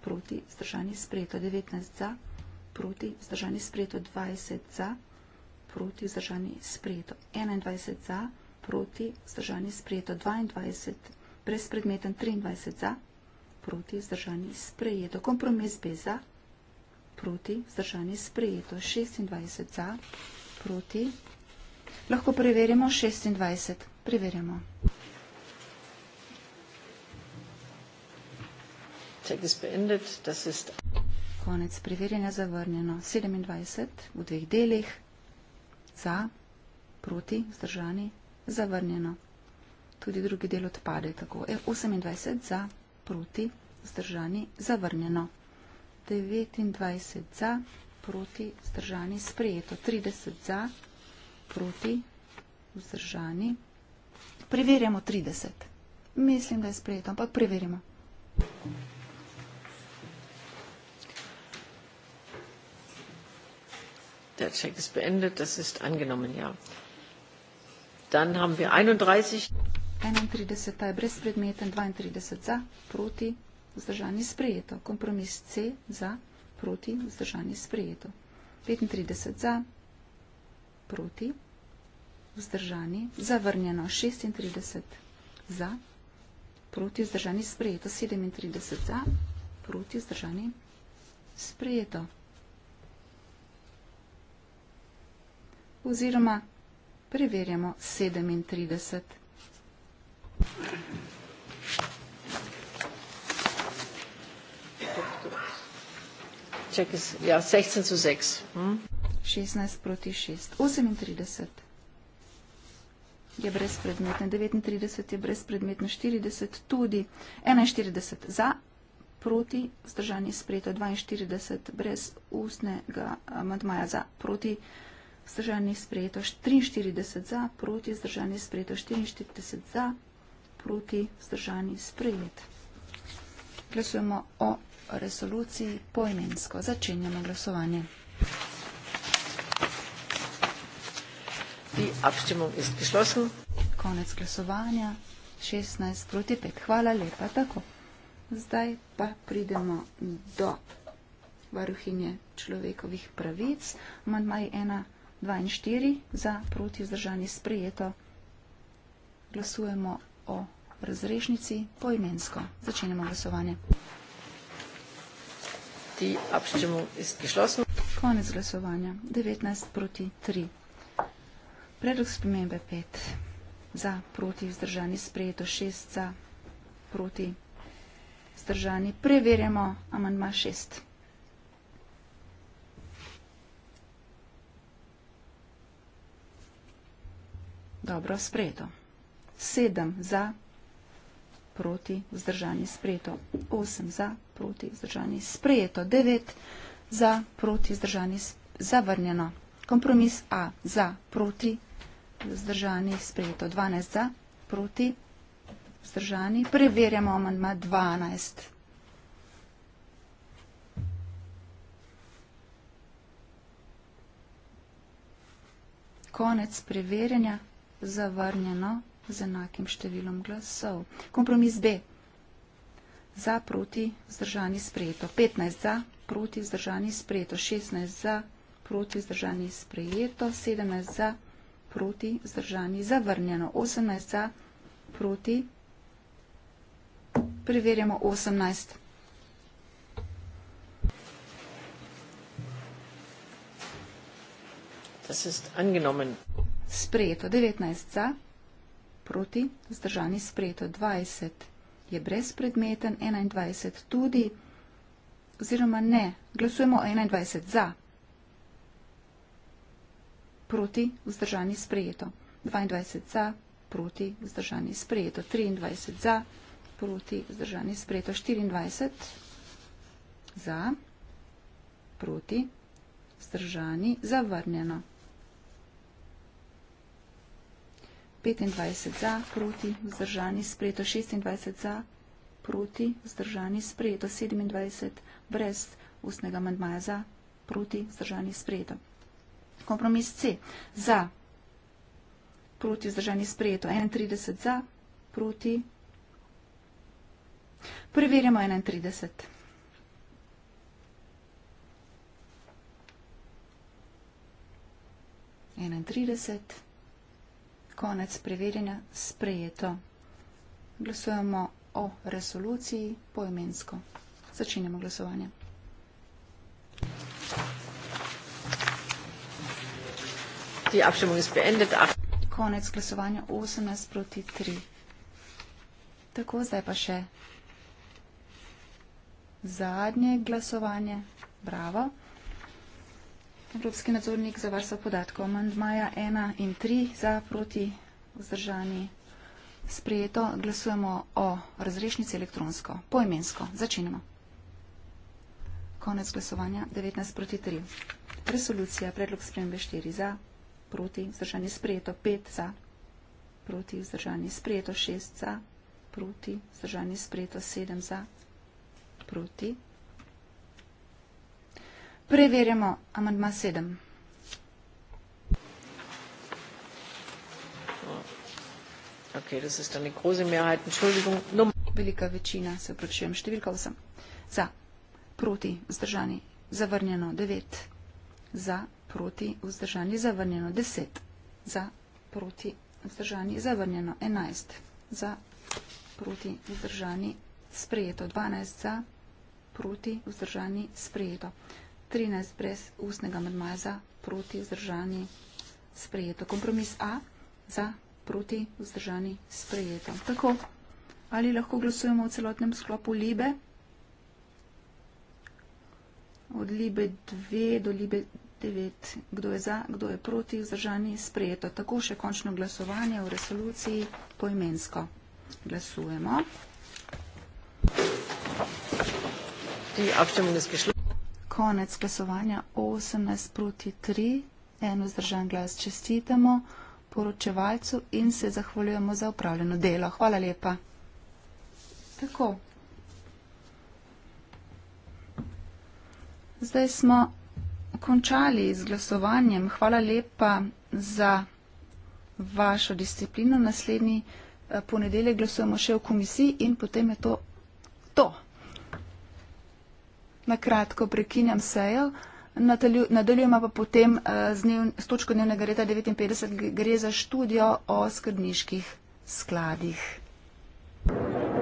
[SPEAKER 1] proti, vzdržani, sprejeto. 19 za, proti, vzdržani, sprejeto. 20 za, proti, vzdržani, sprejeto. 21 za, proti, vzdržani, sprejeto. 22, brez predmeten, 23 za, proti, vzdržani, sprejeto. Kompromis B za, proti, vzdržani, sprejeto proti, vzdržanje sprejeto, 26 za, proti, lahko preverimo 26, preverjamo. Konec preverjanja zavrnjeno, 27 v dveh delih, za, proti, vzdržanje, zavrnjeno. Tudi drugi del odpade tako, 28 e, za, proti, vzdržanje, zavrnjeno. 29 za, proti, vzdržani, sprejeto. 30 za, proti, vzdržani. Preverjamo 30. Mislim, da je sprejeto, ampak preverjamo.
[SPEAKER 2] Der Check ist beendet, das ist angenommen, ja. Dann haben wir 31.
[SPEAKER 1] 31 je brez predmeten, 32 za, proti, vzdržanje sprejeto. Kompromis C za, proti, vzdržanje sprejeto. 35 za, proti, vzdržanje, zavrnjeno. 36 za, proti, vzdržanje sprejeto. 37 za, proti, vzdržanje sprejeto. Oziroma, preverjamo 37. Thank you. Čekaj, ja, 16 zu 6. Hm? 16 proti 6. 38 je brezpredmetno, 39 je brezpredmetno, 40 tudi, 41 za, proti, vzdržanje sprejeto, 42 brez ustnega amadmaja za, proti, vzdržanje sprejeto, 43 za, proti, vzdržanje sprejeto, 44 za, proti, vzdržanje sprejeto. Glasujemo o resoluciji poimensko. Začenjamo glasovanje. Konec glasovanja, 16 proti 5. Hvala lepa, tako. Zdaj pa pridemo do varuhinje človekovih pravic. Manjmaj 1, 2 in 4 za proti zdržanje sprejeto. Glasujemo o razrešnici poimensko. Začenjamo glasovanje. Die Abstimmung ist geschlossen. Konec glasovanja. 19 proti 3. Predlog spremembe 5. Za, proti, vzdržani, sprejeto 6. Za, proti, vzdržani. Preverjamo amandma 6. Dobro, sprejeto. 7 za, proti, vzdržani, sprejeto 8 za, proti proti vzdržani sprejeto, 9 za proti vzdržani zavrnjeno. Kompromis A za proti vzdržani sprejeto, 12 za proti vzdržani. Preverjamo amandma 12. Konec preverjanja zavrnjeno z enakim številom glasov. Kompromis B za, proti, zdržani, sprejeto. 15 za, proti, zdržani, sprejeto. 16 za, proti, zdržani, sprejeto. 17 za, proti, zdržani, zavrnjeno. 18 za, proti, preverjamo 18.
[SPEAKER 2] Das ist angenommen.
[SPEAKER 1] Sprejeto 19 za, proti, zdržani, sprejeto 20 je brezpredmeten, 21 tudi, oziroma ne, glasujemo 21 za, proti, vzdržani sprejeto, 22 za, proti, vzdržani sprejeto, 23 za, proti, vzdržani sprejeto, 24 za, proti, vzdržani, zavrnjeno. 25 za, proti, vzdržani, sprejeto 26 za, proti, vzdržani, sprejeto 27 brez ustnega amandmaja za, proti, vzdržani, sprejeto. Kompromis C. Za, proti, vzdržani, sprejeto 31 za, proti. Preverjamo 31. Enaintrideset konec preverjanja sprejeto. Glasujemo o resoluciji poimensko. Začenjamo glasovanje. Konec glasovanja 18 proti 3. Tako zdaj pa še zadnje glasovanje. Bravo. Evropski nadzornik za varstvo podatkov. Amandmaja 1 in 3 za proti vzdržani sprejeto. Glasujemo o razrešnici elektronsko, poimensko. Začinimo. Konec glasovanja 19 proti 3. Resolucija, predlog spremembe 4 za, proti vzdržani sprejeto, 5 za, proti vzdržani sprejeto, 6 za, proti vzdržani sprejeto, 7 za, proti. Preverjamo amandma sedem. Okay, das ist eine große Mehrheit. Entschuldigung. Velika večina, se pravčujem, številka osem. Za, proti, vzdržani, zavrnjeno, devet. Za, proti, vzdržani, zavrnjeno, deset. Za, proti, vzdržani, zavrnjeno, enajst. Za, proti, vzdržani, sprejeto, dvanajst. Za, proti, vzdržani, sprejeto. 13 brez ustnega amandmaja za proti vzdržani sprejeto. Kompromis A za proti vzdržani sprejeto. Tako, ali lahko glasujemo v celotnem sklopu Libe? Od Libe 2 do Libe 9. Kdo je za, kdo je proti vzdržani sprejeto. Tako še končno glasovanje v resoluciji poimensko. Glasujemo. Die Abstimmung ist geschlossen konec glasovanja 18 proti 3, en vzdržan glas čestitamo poročevalcu in se zahvaljujemo za upravljeno delo. Hvala lepa. Tako. Zdaj smo končali z glasovanjem. Hvala lepa za vašo disciplino. Naslednji eh, ponedeljek glasujemo še v komisiji in potem je to to na kratko prekinjam sejo. Nadaljujemo pa potem eh, z, dnev, z točko dnevnega reda 59, gre za študijo o skrbniških skladih. Thank you.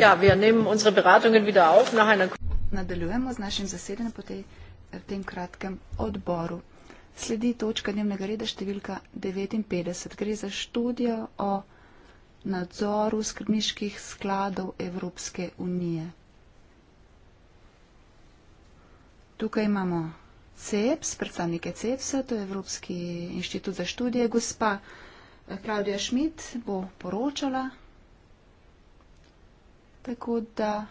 [SPEAKER 1] Ja, wir nehmen unsere Beratungen wieder auf nach einer. Nadaljujemo z našim zasedanjem po tej, eh, tem kratkem odboru. Sledi točka dnevnega reda številka 59. Gre za študijo o nadzoru skrbniških skladov Evropske unije. Tukaj imamo CEPS, predstavnike CEPS-a, to je Evropski inštitut za študije. Gospa eh, Klaudija Šmit bo poročala. Tako da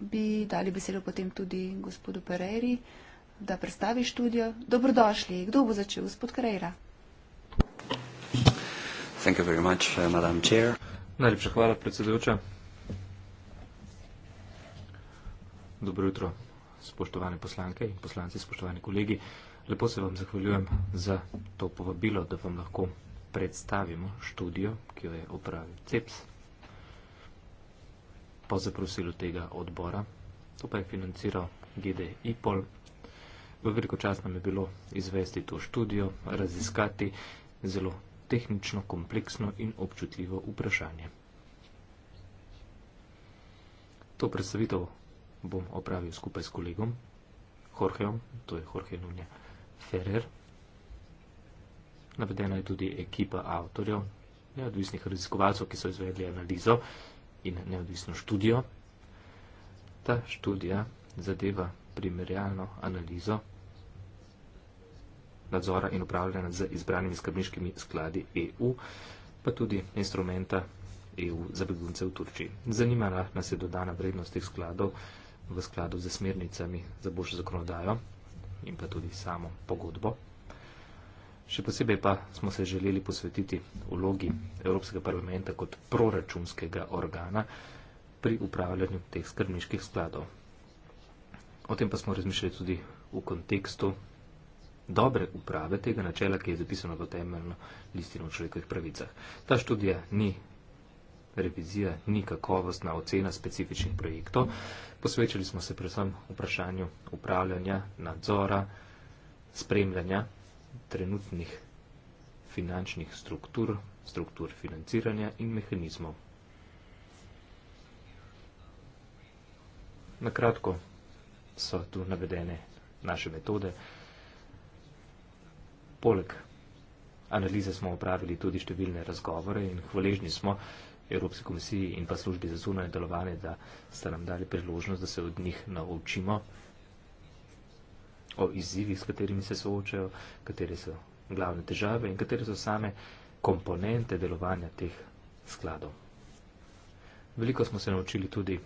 [SPEAKER 1] bi dali besedo potem tudi gospodu Pereri, da predstavi študijo. Dobrodošli. Kdo bo začel? Gospod Kreira.
[SPEAKER 5] Thank you very much, uh, madam chair.
[SPEAKER 4] Najlepša hvala, predsedujoča. Dobro jutro, spoštovane poslanke in poslanci, spoštovani kolegi. Lepo se vam zahvaljujem za to povabilo, da vam lahko predstavimo študijo, ki jo je opravil CEPS pa zaprosilo tega odbora. To pa je financiral GD IPOL. V veliko čas nam je bilo izvesti to študijo, raziskati zelo tehnično, kompleksno in občutljivo vprašanje. To predstavitev bom opravil skupaj s kolegom Jorgeom, to je Jorge Nunja Ferrer. Navedena je tudi ekipa avtorjev, neodvisnih raziskovalcev, ki so izvedli analizo in neodvisno študijo. Ta študija zadeva primerjalno analizo nadzora in upravljanja z izbranimi skrbniškimi skladi EU, pa tudi instrumenta EU za begunce v Turčiji. Zanimala nas je dodana vrednost teh skladov v skladu z smernicami za boljšo zakonodajo in pa tudi samo pogodbo. Še posebej pa smo se želeli posvetiti vlogi Evropskega parlamenta kot proračunskega organa pri upravljanju teh skrbniških skladov. O tem pa smo razmišljali tudi v kontekstu dobre uprave tega načela, ki je zapisano v temeljno listino o človekovih pravicah. Ta študija ni revizija, ni kakovostna ocena specifičnih projektov. Posvečali smo se predvsem vprašanju upravljanja, nadzora, spremljanja trenutnih finančnih struktur, struktur financiranja in mehanizmov. Na kratko so tu navedene naše metode. Poleg analize smo opravili tudi številne razgovore in hvaležni smo Evropski komisiji in pa službi za zunanje delovanje, da sta nam dali priložnost, da se od njih naučimo o izzivih, s katerimi se soočajo, katere so glavne težave in katere so same komponente delovanja teh skladov. Veliko smo se naučili tudi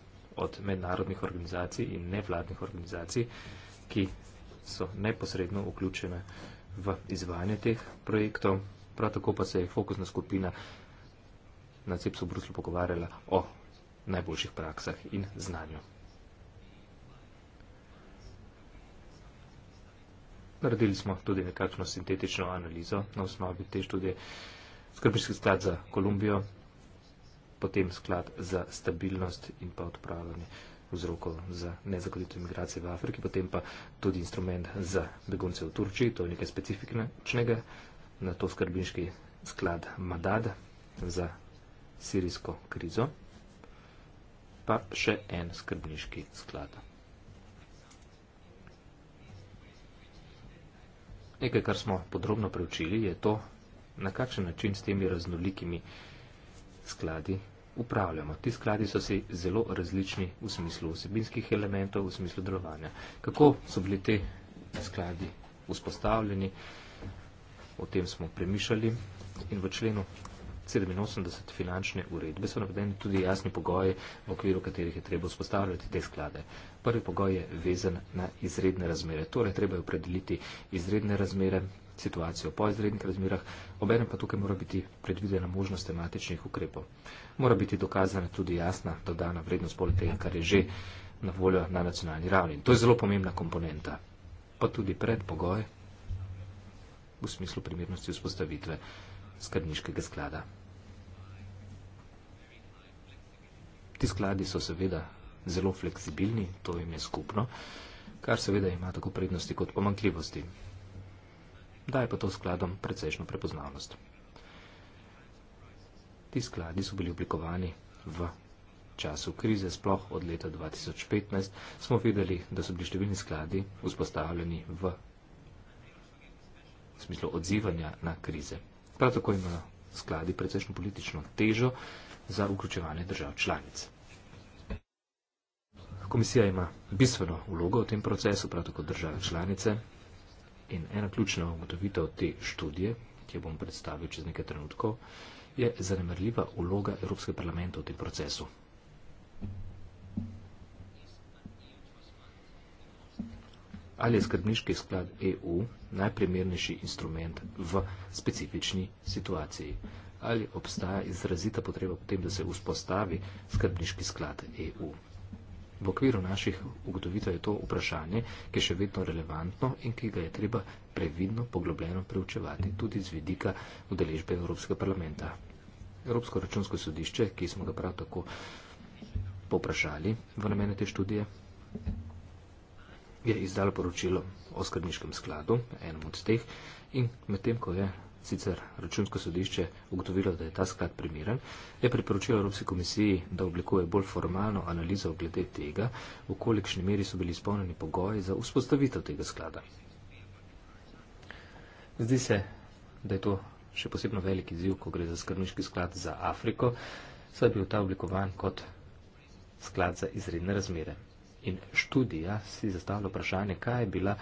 [SPEAKER 4] od mednarodnih organizacij in nevladnih organizacij, ki so neposredno vključene v izvajanje teh projektov. Prav tako pa se je fokusna skupina na CEPS-u Bruslu pogovarjala o najboljših praksah in znanju. Naredili smo tudi nekakšno sintetično analizo na osnovi te študije. Skrbiški sklad za Kolumbijo, potem sklad za stabilnost in pa odpravljanje vzrokov za nezakonito imigracijo v Afriki, potem pa tudi instrument za begunce v Turčiji, to je nekaj specifičnega, na to skrbiški sklad Madad za sirijsko krizo, pa še en skrbniški sklad. Nekaj, kar smo podrobno preučili, je to, na kakšen način s temi raznolikimi skladi upravljamo. Ti skladi so si zelo različni v smislu vsebinskih elementov, v smislu delovanja. Kako so bili te skladi vzpostavljeni, o tem smo premišljali in v členu 87 finančne uredbe so navedeni tudi jasni pogoji, v okviru katerih je treba vzpostavljati te sklade. Prvi pogoj je vezan na izredne razmere. Torej, treba je opredeliti izredne razmere, situacijo po izrednih razmerah, obenem pa tukaj mora biti predvidena možnost tematičnih ukrepov. Mora biti dokazana tudi jasna dodana vrednost poleg tega, kar je že na voljo na nacionalni ravni. To je zelo pomembna komponenta. Pa tudi predpogoj v smislu primernosti vzpostavitve skrbniškega sklada. Ti skladi so seveda zelo fleksibilni, to jim je skupno, kar seveda ima tako prednosti kot pomankljivosti. Daje pa to skladom precejšno prepoznavnost. Ti skladi so bili oblikovani v času krize, sploh od leta 2015 smo videli, da so bili številni skladi vzpostavljeni v smislu odzivanja na krize. Prav tako ima skladi precejšno politično težo za vključevanje držav članic. Komisija ima bistveno vlogo v tem procesu, prav tako države članice. In ena ključna ugotovitev te študije, ki jo bom predstavil čez nekaj trenutkov, je zanemrljiva vloga Evropskega parlamenta v tem procesu. ali je skrbniški sklad EU najprimernejši instrument v specifični situaciji. Ali obstaja izrazita potreba potem, da se vzpostavi skrbniški sklad EU. V okviru naših ugotovitev je to vprašanje, ki je še vedno relevantno in ki ga je treba previdno poglobljeno preučevati tudi z vidika udeležbe Evropskega parlamenta. Evropsko računsko sodišče, ki smo ga prav tako poprašali v namene te študije, je izdalo poročilo o skrbniškem skladu, enem od teh, in medtem ko je sicer računsko sodišče ugotovilo, da je ta sklad primeren, je priporočilo Evropski komisiji, da oblikuje bolj formalno analizo glede tega, v kolikšni meri so bili izpolnjeni pogoji za vzpostavitev tega sklada. Zdi se, da je to še posebno velik izziv, ko gre za skrbniški sklad za Afriko, saj je bil ta oblikovan kot sklad za izredne razmere in študija si zastavlja vprašanje, kaj je bila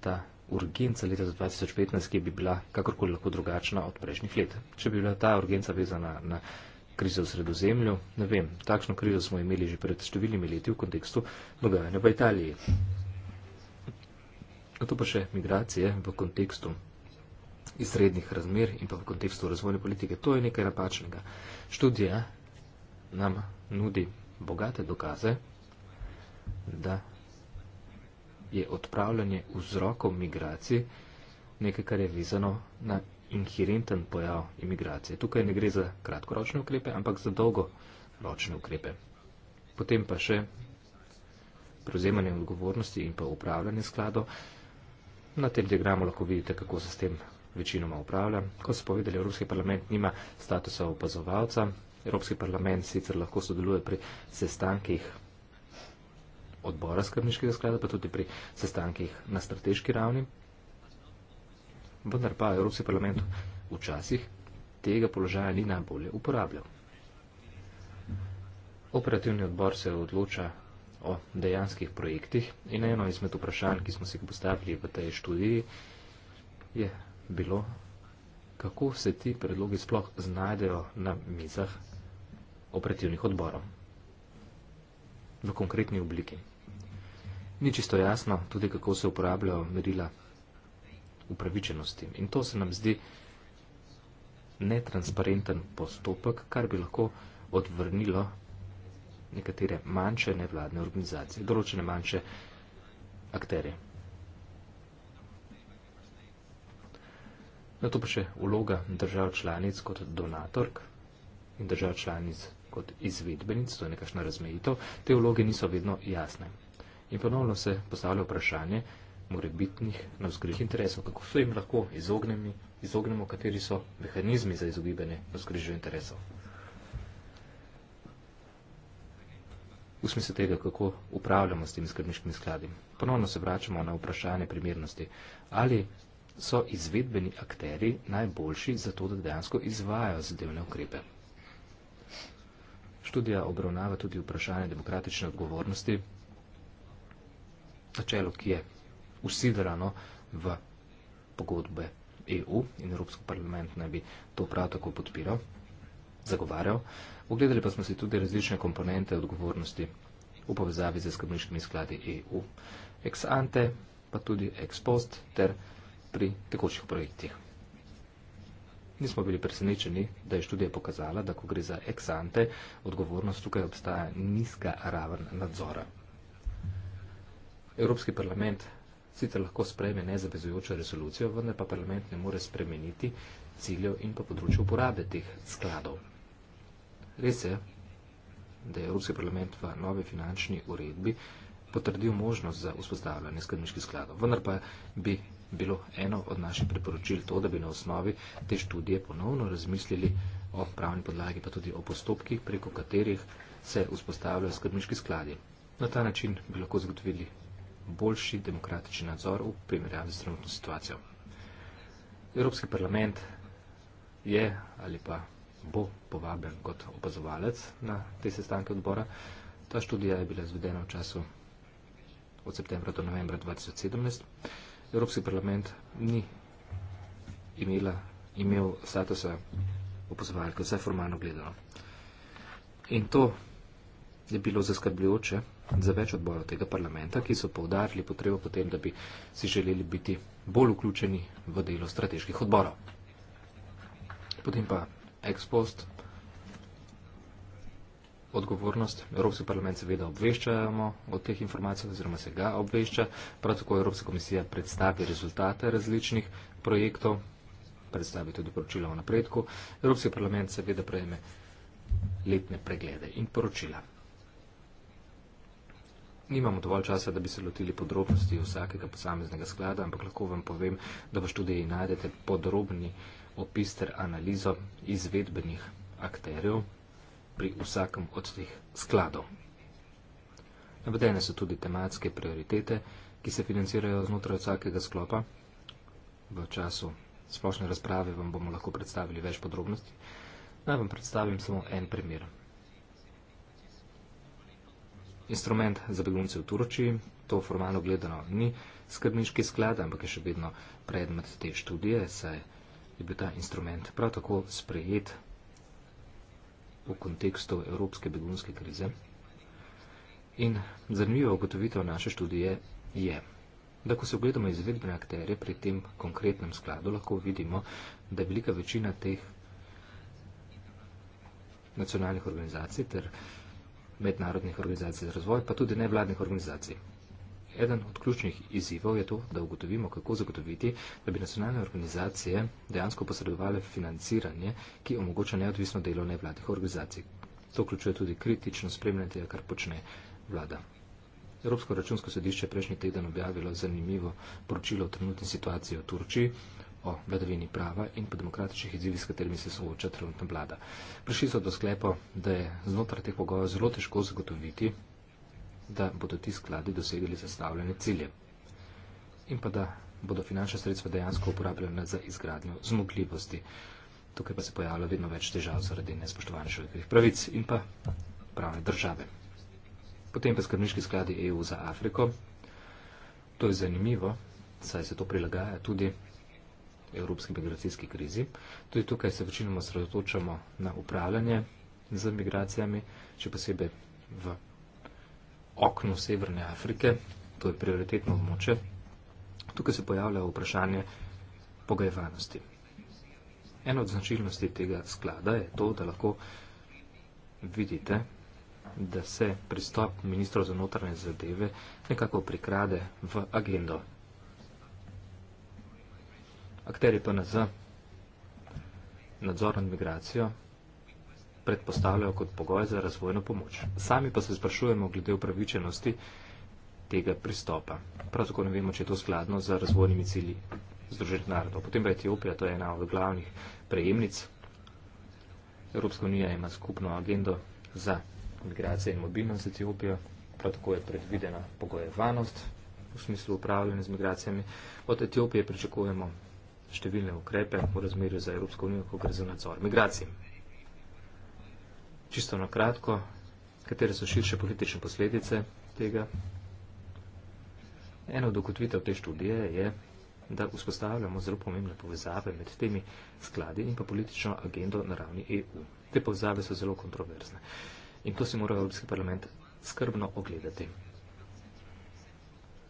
[SPEAKER 4] ta urgenca leta 2015, ki bi bila kakorkoli lahko drugačna od prejšnjih let. Če bi bila ta urgenca vezana na krizo v sredozemlju, ne vem, takšno krizo smo imeli že pred številnimi leti v kontekstu dogajanja v Italiji. Zato pa še migracije v kontekstu izrednih razmer in pa v kontekstu razvojne politike. To je nekaj napačnega. Študija nam nudi bogate dokaze, da je odpravljanje vzrokov migracij nekaj, kar je vezano na inherenten pojav imigracije. Tukaj ne gre za kratkoročne ukrepe, ampak za dolgoročne ukrepe. Potem pa še prevzemanje odgovornosti in pa upravljanje skladov. Na tem diagramu lahko vidite, kako se s tem večinoma upravlja. Ko so povedali, Evropski parlament nima statusa opazovalca, Evropski parlament sicer lahko sodeluje pri sestankih odbora skrbniškega sklada, pa tudi pri sestankih na strateški ravni. Vendar pa Evropski parlament včasih tega položaja ni najbolje uporabljal. Operativni odbor se odloča o dejanskih projektih in eno izmed vprašanj, ki smo si ga postavili v tej študiji, je bilo, kako se ti predlogi sploh znajdejo na mizah operativnih odborov v konkretni obliki. Ni čisto jasno tudi, kako se uporabljajo merila upravičenosti. In to se nam zdi netransparenten postopek, kar bi lahko odvrnilo nekatere manjše nevladne organizacije, določene manjše akterje. Na to pa še vloga držav članic kot donatork in držav članic kot izvedbenic, to je nekašna razmejitev, te vloge niso vedno jasne. In ponovno se postavlja vprašanje morebitnih navzgrižnih interesov, kako se jim lahko izognemi, izognemo, kateri so mehanizmi za izogibanje navzgrižnih interesov. V smislu tega, kako upravljamo s temi skrbniškimi skladi. Ponovno se vračamo na vprašanje primernosti, ali so izvedbeni akteri najboljši za to, da dejansko izvajo zadevne ukrepe. Študija obravnava tudi vprašanje demokratične odgovornosti, načelo, ki je usidrano v pogodbe EU in Evropski parlament naj bi to prav tako podpiral, zagovarjal. Ogledali pa smo si tudi različne komponente odgovornosti v povezavi z skrbniškimi skladi EU, ex ante, pa tudi ex post ter pri tekočih projektih nismo bili presenečeni, da je študija pokazala, da ko gre za eksante, odgovornost tukaj obstaja nizka raven nadzora. Evropski parlament sicer lahko spreme nezavezujočo resolucijo, vendar pa parlament ne more spremeniti ciljev in pa področju uporabe teh skladov. Res je, da je Evropski parlament v nove finančni uredbi potrdil možnost za vzpostavljanje skrbniških skladov, vendar pa bi bilo eno od naših priporočil to, da bi na osnovi te študije ponovno razmislili o pravni podlagi, pa tudi o postopkih, preko katerih se vzpostavljajo skrbniški skladi. Na ta način bi lahko zagotovili boljši demokratični nadzor v primerjavi s trenutno situacijo. Evropski parlament je ali pa bo povabljen kot opazovalec na te sestanke odbora. Ta študija je bila izvedena v času od septembra do novembra 2017. Evropski parlament ni imela, imel statusa opozovalke, vsaj formalno gledano. In to je bilo zaskrbljujoče za več odborov tega parlamenta, ki so povdarili potrebo potem, da bi si želeli biti bolj vključeni v delo strateških odborov. Potem pa ex post odgovornost. Evropski parlament seveda obveščamo o teh informacijah oziroma se ga obvešča. Prav tako Evropska komisija predstavi rezultate različnih projektov, predstavi tudi poročila o napredku. Evropski parlament seveda prejme letne preglede in poročila. Nimamo dovolj časa, da bi se lotili podrobnosti vsakega posameznega sklada, ampak lahko vam povem, da v študiji najdete podrobni opis ter analizo izvedbenih akterjev pri vsakem od teh skladov. Navedene so tudi tematske prioritete, ki se financirajo znotraj vsakega sklopa. V času splošne razprave vam bomo lahko predstavili več podrobnosti. Naj vam predstavim samo en primer. Instrument za begunce v Turčiji, to formalno gledano ni skrbniški sklad, ampak je še vedno predmet te študije, saj je bil ta instrument prav tako sprejet v kontekstu evropske begunske krize. In zanimiva ugotovitev naše študije je, da ko se ogledamo izvedbene akterje pri tem konkretnem skladu, lahko vidimo, da je velika večina teh nacionalnih organizacij ter mednarodnih organizacij za razvoj, pa tudi nevladnih organizacij, Eden od ključnih izzivov je to, da ugotovimo, kako zagotoviti, da bi nacionalne organizacije dejansko posredovale financiranje, ki omogoča neodvisno delo nevladnih organizacij. To vključuje tudi kritično spremljanje tega, kar počne vlada. Evropsko računsko sodišče je prejšnji teden objavilo zanimivo poročilo o trenutni situaciji v Turčiji, o vladavini prava in po demokratičnih izzivih, s katerimi se sooča trenutna vlada. Prišli so do sklepa, da je znotraj teh pogojev zelo težko zagotoviti, da bodo ti skladi dosegli zastavljene cilje in pa da bodo finančne sredstva dejansko uporabljene za izgradnjo zmogljivosti. Tukaj pa se pojavlja vedno več težav zaradi nespoštovanja človekovih pravic in pa pravne države. Potem pa skrbniški skladi EU za Afriko. To je zanimivo, saj se to prilagaja tudi evropski migracijski krizi. Tudi tukaj se večinoma sredotočamo na upravljanje z migracijami, še posebej v okno Severne Afrike, to je prioritetno območje, tukaj se pojavlja vprašanje pogajevanosti. Eno od značilnosti tega sklada je to, da lahko vidite, da se pristop ministrov za notranje zadeve nekako prikrade v agendo. Akteri PNZ, nadzor nad migracijo, predpostavljajo kot pogoj za razvojno pomoč. Sami pa se sprašujemo glede upravičenosti tega pristopa. Prav tako ne vemo, če je to skladno z razvojnimi cilji združenih narodov. Potem pa Etiopija, to je ena od glavnih prejemnic. Evropska unija ima skupno agendo za migracijo in mobilnost Etiopijo. Prav tako je predvidena pogojevanost v smislu upravljanja z migracijami. Od Etiopije pričakujemo številne ukrepe v razmerju za Evropsko unijo, ko gre za nadzor migracij čisto na kratko, katere so širše politične posledice tega. Eno od okotvitev te študije je, da vzpostavljamo zelo pomembne povezave med temi skladi in pa politično agendo na ravni EU. Te povezave so zelo kontroverzne in to si mora Evropski parlament skrbno ogledati.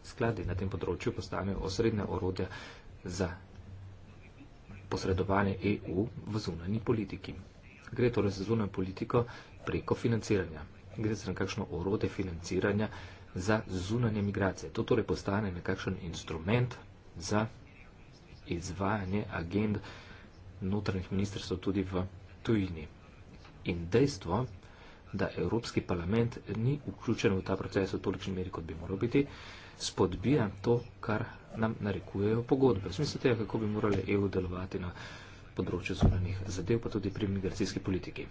[SPEAKER 4] Skladi na tem področju postanejo osrednja orodja za posredovanje EU v zunanji politiki. Gre torej za zunanjo politiko preko financiranja. Gre za nekakšno orode financiranja za zunanje migracije. To torej postane nekakšen instrument za izvajanje agend notranjih ministrstv tudi v tujini. In dejstvo, da Evropski parlament ni vključen v ta proces v tolikšni meri, kot bi moral biti, spodbija to, kar nam narekujejo pogodbe. Smislite, kako bi morali EU delovati na no? področju zunanih zadev, pa tudi pri migracijski politiki.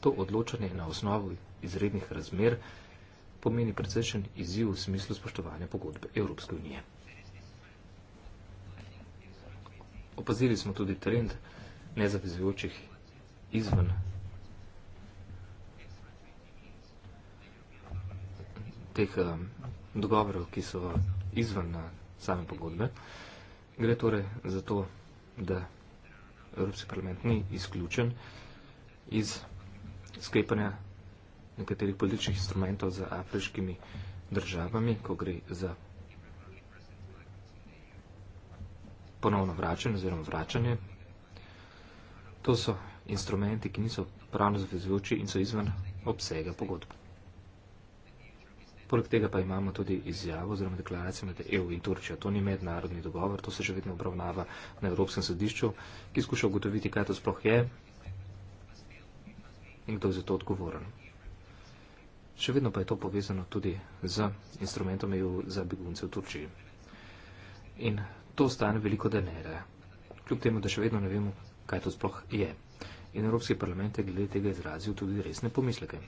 [SPEAKER 4] To odločanje na osnovi izrednih razmer pomeni precejšen izziv v smislu spoštovanja pogodbe Evropske unije. Opazili smo tudi trend nezavezujočih izven teh eh, dogovorov, ki so izven eh, same pogodbe. Gre torej za to, da Evropski parlament ni izključen iz sklepanja nekaterih političnih instrumentov za afriškimi državami, ko gre za ponovno vračanje oziroma vračanje. To so instrumenti, ki niso pravno zavezujoči in so izven obsega pogodb. Poleg tega pa imamo tudi izjavo oziroma deklaracijo med EU in Turčijo. To ni mednarodni dogovor, to se še vedno obravnava na Evropskem sodišču, ki skuša ugotoviti, kaj to sploh je in kdo je za to odgovoren. Še vedno pa je to povezano tudi z instrumentom EU za begunce v Turčiji. In to stane veliko denarja. Kljub temu, da še vedno ne vemo, kaj to sploh je. In Evropski parlament je glede tega izrazil tudi resne pomisleke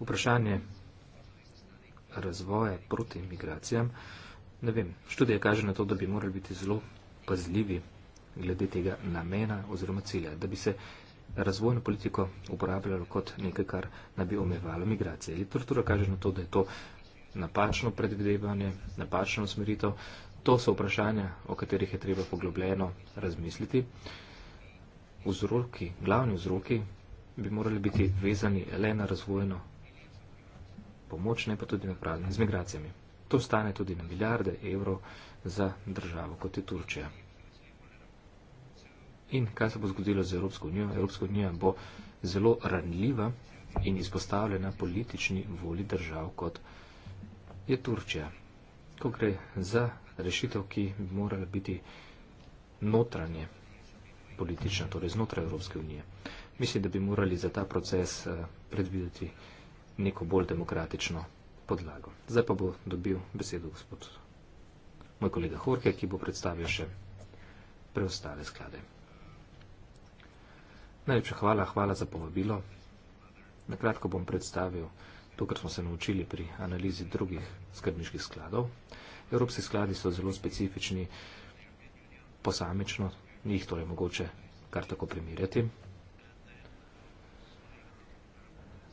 [SPEAKER 4] vprašanje razvoja proti imigracijam. Ne vem, študija kaže na to, da bi morali biti zelo pazljivi glede tega namena oziroma cilja, da bi se razvojno politiko uporabljalo kot nekaj, kar ne bi omevalo migracije. Literatura kaže na to, da je to napačno predvidevanje, napačno usmeritev. To so vprašanja, o katerih je treba poglobljeno razmisliti. Vzroki, glavni vzroki bi morali biti vezani le na razvojno pomoč, ne pa tudi upravljanje z migracijami. To stane tudi na milijarde evrov za državo, kot je Turčija. In kaj se bo zgodilo z Evropsko unijo? Evropska unija bo zelo ranljiva in izpostavljena politični voli držav, kot je Turčija. Ko gre za rešitev, ki bi morala biti notranje politična, torej znotraj Evropske unije. Mislim, da bi morali za ta proces eh, predvideti neko bolj demokratično podlago. Zdaj pa bo dobil besedo gospod moj kolega Horke, ki bo predstavil še preostale sklade. Najlepša hvala, hvala za povabilo. Nakratko bom predstavil to, kar smo se naučili pri analizi drugih skrbniških skladov. Evropski skladi so zelo specifični posamično, ni jih torej mogoče kar tako primirjati.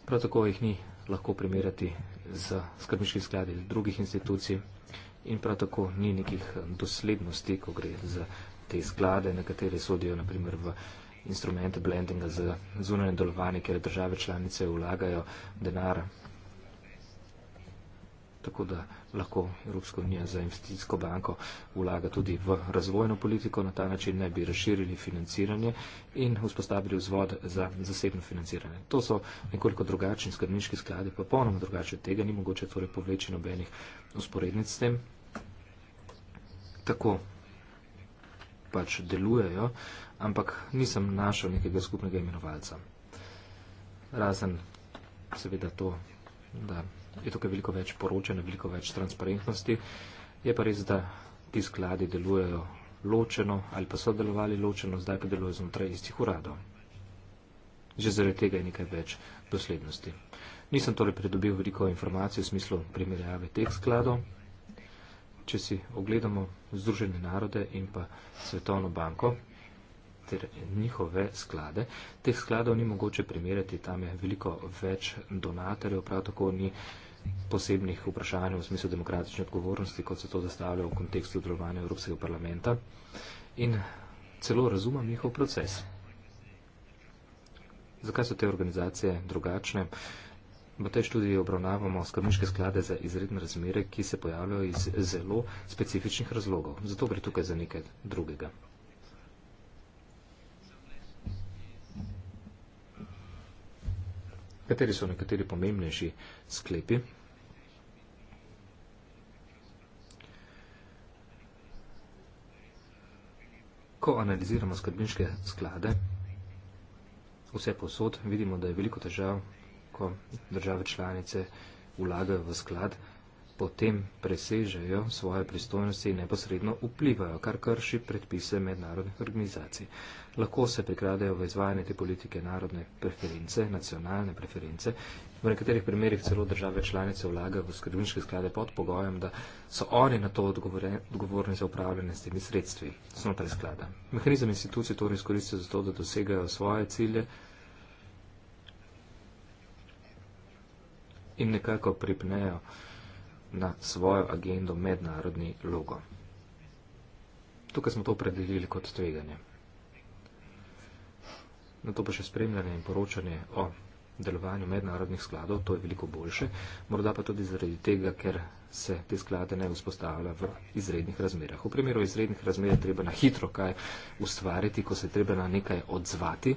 [SPEAKER 4] Prav tako jih ni lahko primerjati z skrbniških skladi drugih institucij in prav tako ni nekih doslednosti, ko gre za te sklade, na katere sodijo naprimer v instrumente blendinga za zunanje delovanje, kjer države članice vlagajo denar tako da lahko Evropska unija za investicijsko banko vlaga tudi v razvojno politiko, na ta način ne bi razširili financiranje in vzpostavili vzvod za zasebno financiranje. To so nekoliko drugačni skrbniški skladi, pa ponovno drugače od tega, ni mogoče torej povleči nobenih usporednic s tem. Tako pač delujejo, ampak nisem našel nekega skupnega imenovalca. Razen seveda to, da je tukaj veliko več poročanja, veliko več transparentnosti. Je pa res, da ti skladi delujejo ločeno ali pa so delovali ločeno, zdaj pa delujejo znotraj istih uradov. Že zaradi tega je nekaj več doslednosti. Nisem torej pridobil veliko informacij v smislu primerjave teh skladov. Če si ogledamo Združene narode in pa Svetovno banko ter njihove sklade, teh skladov ni mogoče primerjati, tam je veliko več donatorjev, prav tako ni uh, posebnih vprašanj v smislu demokratične odgovornosti, kot se to zastavlja v kontekstu delovanja Evropskega parlamenta in celo razumem njihov proces. Zakaj so te organizacije drugačne? V tej študiji obravnavamo skrbniške sklade za izredne razmere, ki se pojavljajo iz zelo specifičnih razlogov. Zato gre tukaj za nekaj drugega. Kateri so nekateri pomembnejši sklepi? Ko analiziramo skrbniške sklade, vse posod, vidimo, da je veliko težav, ko države članice vlagajo v sklad, potem presežejo svoje pristojnosti in neposredno vplivajo, kar krši predpise mednarodnih organizacij lahko se prikradejo v izvajanje te politike narodne preference, nacionalne preference. V nekaterih primerjih celo države članice vlaga v skrbniške sklade pod pogojem, da so oni na to odgovorni za upravljanje s temi sredstvi znotraj sklada. Mehanizem institucij torej izkoristijo za to, da dosegajo svoje cilje in nekako pripnejo na svojo agendo mednarodni logo. Tukaj smo to predelili kot tveganje na to pa še spremljanje in poročanje o delovanju mednarodnih skladov, to je veliko boljše, morda pa tudi zaradi tega, ker se te sklade ne vzpostavlja v izrednih razmerah. V primeru izrednih razmer je treba na hitro kaj ustvariti, ko se je treba na nekaj odzvati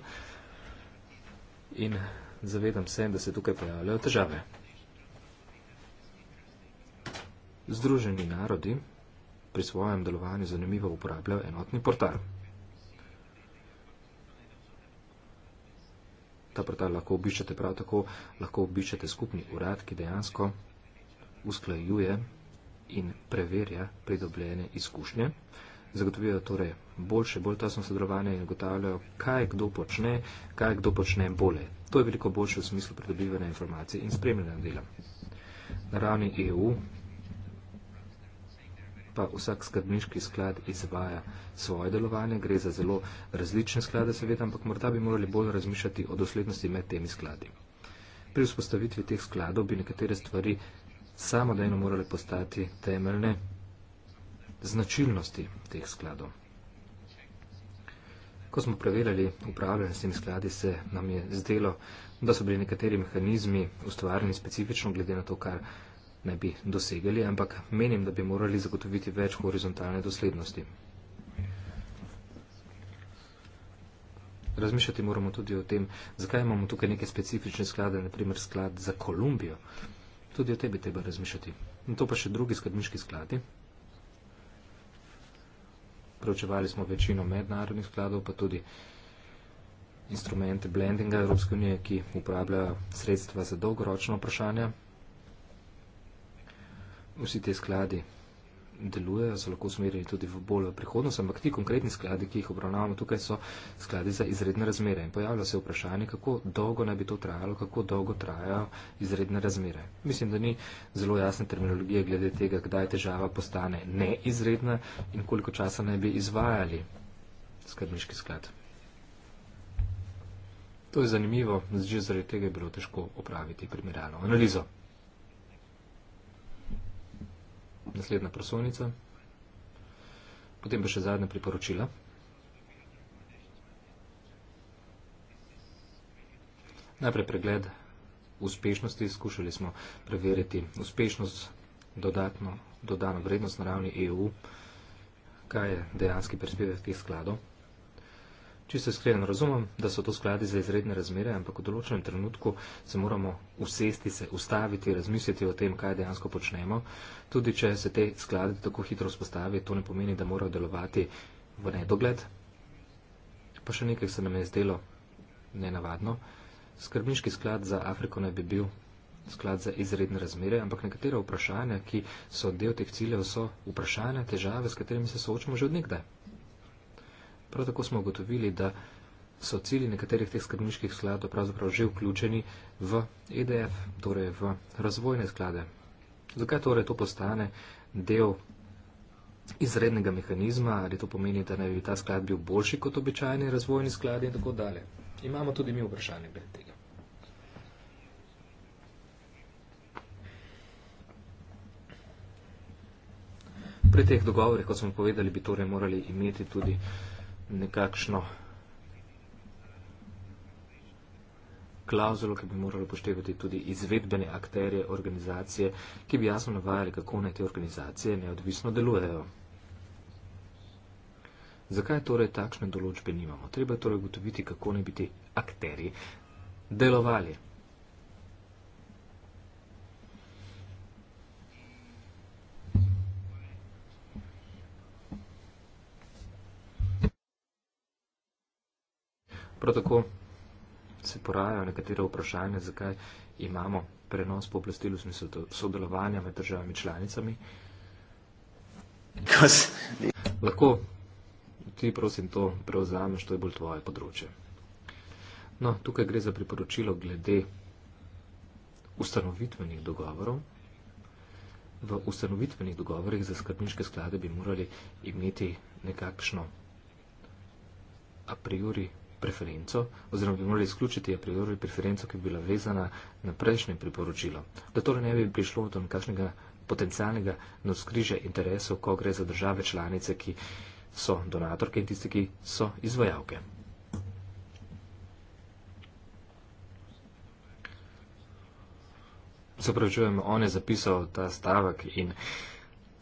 [SPEAKER 4] in zavedam se, da se tukaj pojavljajo težave. Združeni narodi pri svojem delovanju zanimivo uporabljajo enotni portal. ta portal lahko obiščete prav tako, lahko obiščete skupni urad, ki dejansko usklajuje in preverja pridobljene izkušnje. Zagotovijo torej boljše, bolj tasno sodelovanje in ugotavljajo, kaj kdo počne, kaj kdo počne bolje. To je veliko boljše v smislu pridobivanja informacij in spremljanja dela. Na ravni EU pa vsak skrbniški sklad izvaja svoje delovanje. Gre za zelo različne sklade, seveda, ampak morda bi morali bolj razmišljati o doslednosti med temi skladi. Pri vzpostavitvi teh skladov bi nekatere stvari samo dajno morale postati temeljne značilnosti teh skladov. Ko smo preverjali upravljanje s temi skladi, se nam je zdelo, da so bili nekateri mehanizmi ustvarjeni specifično glede na to, kar ne bi dosegali, ampak menim, da bi morali zagotoviti več horizontalne doslednosti. Razmišljati moramo tudi o tem, zakaj imamo tukaj neke specifične sklade, naprimer sklad za Kolumbijo. Tudi o tebi treba razmišljati. In to pa še drugi skrbniški skladi. Preučevali smo večino mednarodnih skladov, pa tudi instrumente blendinga Evropske unije, ki uporablja sredstva za dolgoročno vprašanje vsi ti skladi delujejo, so lahko usmerjeni tudi v bolj v prihodnost, ampak ti konkretni skladi, ki jih obravnavamo tukaj, so skladi za izredne razmere. In pojavlja se vprašanje, kako dolgo naj bi to trajalo, kako dolgo trajajo izredne razmere. Mislim, da ni zelo jasne terminologije glede tega, kdaj težava postane neizredna in koliko časa naj bi izvajali skrbniški sklad. To je zanimivo, že zaradi tega je bilo težko opraviti primerjalno analizo naslednja prosovnica, potem pa še zadnja priporočila. Najprej pregled uspešnosti. Skušali smo preveriti uspešnost, dodatno, dodano vrednost na ravni EU, kaj je dejanski prispevek teh skladov čisto iskren razumem, da so to skladi za izredne razmere, ampak v določenem trenutku se moramo usesti, se ustaviti, razmisliti o tem, kaj dejansko počnemo. Tudi če se te skladi tako hitro vzpostavi, to ne pomeni, da morajo delovati v nedogled. Pa še nekaj se nam je zdelo nenavadno. Skrbniški sklad za Afriko naj bi bil sklad za izredne razmere, ampak nekatera vprašanja, ki so del teh ciljev, so vprašanja, težave, s katerimi se soočamo že odnegdaj. Prav tako smo ugotovili, da so cilji nekaterih teh skrbniških skladov pravzaprav že vključeni v EDF, torej v razvojne sklade. Zakaj torej to postane del izrednega mehanizma, ali to pomeni, da naj bi ta sklad bil boljši kot običajni razvojni sklad in tako dalje. Imamo tudi mi vprašanje glede tega. Pri teh dogovorih, kot smo povedali, bi torej morali imeti tudi uh, nekakšno klauzulo, ki bi morali upoštevati tudi izvedbene akterje organizacije, ki bi jasno navajali, kako naj te organizacije neodvisno delujejo. Zakaj torej takšne določbe nimamo? Treba je torej ugotoviti, kako naj bi ti akteri delovali. Prav tako se porajajo nekatere vprašanja, zakaj imamo prenos pooblastil v smislu sodelovanja med državami članicami. Lahko ti, prosim, to prevzameš, to je bolj tvoje področje. No, tukaj gre za priporočilo glede ustanovitvenih dogovorov. V ustanovitvenih dogovorih za skrbniške sklade bi morali imeti nekakšno a priori preferenco, oziroma bi morali izključiti a priori preferenco, ki bi bila vezana na prejšnje priporočilo, da torej ne bi prišlo do nekakšnega potencialnega noskrižja interesov, ko gre za države članice, ki so donatorke in tiste, ki so izvajalke. Se pravičujem, on je zapisal ta stavek in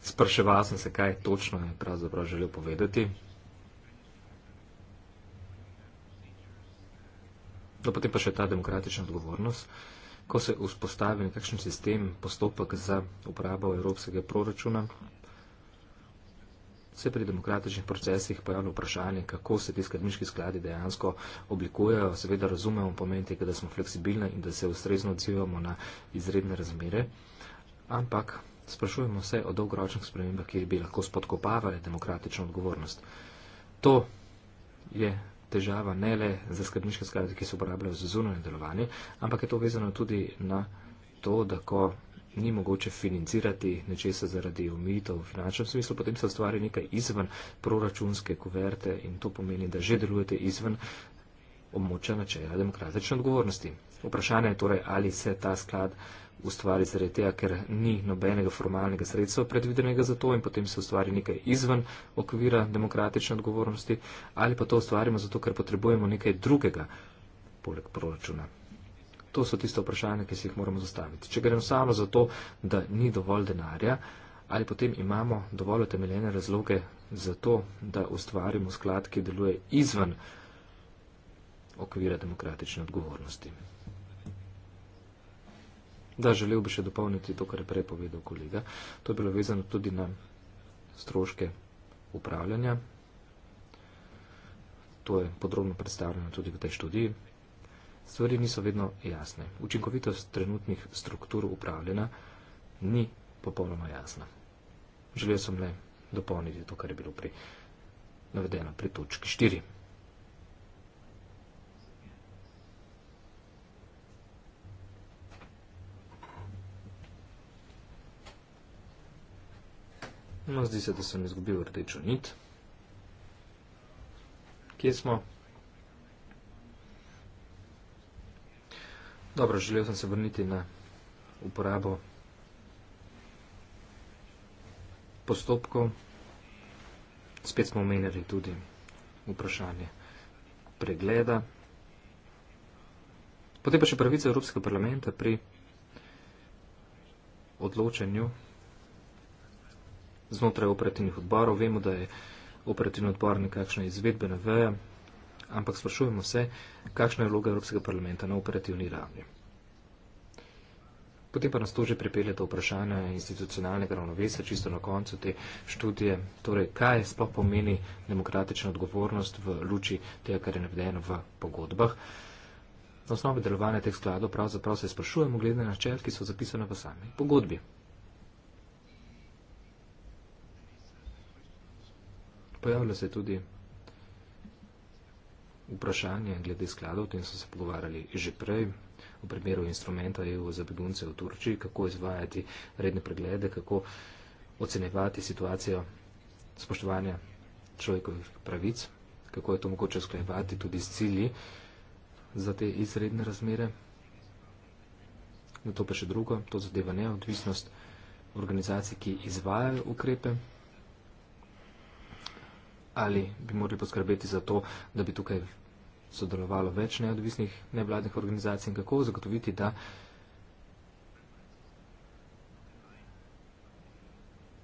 [SPEAKER 4] spraševal sem se, kaj točno je pravzaprav želel povedati. No, potem pa še ta demokratična odgovornost. Ko se vzpostavi nekakšen sistem, postopek za uporabo evropskega proračuna, se pri demokratičnih procesih pojavlja vprašanje, kako se ti skrbniški skladi dejansko oblikujejo. Seveda razumemo pomen tega, da smo fleksibilni in da se ustrezno odzivamo na izredne razmere, ampak sprašujemo se o dolgoročnih spremembah, ki bi lahko spodkopavali demokratično odgovornost. To je težava ne le za skrbniške skladbe, ki se uporabljajo za zunanje delovanje, ampak je to vezano tudi na to, da ko ni mogoče financirati nečesa zaradi omejitev v finančnem smislu, potem se ustvari nekaj izven proračunske kuverte in to pomeni, da že delujete izven območja načela demokratične odgovornosti. Vprašanje je torej, ali se ta sklad ustvari zaradi tega, ker ni nobenega formalnega sredstva predvidenega za to in potem se ustvari nekaj izven okvira demokratične odgovornosti ali pa to ustvarimo zato, ker potrebujemo nekaj drugega poleg proračuna. To so tiste vprašanja, ki si jih moramo zastaviti. Če gremo samo za to, da ni dovolj denarja, ali potem imamo dovolj utemeljene razloge za to, da ustvarimo sklad, ki deluje izven okvira demokratične odgovornosti. Da, želel bi še dopolniti to, kar je prej povedal kolega. To je bilo vezano tudi na stroške upravljanja. To je podrobno predstavljeno tudi v tej študiji. Stvari niso vedno jasne. Učinkovitost trenutnih struktur upravljena ni popolnoma jasna. Želel sem le dopolniti to, kar je bilo prej navedeno pri točki 4. No, zdi se, da sem izgubil rdečo nit. Kje smo? Dobro, želel sem se vrniti na uporabo postopkov. Spet smo omenjali tudi vprašanje pregleda. Potem pa še pravice Evropskega parlamenta pri odločanju znotraj operativnih odborov. Vemo, da je operativni odbor nekakšna izvedbena veja, ampak sprašujemo se, kakšna je vloga Evropskega parlamenta na operativni ravni. Potem pa nas to že pripelje do vprašanja institucionalnega ravnovesja, čisto na koncu te študije, torej kaj sploh pomeni demokratična odgovornost v luči tega, kar je navedeno v pogodbah. Na osnovi delovanja teh skladov pravzaprav se sprašujemo glede na načel, ki so zapisane v sami pogodbi. pojavlja se tudi vprašanje glede skladov, o tem so se pogovarjali že prej, v primeru instrumenta EU za begunce v Turčiji, kako izvajati redne preglede, kako ocenevati situacijo spoštovanja človekovih pravic, kako je to mogoče usklajevati tudi s cilji za te izredne razmere. Na to pa še drugo, to zadeva neodvisnost organizacij, ki izvajajo ukrepe ali bi morali poskrbeti za to, da bi tukaj sodelovalo več neodvisnih nevladnih organizacij in kako zagotoviti, da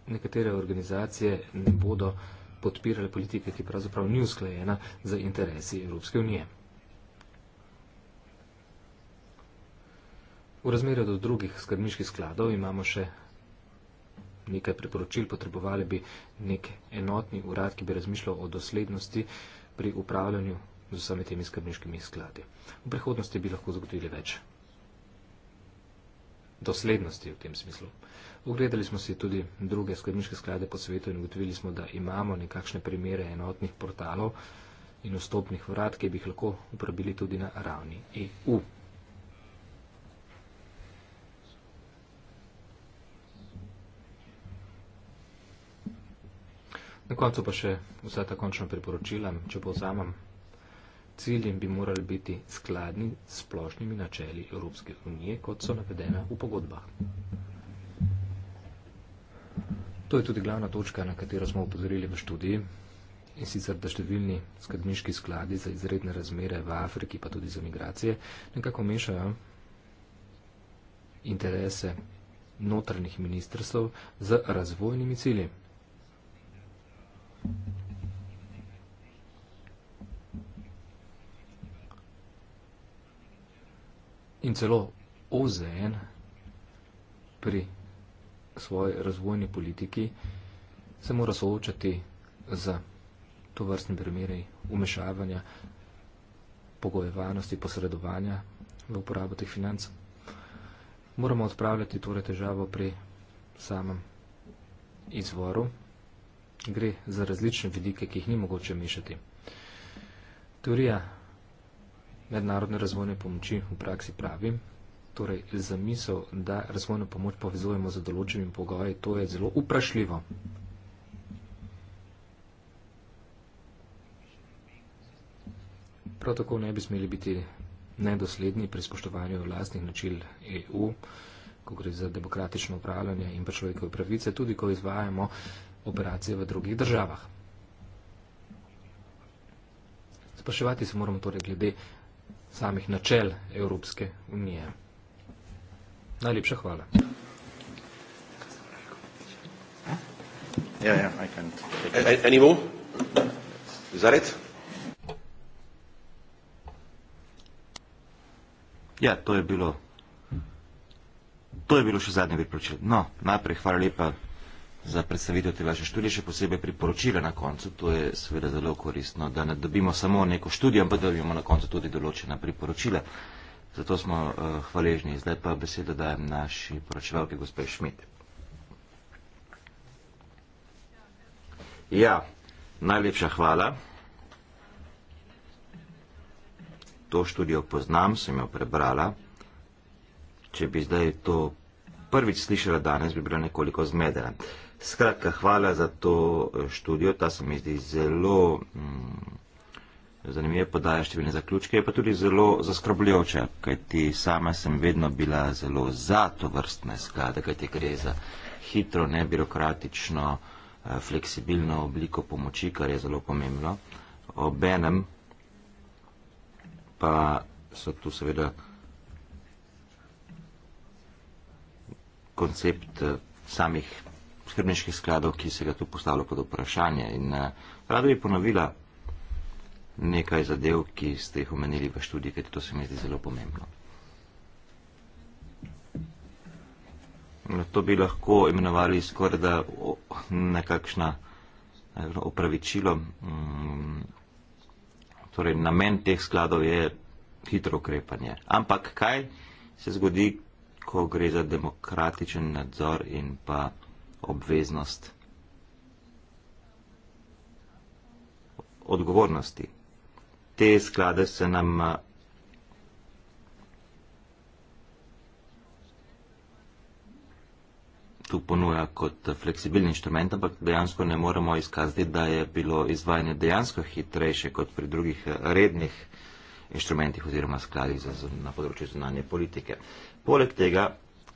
[SPEAKER 4] nekatere organizacije ne bodo podpirale politike, ki pravzaprav ni usklajena za interesi Evropske unije. V razmerju do drugih skrbniških skladov imamo še nekaj priporočil, potrebovali bi nek enotni urad, ki bi razmišljal o doslednosti pri upravljanju z vsemi temi skrbniškimi skladi. V prihodnosti bi lahko zagotovili več doslednosti v tem smislu. Ogledali smo si tudi druge skrbniške sklade po svetu in ugotovili smo, da imamo nekakšne primere enotnih portalov in vstopnih vrat, ki bi jih lahko uporabili tudi na ravni EU. Na koncu pa še vsa ta končna priporočila, če povzamem. Cilji bi morali biti skladni s splošnimi načeli Evropske unije, kot so navedena v pogodbah. To je tudi glavna točka, na katero smo upozorili v študiji in sicer, da številni skrbniški skladi za izredne razmere v Afriki, pa tudi za migracije, nekako mešajo interese notranjih ministrstv z razvojnimi cilji. In celo OZN pri svoji razvojni politiki se mora soočati z to vrstni primeri umešavanja, pogojevanosti, posredovanja v uporabo teh financ. Moramo odpravljati torej težavo pri samem izvoru gre za različne vidike, ki jih ni mogoče mešati. Teorija mednarodne razvojne pomoči v praksi pravi, torej za misel, da razvojno pomoč povezujemo z določenimi pogoji, to je zelo vprašljivo. Prav tako ne bi smeli biti nedosledni pri spoštovanju vlastnih načel EU, ko gre za demokratično upravljanje in pa človekove pravice, tudi ko izvajamo operacije v drugih državah. Spraševati se moramo torej glede samih načel Evropske unije. Najlepša hvala.
[SPEAKER 5] Ja, ja, I can't ja, to je bilo. To je bilo še zadnje priporočilo. No, najprej hvala lepa za predstavitev te vaše študije, še posebej priporočila na koncu. To je seveda zelo koristno, da ne dobimo samo neko študijo, ampak da dobimo na koncu tudi določena priporočila. Zato smo uh, hvaležni. Zdaj pa besedo dajem naši poročevalki, gospod Šmit. Ja, najlepša hvala. To študijo poznam, sem jo prebrala. Če bi zdaj to prvič slišala danes, bi bila nekoliko zmedena. Uh, Skratka, hvala za to eh, študijo, ta se mi zdi zelo mm, zanimiva, podaja številne zaključke, je pa tudi zelo zaskrbljujoča, kajti sama sem vedno bila zelo za to vrstne sklade, kajti gre za hitro, nebirokratično, eh, fleksibilno obliko pomoči, kar je zelo pomembno. Obenem pa so tu seveda koncept eh, samih skrbniških skladov, ki se ga tu postavlja pod vprašanje. In uh, rada bi ponovila nekaj zadev, ki ste jih omenili v študiji, ker to se mi zdi zelo pomembno. To bi lahko imenovali skoraj da nekakšna eh, opravičilo. Mm, torej, namen teh skladov je hitro ukrepanje. Ampak kaj se zgodi, ko gre za demokratičen nadzor in pa obveznost odgovornosti. Te sklade se nam eh, tu ponuja kot fleksibilni inštrument, ampak dejansko ne moremo izkazati, da je bilo izvajanje dejansko hitrejše kot pri drugih eh, rednih inštrumentih oziroma skladih na področju zunanje politike. Poleg tega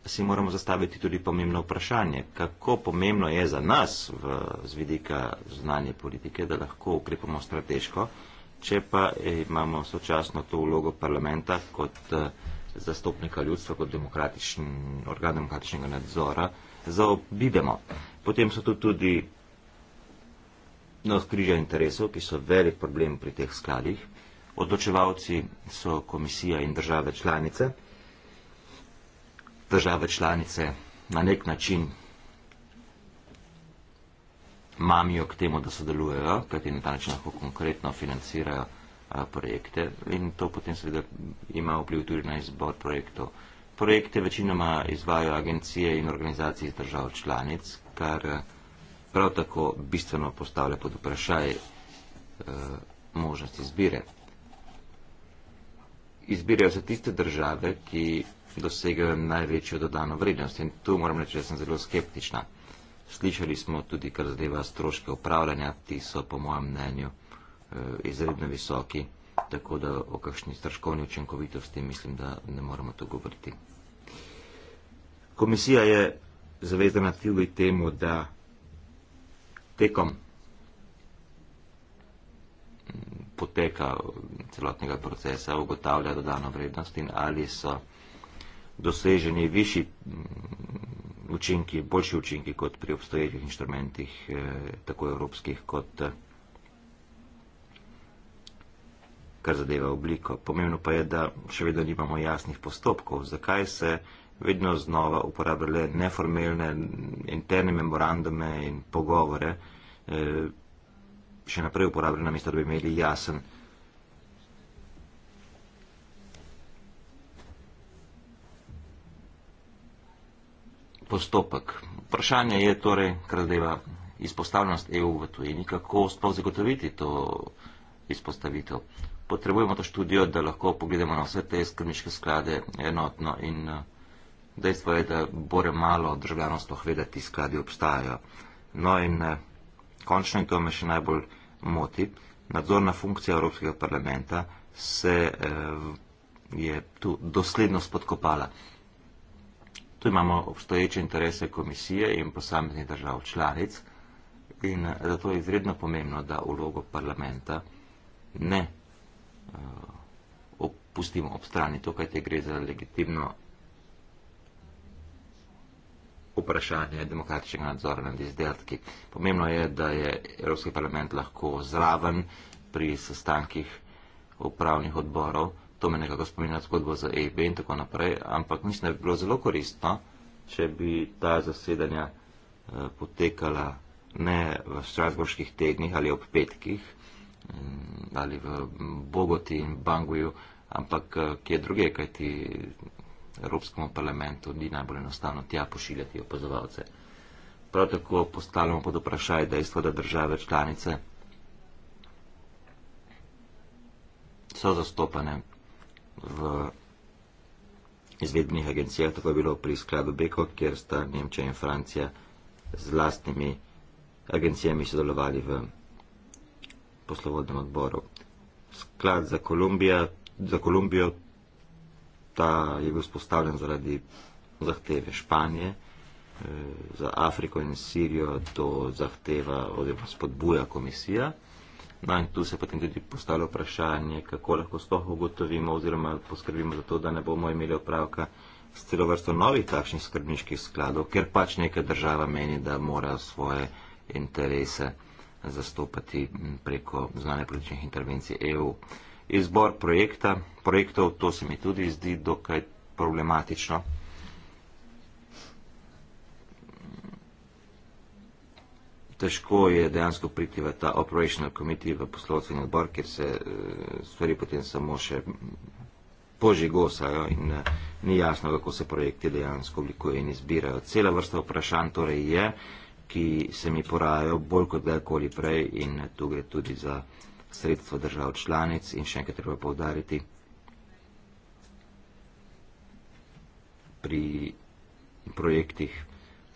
[SPEAKER 5] si moramo zastaviti tudi pomembno vprašanje, kako pomembno je za nas v, z vidika znanja politike, da lahko ukrepamo strateško, če pa e, imamo sočasno to vlogo parlamenta kot e, zastopnika ljudstva, kot demokratičen, organ demokratičnega nadzora, zaobidemo. Potem so tu tudi na no, skrižja interesov, ki so velik problem pri teh skladih. Odločevalci so komisija in države članice države članice na nek način mamijo k temu, da sodelujejo, kajti na ta način lahko konkretno financirajo eh, projekte in to potem seveda ima vpliv tudi na izbor projektov. Projekte večinoma izvajo agencije in organizacije iz držav članic, kar eh, prav tako bistveno postavlja pod vprašaj eh, možnost izbire. Izbirajo se tiste države, ki dosegajo največjo dodano vrednost. In tu moram reči, da sem zelo skeptična. Slišali smo tudi, kar zadeva stroške upravljanja, ti so po mojem mnenju eh, izredno visoki, tako da o kakšni stroškovni učinkovitosti mislim, da ne moremo to govoriti. Komisija je zavezana tudi temu, da tekom mm, poteka celotnega procesa ugotavlja dodano vrednost in ali so doseženi višji mm, učinki, boljši učinki kot pri obstoječih inštrumentih, eh, tako evropskih kot eh, kar zadeva obliko. Pomembno pa je, da še vedno nimamo jasnih postopkov, zakaj se vedno znova uporabljale neformelne interne memorandume in pogovore, eh, še naprej uporabljale namesto, da bi imeli jasen postopek. Vprašanje je torej, kar zadeva izpostavljenost EU v tujini, kako sploh zagotoviti to izpostavitev. Potrebujemo to študijo, da lahko pogledamo na vse te skrbniške sklade enotno in eh, dejstvo je, da bore malo državljanov sploh vedeti, skladi obstajajo. No in eh, končno in to me še najbolj moti, nadzorna funkcija Evropskega parlamenta se eh, je tu dosledno spodkopala. Tu imamo obstoječe interese komisije in posameznih držav članic in zato je izredno pomembno, da vlogo parlamenta ne uh, opustimo ob strani to, kaj te gre za legitimno vprašanje demokratičnega nadzora nad izdelki. Pomembno je, da je Evropski parlament lahko zraven pri sestankih upravnih odborov, to me nekako spominja zgodbo za EIB in tako naprej, ampak mislim, da bi bilo zelo koristno, če bi ta zasedanja eh, potekala ne v Strasburških tednih ali ob petkih mm, ali v Bogoti in Banguju, ampak eh, kje druge, kaj ti Evropskemu parlamentu ni najbolj enostavno tja pošiljati opozovalce. Prav tako postavljamo pod vprašaj dejstvo, da države članice so zastopane v izvedbenih agencijah, tako je bilo pri skladu Beko, kjer sta Nemčija in Francija z lastnimi agencijami sodelovali v poslovodnem odboru. Sklad za, Kolumbija, za Kolumbijo, ta je bil spostavljen zaradi zahteve Španije, eh, za Afriko in Sirijo to zahteva oziroma spodbuja komisija. No, in tu se potem tudi postavlja vprašanje, kako lahko sploh ugotovimo oziroma poskrbimo za to, da ne bomo imeli opravka s celo vrsto novih takšnih skrbniških skladov, ker pač neka država meni, da mora svoje interese zastopati preko znane političnih intervencij EU. Izbor projekta, projektov, to se mi tudi zdi dokaj problematično. težko je dejansko priti v ta operational committee, v poslovstveni odbor, kjer se eh, stvari potem samo še požigosajo in eh, ni jasno, kako se projekti dejansko oblikujejo in izbirajo. Cela vrsta vprašanj torej je, ki se mi porajajo bolj kot kdajkoli prej in eh, tu gre tudi za sredstvo držav članic in še enkrat treba povdariti. Pri projektih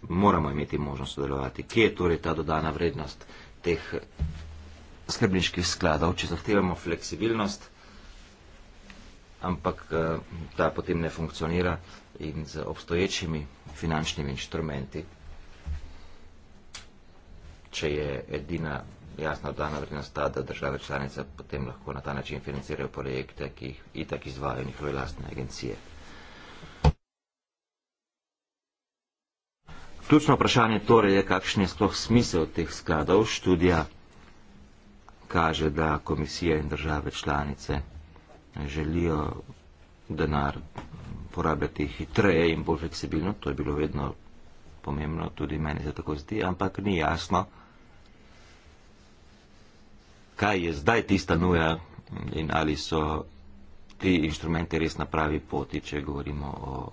[SPEAKER 5] moramo imeti možnost sodelovati. Kje je torej ta dodana vrednost teh skrbniških skladov, če zahtevamo fleksibilnost, ampak eh, ta potem ne funkcionira in z obstoječimi finančnimi inštrumenti, če je edina jasna dodana vrednost ta, da države članice potem lahko na ta način financirajo projekte, ki jih itak izvajo njihove lastne agencije. Ključno vprašanje torej je, kakšen je sploh smisel teh skladov. Študija kaže, da komisija in države članice želijo denar porabljati hitreje in bolj fleksibilno. To je bilo vedno pomembno, tudi meni se tako zdi, ampak ni jasno, kaj je zdaj tista nuja in ali so ti inštrumenti res na pravi poti, če govorimo o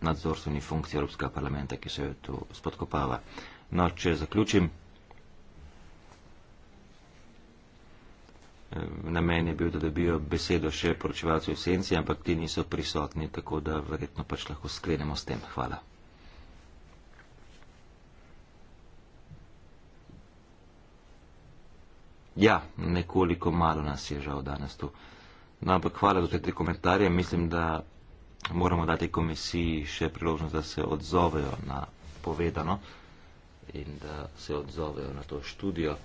[SPEAKER 5] nadzorstveni funkciji Evropskega parlamenta, ki se jo tu spodkopava. No, če zaključim, e, namen je bil, da dobijo besedo še poročevalci v senci, ampak ti niso prisotni, tako da verjetno pač lahko sklenemo s tem. Hvala. Ja, nekoliko malo nas je žal danes tu. No, ampak hvala za te komentarje. Mislim, da moramo dati komisiji še priložnost, da se odzovejo na povedano in da se odzovejo na to študijo.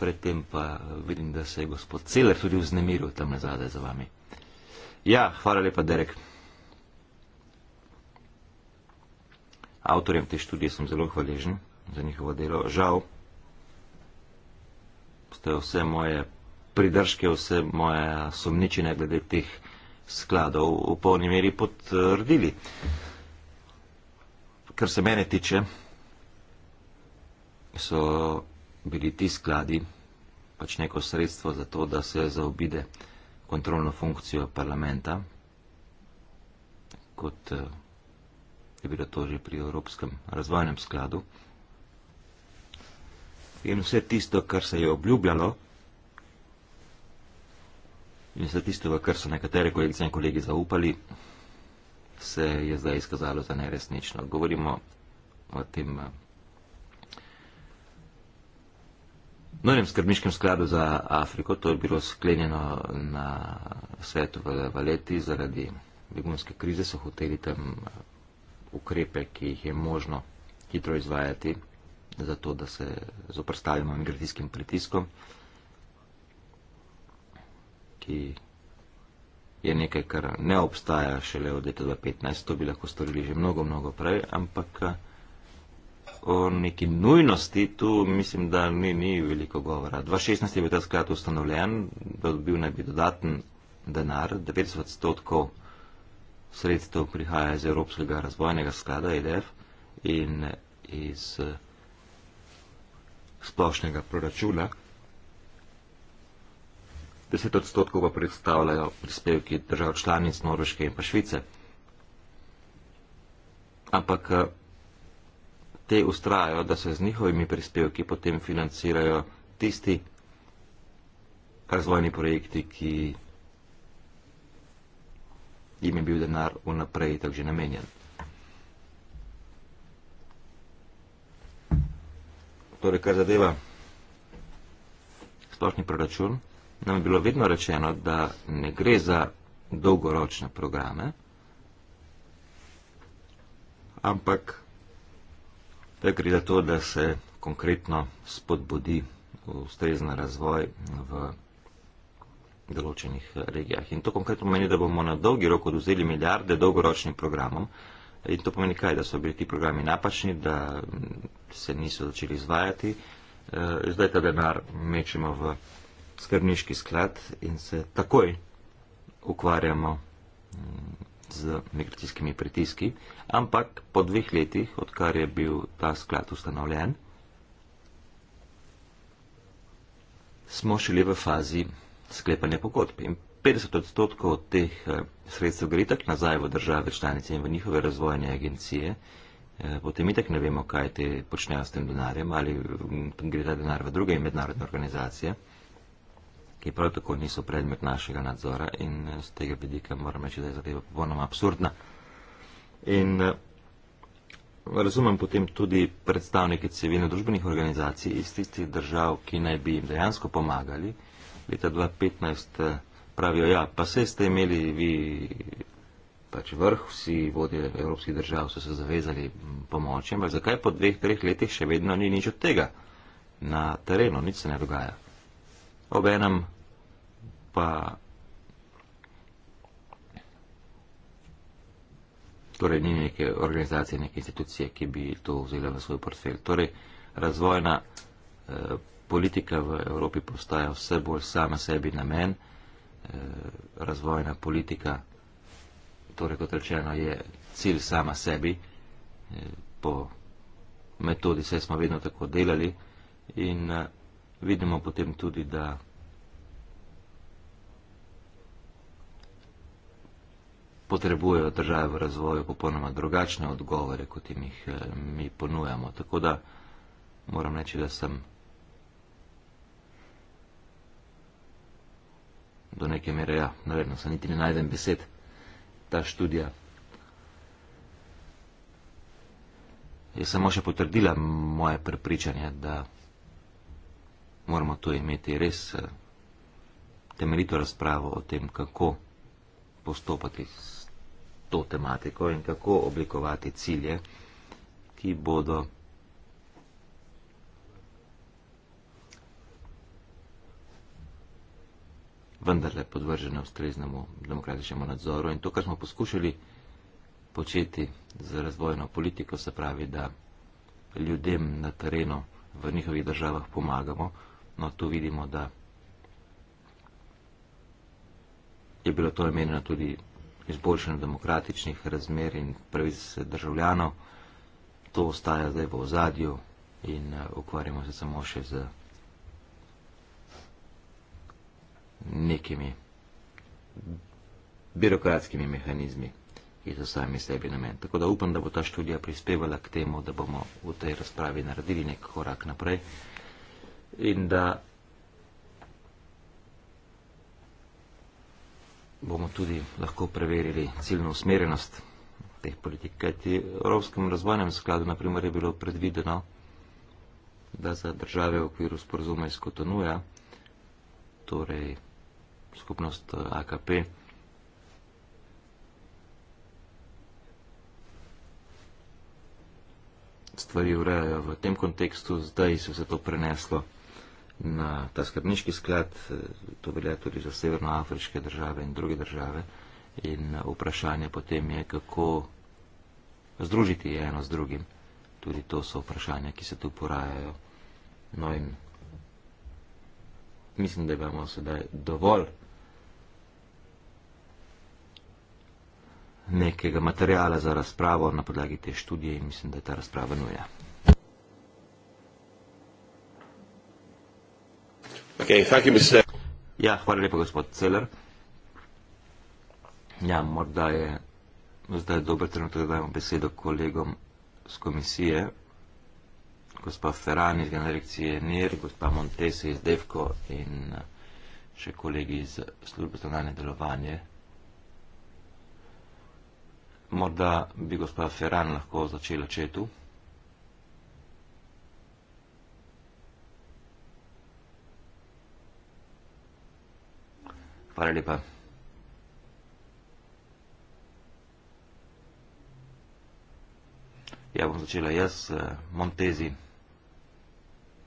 [SPEAKER 5] Predtem pa vidim, da se je gospod Celer tudi vznemiril tam nazadaj za vami. Ja, hvala lepa, Derek. Avtorjem te študije sem zelo hvaležen za njihovo delo. Žal, ste vse moje pridržke, vse moje somničine glede teh študij, skladov v polni meri potrdili. Kar se mene tiče, so bili ti skladi pač neko sredstvo za to, da se zaobide kontrolno funkcijo parlamenta, kot eh, je bilo to že pri Evropskem razvojnem skladu. In vse tisto, kar se je obljubljalo, In vse tisto, v kar so nekatere kolegice in kolegi zaupali, se je zdaj izkazalo za neresnično. Govorimo o tem eh, novem skrbniškem skladu za Afriko. To je bilo sklenjeno na svetu v Valeti zaradi begunske krize. So hoteli tam eh, ukrepe, ki jih je možno hitro izvajati, zato da se zoprstavimo migracijskim pritiskom ki je nekaj, kar ne obstaja šele od leta 2015, to bi lahko storili že mnogo, mnogo prej, ampak o neki nujnosti tu mislim, da ni, ni veliko govora. 2016 je bil ta sklad ustanovljen, dobil naj bi dodaten denar, 90 odstotkov sredstev prihaja iz Evropskega razvojnega sklada EDF in iz splošnega proračuna. 10 odstotkov pa predstavljajo prispevki držav članic Norveške in pa Švice. Ampak eh, te ustrajajo, da se z njihovimi prispevki potem financirajo tisti razvojni projekti, ki jim je bil denar vnaprej tako že namenjen. Torej, kar zadeva splošni proračun, nam je bilo vedno rečeno, da ne gre za dolgoročne programe, ampak da gre za to, da se konkretno spodbudi ustrezen razvoj v določenih regijah. In to konkretno pomeni, da bomo na dolgi rok oduzeli milijarde dolgoročnim programom. In to pomeni kaj, da so bili ti programi napačni, da se niso začeli izvajati. Eh, zdaj ta denar mečemo v skrbniški sklad in se takoj ukvarjamo mm, z migracijskimi pritiski. Ampak po dveh letih, odkar je bil ta sklad ustanovljen, smo šli v fazi sklepanja pogodb. 50 odstotkov teh eh, sredstev gre tako nazaj v države članice in v njihove razvojne agencije. Eh, potem itak ne vemo, kaj te počnejo s tem denarjem, ali mm, gre ta denar v druge mednarodne organizacije ki prav tako niso predmet našega nadzora in z eh, tega vidika moram reči, da je zadeva popolnoma absurdna. In eh, razumem potem tudi predstavnike civilno-družbenih organizacij iz tistih držav, ki naj bi jim dejansko pomagali. Leta 2015 eh, pravijo, ja, pa se ste imeli vi pač vrh, vsi vodje evropskih držav so se zavezali pomoči, ampak zakaj po dveh, treh letih še vedno ni nič od tega na terenu, nič se ne dogaja. Obenem pa. Torej, ni neke organizacije, neke institucije, ki bi to vzela v svoj portfelj. Torej, razvojna eh, politika v Evropi postaja vse bolj sama sebi namen. Eh, razvojna politika, torej, kot rečeno, je cilj sama sebi, eh, po metodi, vse smo vedno tako delali in eh, vidimo potem tudi, da. potrebujejo države v razvoju popolnoma drugačne odgovore, kot jim jih eh, mi ponujamo. Tako da moram reči, da sem do neke mere, ja, naredno se niti ne najdem besed, ta študija je samo še potrdila moje prepričanje, da moramo tu imeti res eh, temeljito razpravo o tem, kako postopati s to tematiko in kako oblikovati cilje, ki bodo vendarle podvržene ustreznemu demokratičnemu nadzoru. In to, kar smo poskušali početi z razvojno politiko, se pravi, da ljudem na terenu v njihovih državah pomagamo, no tu vidimo, da je bilo to imenjeno tudi izboljšanju demokratičnih razmer in pravic državljanov. To ostaja zdaj v ozadju in eh, ukvarjamo se samo še z nekimi birokratskimi mehanizmi, ki so sami sebi namen. Tako da upam, da bo ta študija prispevala k temu, da bomo v tej razpravi naredili nek korak naprej in da bomo tudi lahko preverili ciljno usmerjenost teh politik. Kajti v Evropskem razvojnem skladu naprimer je bilo predvideno, da za države v okviru sporozuma iz Kotonuja, torej skupnost eh, AKP, stvari urejajo v tem kontekstu, zdaj se vse to preneslo na ta skrbniški sklad, eh, to velja tudi za severnoafriške države in druge države. In eh, vprašanje potem je, kako združiti eno z drugim. Tudi to so vprašanja, ki se tu porajajo. No in mislim, da imamo sedaj dovolj nekega materijala za razpravo na podlagi te študije in mislim, da je ta razprava nuja. Okay, ja, hvala lepa, gospod Celer. Ja, morda je zdaj dober trenutek, da dajemo besedo kolegom z komisije, gospa Ferran iz generacije NIR, gospa Montese iz DEVKO in eh, še kolegi iz službe za nadaljne delovanje. Morda bi gospa Ferran lahko začela četu. Hvala lepa. Ja, bom začela jaz, eh, Montezi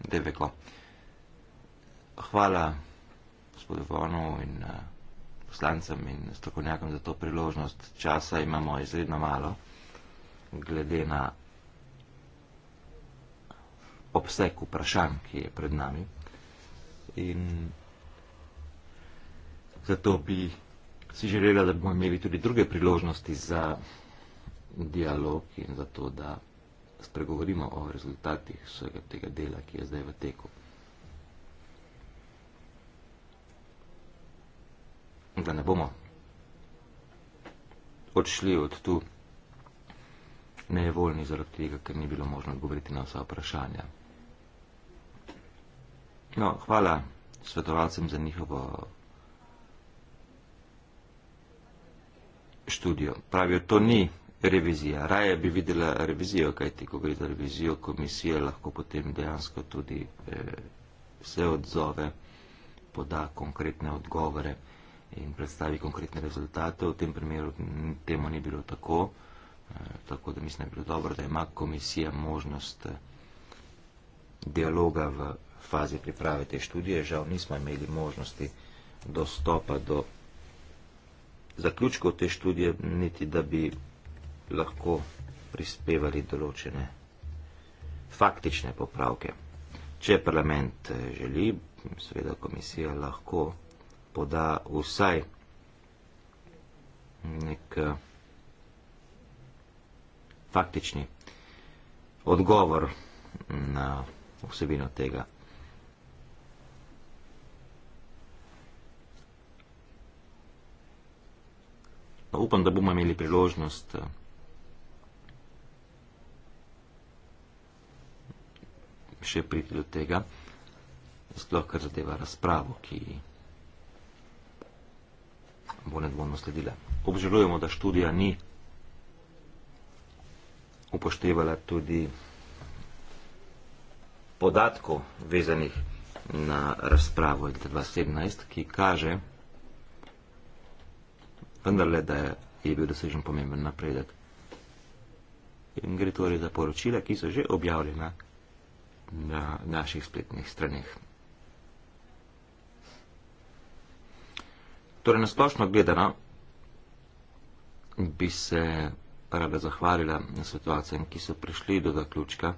[SPEAKER 5] Deveko. Hvala gospodu Vonu in eh, poslancem in strokovnjakom za to priložnost. Časa imamo izredno malo, glede na obseg vprašanj, ki je pred nami. In Zato bi si želela, da bomo imeli tudi druge priložnosti za dialog in za to, da spregovorimo o rezultatih vsega tega dela, ki je zdaj v teku. Da ne bomo odšli od tu nevoljni zaradi tega, ker ni bilo možno odgovoriti na vsa vprašanja. No, hvala svetovalcem za njihovo študijo. Pravijo, to ni revizija. Raje bi videla revizijo, kajti ko gre za revizijo, komisija lahko potem dejansko tudi eh, se odzove, poda konkretne odgovore in predstavi konkretne rezultate. V tem primeru temu ni bilo tako, eh, tako da mislim, da je bilo dobro, da ima komisija možnost eh, dialoga v fazi priprave te študije. Žal nismo imeli možnosti dostopa do zaključkov te študije, niti da bi lahko prispevali določene faktične popravke. Če parlament eh, želi, seveda komisija lahko poda vsaj nek eh, faktični odgovor na vsebino tega Pa upam, da bomo imeli priložnost eh, še priti do tega, sploh kar zadeva razpravo, ki bo nedvomno sledila. Obžalujemo, da študija ni upoštevala tudi podatkov vezanih na razpravo iz 2017, ki kaže, vendar le, da je bil dosežen pomemben napredek. In gre torej za poročila, ki so že objavljena na naših spletnih straneh. Torej, nasplošno gledano, bi se rada zahvalila svetovalcem, ki so prišli do zaključka,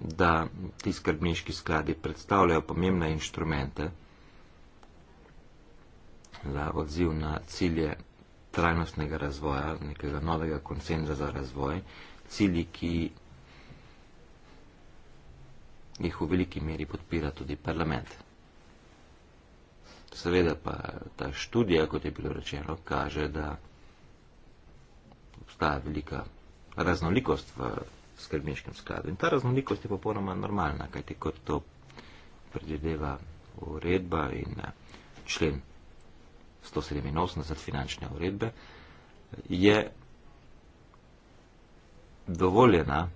[SPEAKER 5] da ti skrbniški skladi predstavljajo pomembne inštrumente za odziv na cilje trajnostnega razvoja, nekega novega konsenza za razvoj, cilji, ki jih v veliki meri podpira tudi parlament. Seveda pa ta študija, kot je bilo rečeno, kaže, da obstaja velika raznolikost v skrbniškem skladu. In ta raznolikost je popolnoma normalna, kajti kot to predvideva uredba in člen 187 finančne uredbe, je dovoljena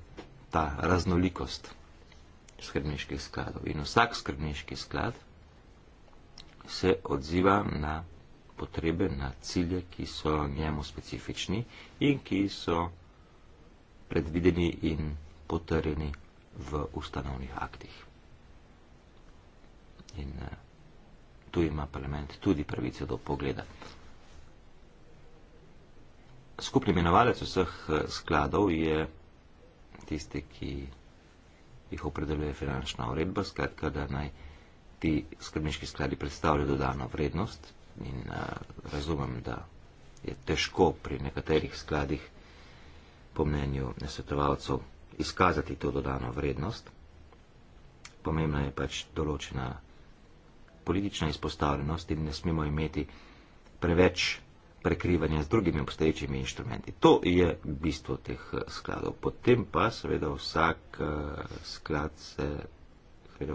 [SPEAKER 5] ta raznolikost skrbniških skladov. In vsak skrbniški sklad se odziva na potrebe, na cilje, ki so njemu specifični in ki so predvideni in potrjeni v ustanovnih aktih. In eh, tu ima parlament tudi pravico do pogleda. Skupni imenovalec vseh eh, skladov je tiste, ki jih opredeljuje finančna uredba, skratka, da naj ti skrbniški skladi predstavljajo dodano vrednost in a, eh, razumem, da je težko pri nekaterih skladih po mnenju nesvetovalcev izkazati to dodano vrednost. Pomembna je pač določena vrednost politična izpostavljenost in ne smemo imeti preveč prekrivanja z drugimi obstoječimi inštrumenti. To je bistvo teh eh, skladov. Potem pa seveda vsak eh, sklad se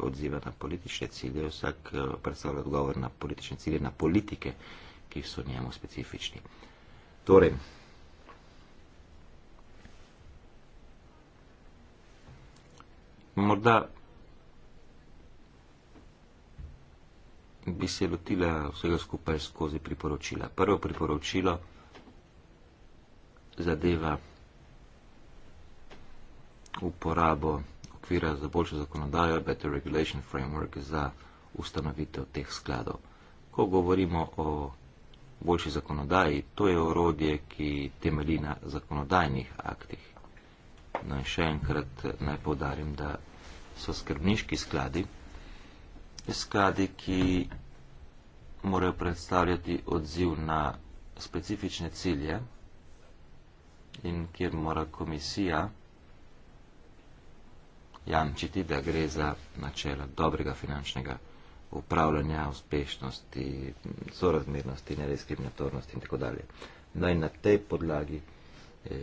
[SPEAKER 5] odziva na politične cilje, vsak eh, predstavlja odgovor na politične cilje, na politike, ki so njemu specifični. Torej, morda bi se lotila vsega skupaj skozi priporočila. Prvo priporočilo zadeva uporabo okvira za boljšo zakonodajo, Better Regulation Framework, za ustanovitev teh skladov. Ko govorimo o boljši zakonodaji, to je orodje, ki temelji na zakonodajnih aktih. No in še enkrat naj povdarim, da so skrbniški skladi, izkadi, ki morajo predstavljati odziv na specifične cilje in kjer mora komisija jamčiti, da gre za načela dobrega finančnega upravljanja, uspešnosti, sorazmernosti, nediskriminatornosti in tako dalje. Naj na tej podlagi eh,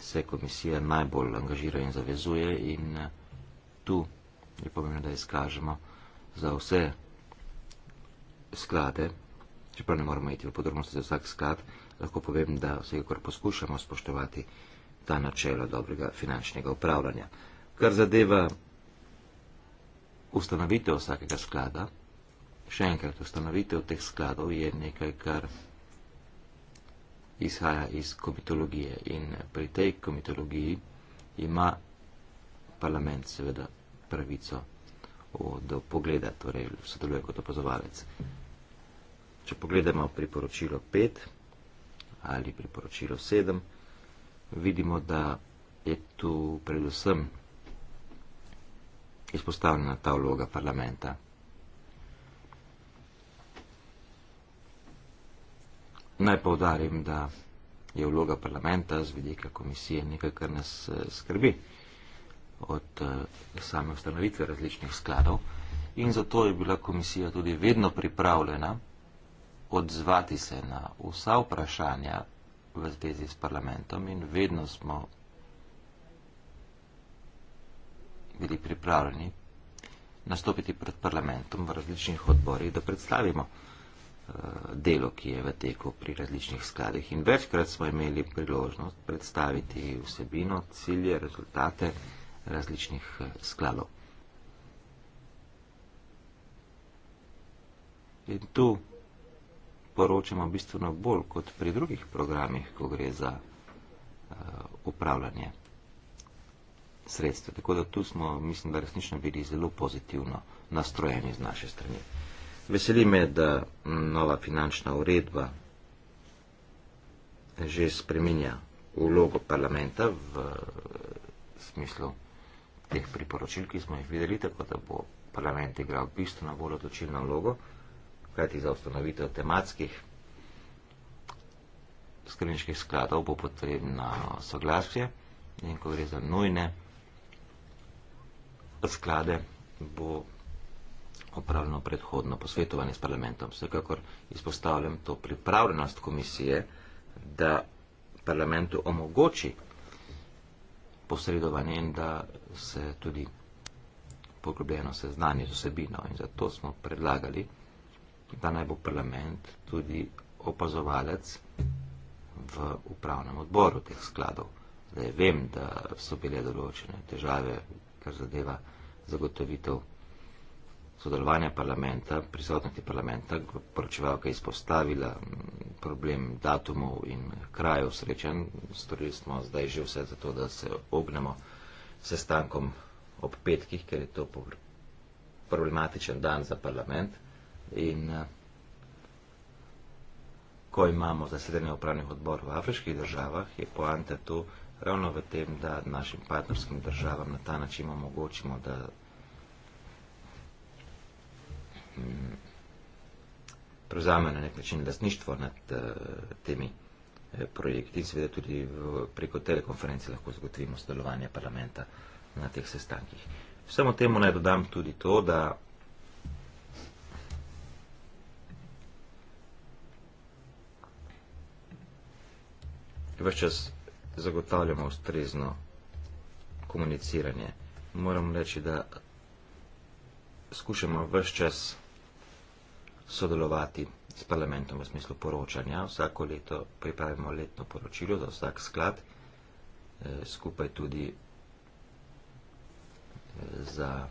[SPEAKER 5] se komisija najbolj angažira in zavezuje in eh, tu je pomembno, da izkažemo, eh, za vse sklade, čeprav ne moramo iti v podrobnosti za vsak sklad, lahko povem, da vsekakor poskušamo spoštovati ta načelo dobrega finančnega upravljanja. Kar zadeva ustanovitev vsakega sklada, še enkrat, ustanovitev teh skladov je nekaj, kar izhaja iz komitologije in pri tej komitologiji ima parlament seveda pravico do pogleda, torej sodeluje kot opazovalec. Če pogledamo priporočilo 5 ali priporočilo 7, vidimo, da je tu predvsem izpostavljena ta vloga parlamenta. Naj povdarim, da je vloga parlamenta z vidika komisije nekaj, kar nas eh, skrbi od uh, same ustanovitve različnih skladov. In zato je bila komisija tudi vedno pripravljena odzvati se na vsa vprašanja v zvezi s parlamentom in vedno smo bili pripravljeni nastopiti pred parlamentom v različnih odborih, da predstavimo uh, delo, ki je v teku pri različnih skladih. In večkrat smo imeli priložnost predstaviti vsebino, cilje, rezultate različnih eh, skladov. In tu poročamo bistveno bolj kot pri drugih programih, ko gre za uh, upravljanje sredstva. Tako da tu smo, mislim, da resnično bili zelo pozitivno nastrojeni z naše strani. Veseli me, da nova finančna uredba že spreminja vlogo parlamenta v uh, smislu teh priporočil, ki smo jih videli, tako da bo parlament igral bistveno bolj odločilno vlogo, kajti za ustanovitev tematskih skrbniških skladov bo potrebno soglasje in ko gre za nujne sklade, bo opravljeno predhodno posvetovanje s parlamentom. Vsekakor izpostavljam to pripravljenost komisije, da parlamentu omogoči posredovanje in da se tudi poglobljeno seznani z osebino. In zato smo predlagali, da naj bo parlament tudi opazovalec v upravnem odboru teh skladov. Zdaj vem, da so bile določene težave, kar zadeva zagotovitev sodelovanja parlamenta, prisotnosti parlamenta, poročevalka je izpostavila problem datumov in krajev srečanj. Storili smo zdaj že vse za to, da se ognemo sestankom ob petkih, ker je to problematičen dan za parlament. In eh, ko imamo zasedanje upravnih odborov v afriških državah, je poanta tu ravno v tem, da našim partnerskim državam na ta način omogočimo, da Mm, prevzame na nek način lastništvo nad eh, temi eh, projekti in seveda tudi preko telekonference lahko zagotovimo sodelovanje parlamenta na teh sestankih. Vsemu temu naj dodam tudi to, da Vse čas zagotavljamo ustrezno komuniciranje. Moram reči, da skušamo vse čas sodelovati s parlamentom v smislu poročanja. Vsako leto pripravimo letno poročilo za vsak sklad, eh, skupaj tudi eh, za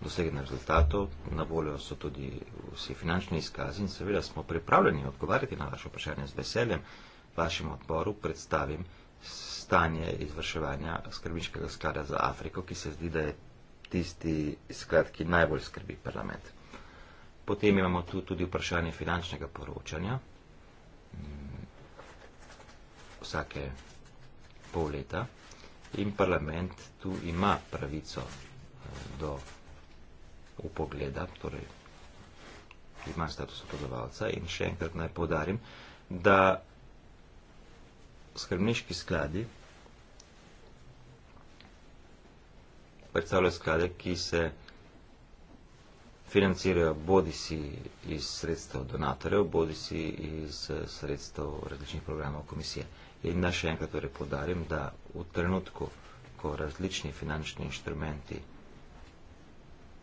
[SPEAKER 5] doseganje rezultatov. Na voljo so tudi vsi finančni izkazi in seveda smo pripravljeni odgovarjati na vaše vprašanje z veseljem. Vašemu odboru predstavim stanje izvrševanja skrbiškega sklada za Afriko, ki se zdi, da je tisti sklad, ki najbolj skrbi parlament. Potem imamo tu tudi vprašanje finančnega poročanja. Vsake pol leta in parlament tu ima pravico eh, do upogleda, torej ima status upodovalca in še enkrat naj povdarim, da skrbniški skladi predstavljajo sklade, ki se financirajo bodi si iz sredstev donatorjev, bodi si iz eh, sredstev različnih programov komisije. In da še enkrat torej podarim, da v trenutku, ko različni finančni inštrumenti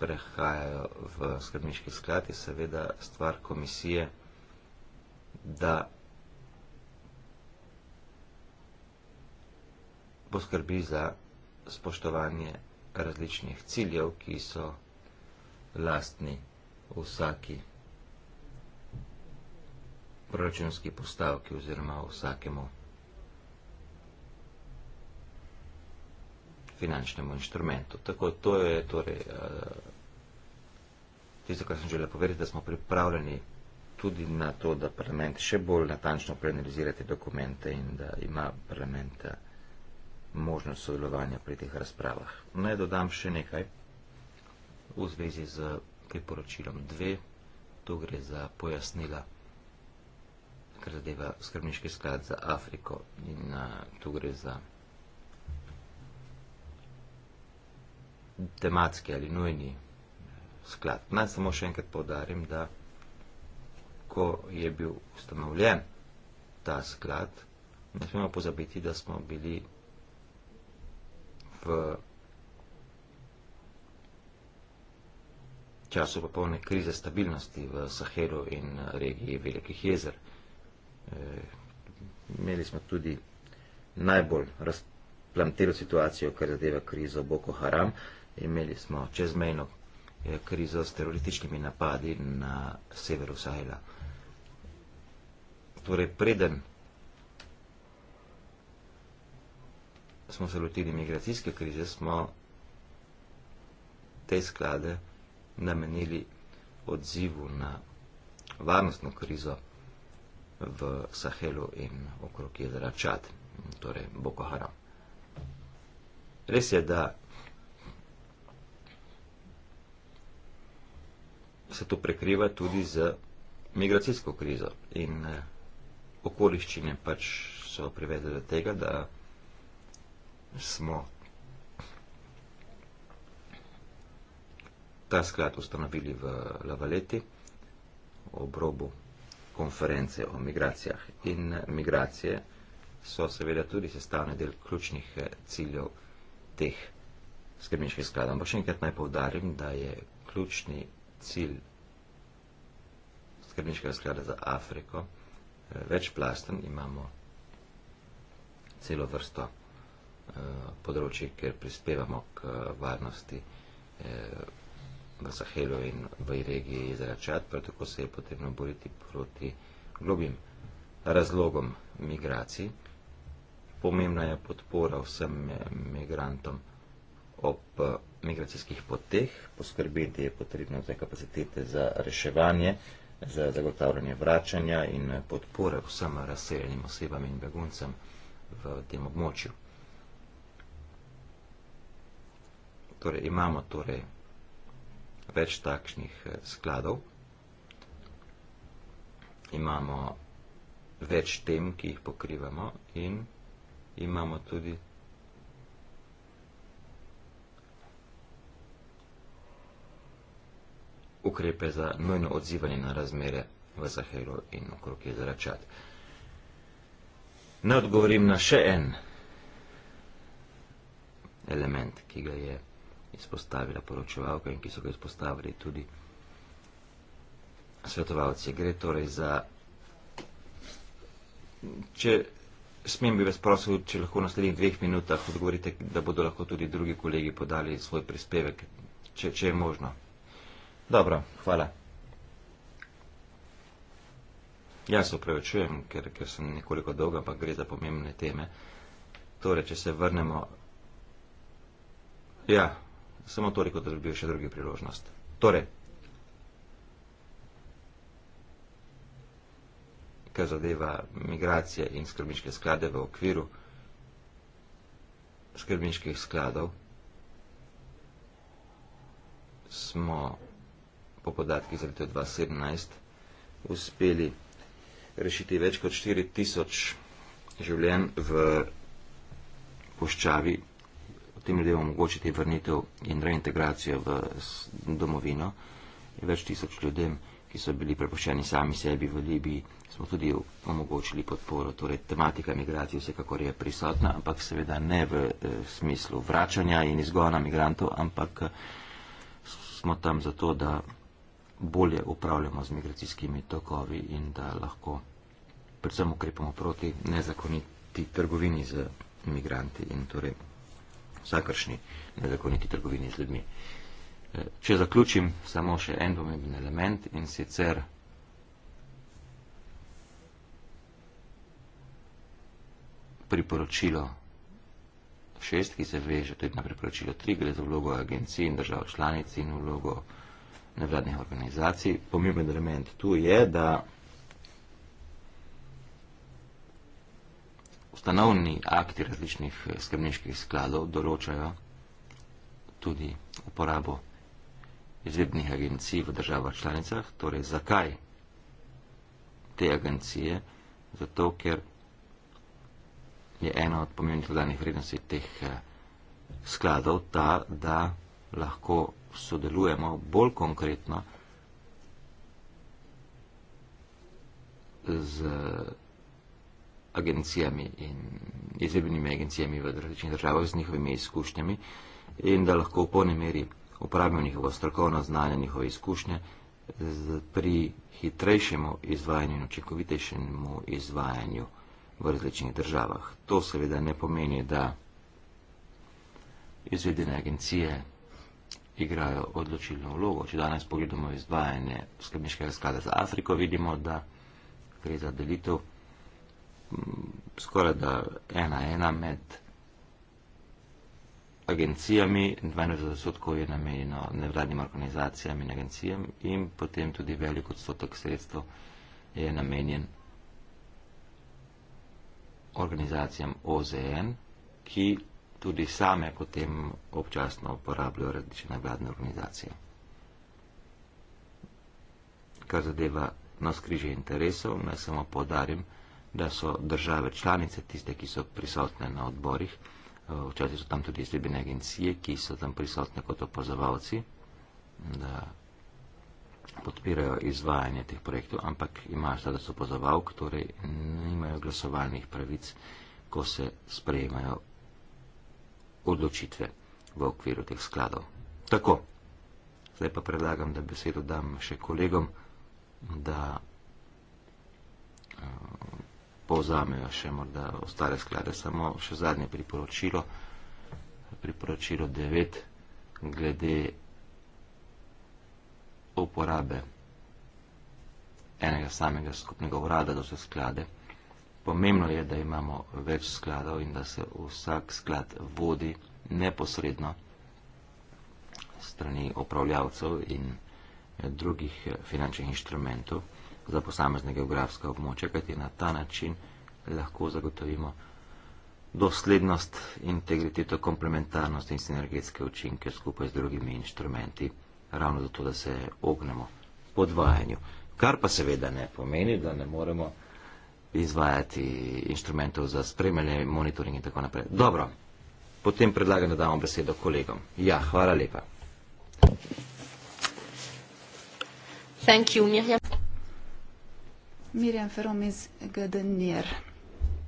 [SPEAKER 5] prehajajo v skrbniški sklad, je seveda stvar komisije, da poskrbi za spoštovanje različnih ciljev, ki so različni lastni vsaki proračunski postavki oziroma vsakemu finančnemu inštrumentu. Tako to je torej eh, tisto, kar sem želel povedati, da smo pripravljeni tudi na to, da parlament še bolj natančno preanalizirate dokumente in da ima parlament eh, možnost sodelovanja pri teh razpravah. Naj dodam še nekaj v zvezi z priporočilom 2, tu gre za pojasnila, kar zadeva skrbniški sklad za Afriko in uh, tu gre za tematski ali nujni sklad. Naj samo še enkrat povdarim, da ko je bil ustanovljen ta sklad, ne smemo pozabiti, da smo bili v času popolne krize stabilnosti v Sahelu in eh, regiji Velikih jezer. Eh, imeli smo tudi najbolj razplamtelo situacijo, kar zadeva krizo Boko Haram. Imeli smo čezmejno eh, krizo s terorističnimi napadi na severu Sahela. Torej, preden smo se lotili migracijske krize, smo te sklade namenili odzivu na varnostno krizo v Sahelu in okrog jezera Čad, torej Boko Haram. Res je, da se to prekriva tudi z migracijsko krizo in eh, okoliščine pač so privedle do tega, da smo ta sklad ustanovili v Lavaleti ob robu konference o migracijah. In migracije so seveda tudi sestavni del ključnih eh, ciljev teh skrbniških skladov. Ampak še enkrat naj povdarim, da je ključni cilj skrbniškega sklada za Afriko eh, večplasten. Imamo celo vrsto eh, področji, kjer prispevamo k eh, varnosti eh, v Sahelu in v regiji izračat, prav tako se je potrebno boriti proti globim razlogom migracij. Pomembna je podpora vsem migrantom ob eh, migracijskih poteh, poskrbeti je potrebno za kapacitete za reševanje, za zagotavljanje vračanja in eh, podpore vsem razseljenim osebam in beguncem v tem območju. Torej, imamo torej več takšnih eh, skladov. Imamo več tem, ki jih pokrivamo in imamo tudi ukrepe za nujno odzivanje na razmere v Sahelu in okrog je zračat. Ne odgovorim na še en element, ki ga je izpostavila poročevalka in ki so ga izpostavili tudi svetovalci. Gre torej za. Če smem bi vas prosil, če lahko v naslednjih dveh minutah odgovorite, da bodo lahko tudi drugi kolegi podali svoj prispevek, če, če je možno. Dobro, hvala. Jaz se upravičujem, ker, ker sem nekoliko dolga, ampak gre za pomembne teme. Torej, če se vrnemo. Ja, samo toliko, da dobijo še drugi priložnost. Torej, kar zadeva migracije in skrbniške sklade v okviru skrbniških skladov, smo po podatkih za leto 2017 uspeli rešiti več kot 4000 življenj v puščavi tem ljudem omogočiti vrnitev in reintegracijo v domovino. Več tisoč ljudem, ki so bili prepuščeni sami sebi v Libiji, smo tudi omogočili podporo. Torej, tematika migracije vsekakor je prisotna, ampak seveda ne v eh, smislu vračanja in izgona migrantov, ampak eh, smo tam zato, da bolje upravljamo z migracijskimi tokovi in da lahko predvsem ukrepamo proti nezakoniti trgovini z migranti in torej vsakršni nezakoniti trgovini z ljudmi. E, če zaključim, samo še en pomemben element in sicer priporočilo šest, ki se veže tudi na priporočilo tri, gre za vlogo agencij in držav članic in vlogo nevladnih organizacij. Pomemben element tu je, da ustanovni akti različnih eh, skrbniških skladov določajo tudi uporabo izvedbnih agencij v državah članicah. Torej, zakaj te agencije? Zato, ker je ena od pomembnih dodanih vrednosti teh eh, skladov ta, da lahko sodelujemo bolj konkretno z agencijami in izvedbenimi agencijami v različnih državah z njihovimi izkušnjami in da lahko v polni meri uporabimo njihovo strokovno znanje, njihove izkušnje z, pri hitrejšemu izvajanju in očekovitejšemu izvajanju v različnih državah. To seveda ne pomeni, da izvedene agencije igrajo odločilno vlogo. Če danes pogledamo izvajanje skrbniškega sklada za Afriko, vidimo, da gre za delitev skoraj da ena ena med agencijami, 92% je namenjeno nevladnim organizacijam in agencijam in potem tudi velik odstotek sredstev je namenjen organizacijam OZN, ki tudi same potem občasno uporabljajo različne nevladne organizacije. Kar zadeva nas križe interesov, naj samo podarim, da so države članice tiste, ki so prisotne na odborih. Eh, včasih so tam tudi izljubene agencije, ki so tam prisotne kot opozovalci, da podpirajo izvajanje teh projektov, ampak imajo status opozovalk, torej nimajo glasovalnih pravic, ko se sprejemajo odločitve v okviru teh skladov. Tako, zdaj pa predlagam, da besedo dam še kolegom, da eh, povzamejo še morda ostale sklade. Samo še zadnje priporočilo, priporočilo 9 glede uporabe enega samega skupnega urada, da so sklade. Pomembno je, da imamo več skladov in da se vsak sklad vodi neposredno strani opravljavcev in drugih finančnih inštrumentov za posamezne geografske območja, kajti na ta način lahko zagotovimo doslednost, integriteto, komplementarnost in sinergetske učinke skupaj z drugimi inštrumenti, ravno zato, da se ognemo podvajanju. Kar pa seveda ne pomeni, da ne moremo izvajati inštrumentov za spremljanje, monitoring in tako naprej. Dobro, potem predlagam, da damo besedo kolegom. Ja, hvala lepa. Thank
[SPEAKER 1] you, Mirjam. Mirjam Ferom iz Gdenjer.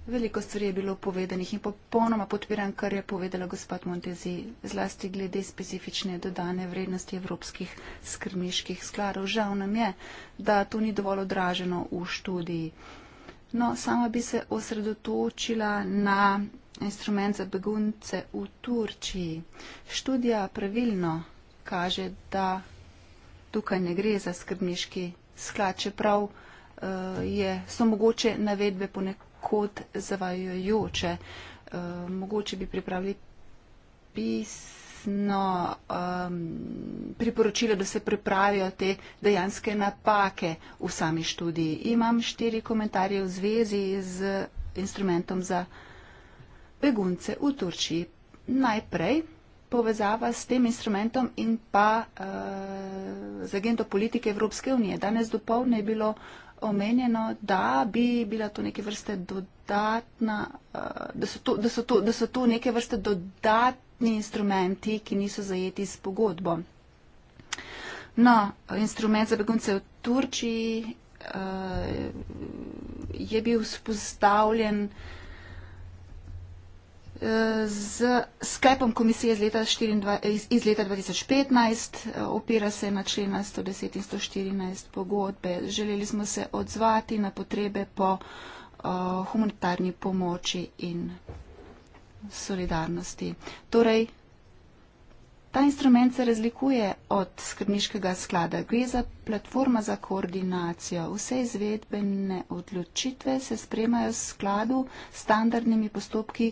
[SPEAKER 1] Veliko stvari je bilo povedanih in popolnoma podpiram, kar je povedala gospod Montezi, zlasti glede specifične dodane vrednosti evropskih skrmiških skladov. Žal nam je, da to ni dovolj odraženo v študiji. No, sama bi se osredotočila na instrument za begunce v Turčiji. Študija pravilno kaže, da tukaj ne gre za skrbniški sklad, čeprav prav. Eh, je, so mogoče navedbe ponekod zavajajoče. Eh, mogoče bi pripravili pisno um, priporočilo, da se pripravijo te dejanske napake v sami študiji. Imam štiri komentarje v zvezi z instrumentom za begunce v Turčiji. Najprej povezava s tem instrumentom in pa uh, z agendo politike Evropske unije. Danes dopolne je bilo uh, omenjeno, da bi bila to neke vrste dodatna, eh, da so to, da so to, da so to neke vrste dodatni instrumenti, ki niso zajeti s pogodbo. No, instrument za begunce v Turčiji eh, je bil spostavljen z sklepom komisije iz leta, 24, iz, iz leta 2015, opira se na člena 110 in 114 pogodbe. Želeli smo se odzvati na potrebe po uh, humanitarni pomoči in solidarnosti. Torej, ta instrument se razlikuje od skrbniškega sklada. Gre za platforma za koordinacijo. Vse izvedbene odločitve se spremajo v skladu s standardnimi postopki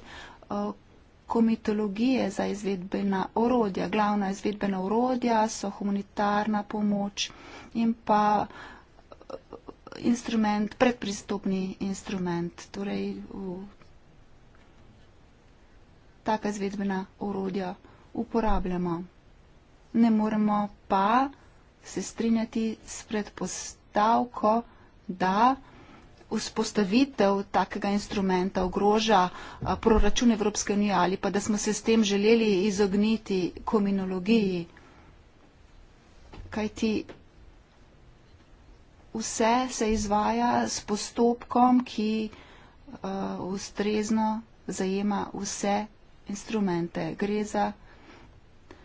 [SPEAKER 1] komitologije za izvedbena orodja. Glavna izvedbena orodja so humanitarna pomoč in pa eh, instrument, predpristopni instrument, torej taka izvedbena orodja uporabljamo. Ne moremo pa se strinjati s predpostavko, da vzpostavitev takega instrumenta ogroža proračun Evropske unije ali pa da smo se s tem želeli izogniti kominologiji. Kaj ti vse se izvaja s postopkom, ki uh, ustrezno zajema vse instrumente. Gre za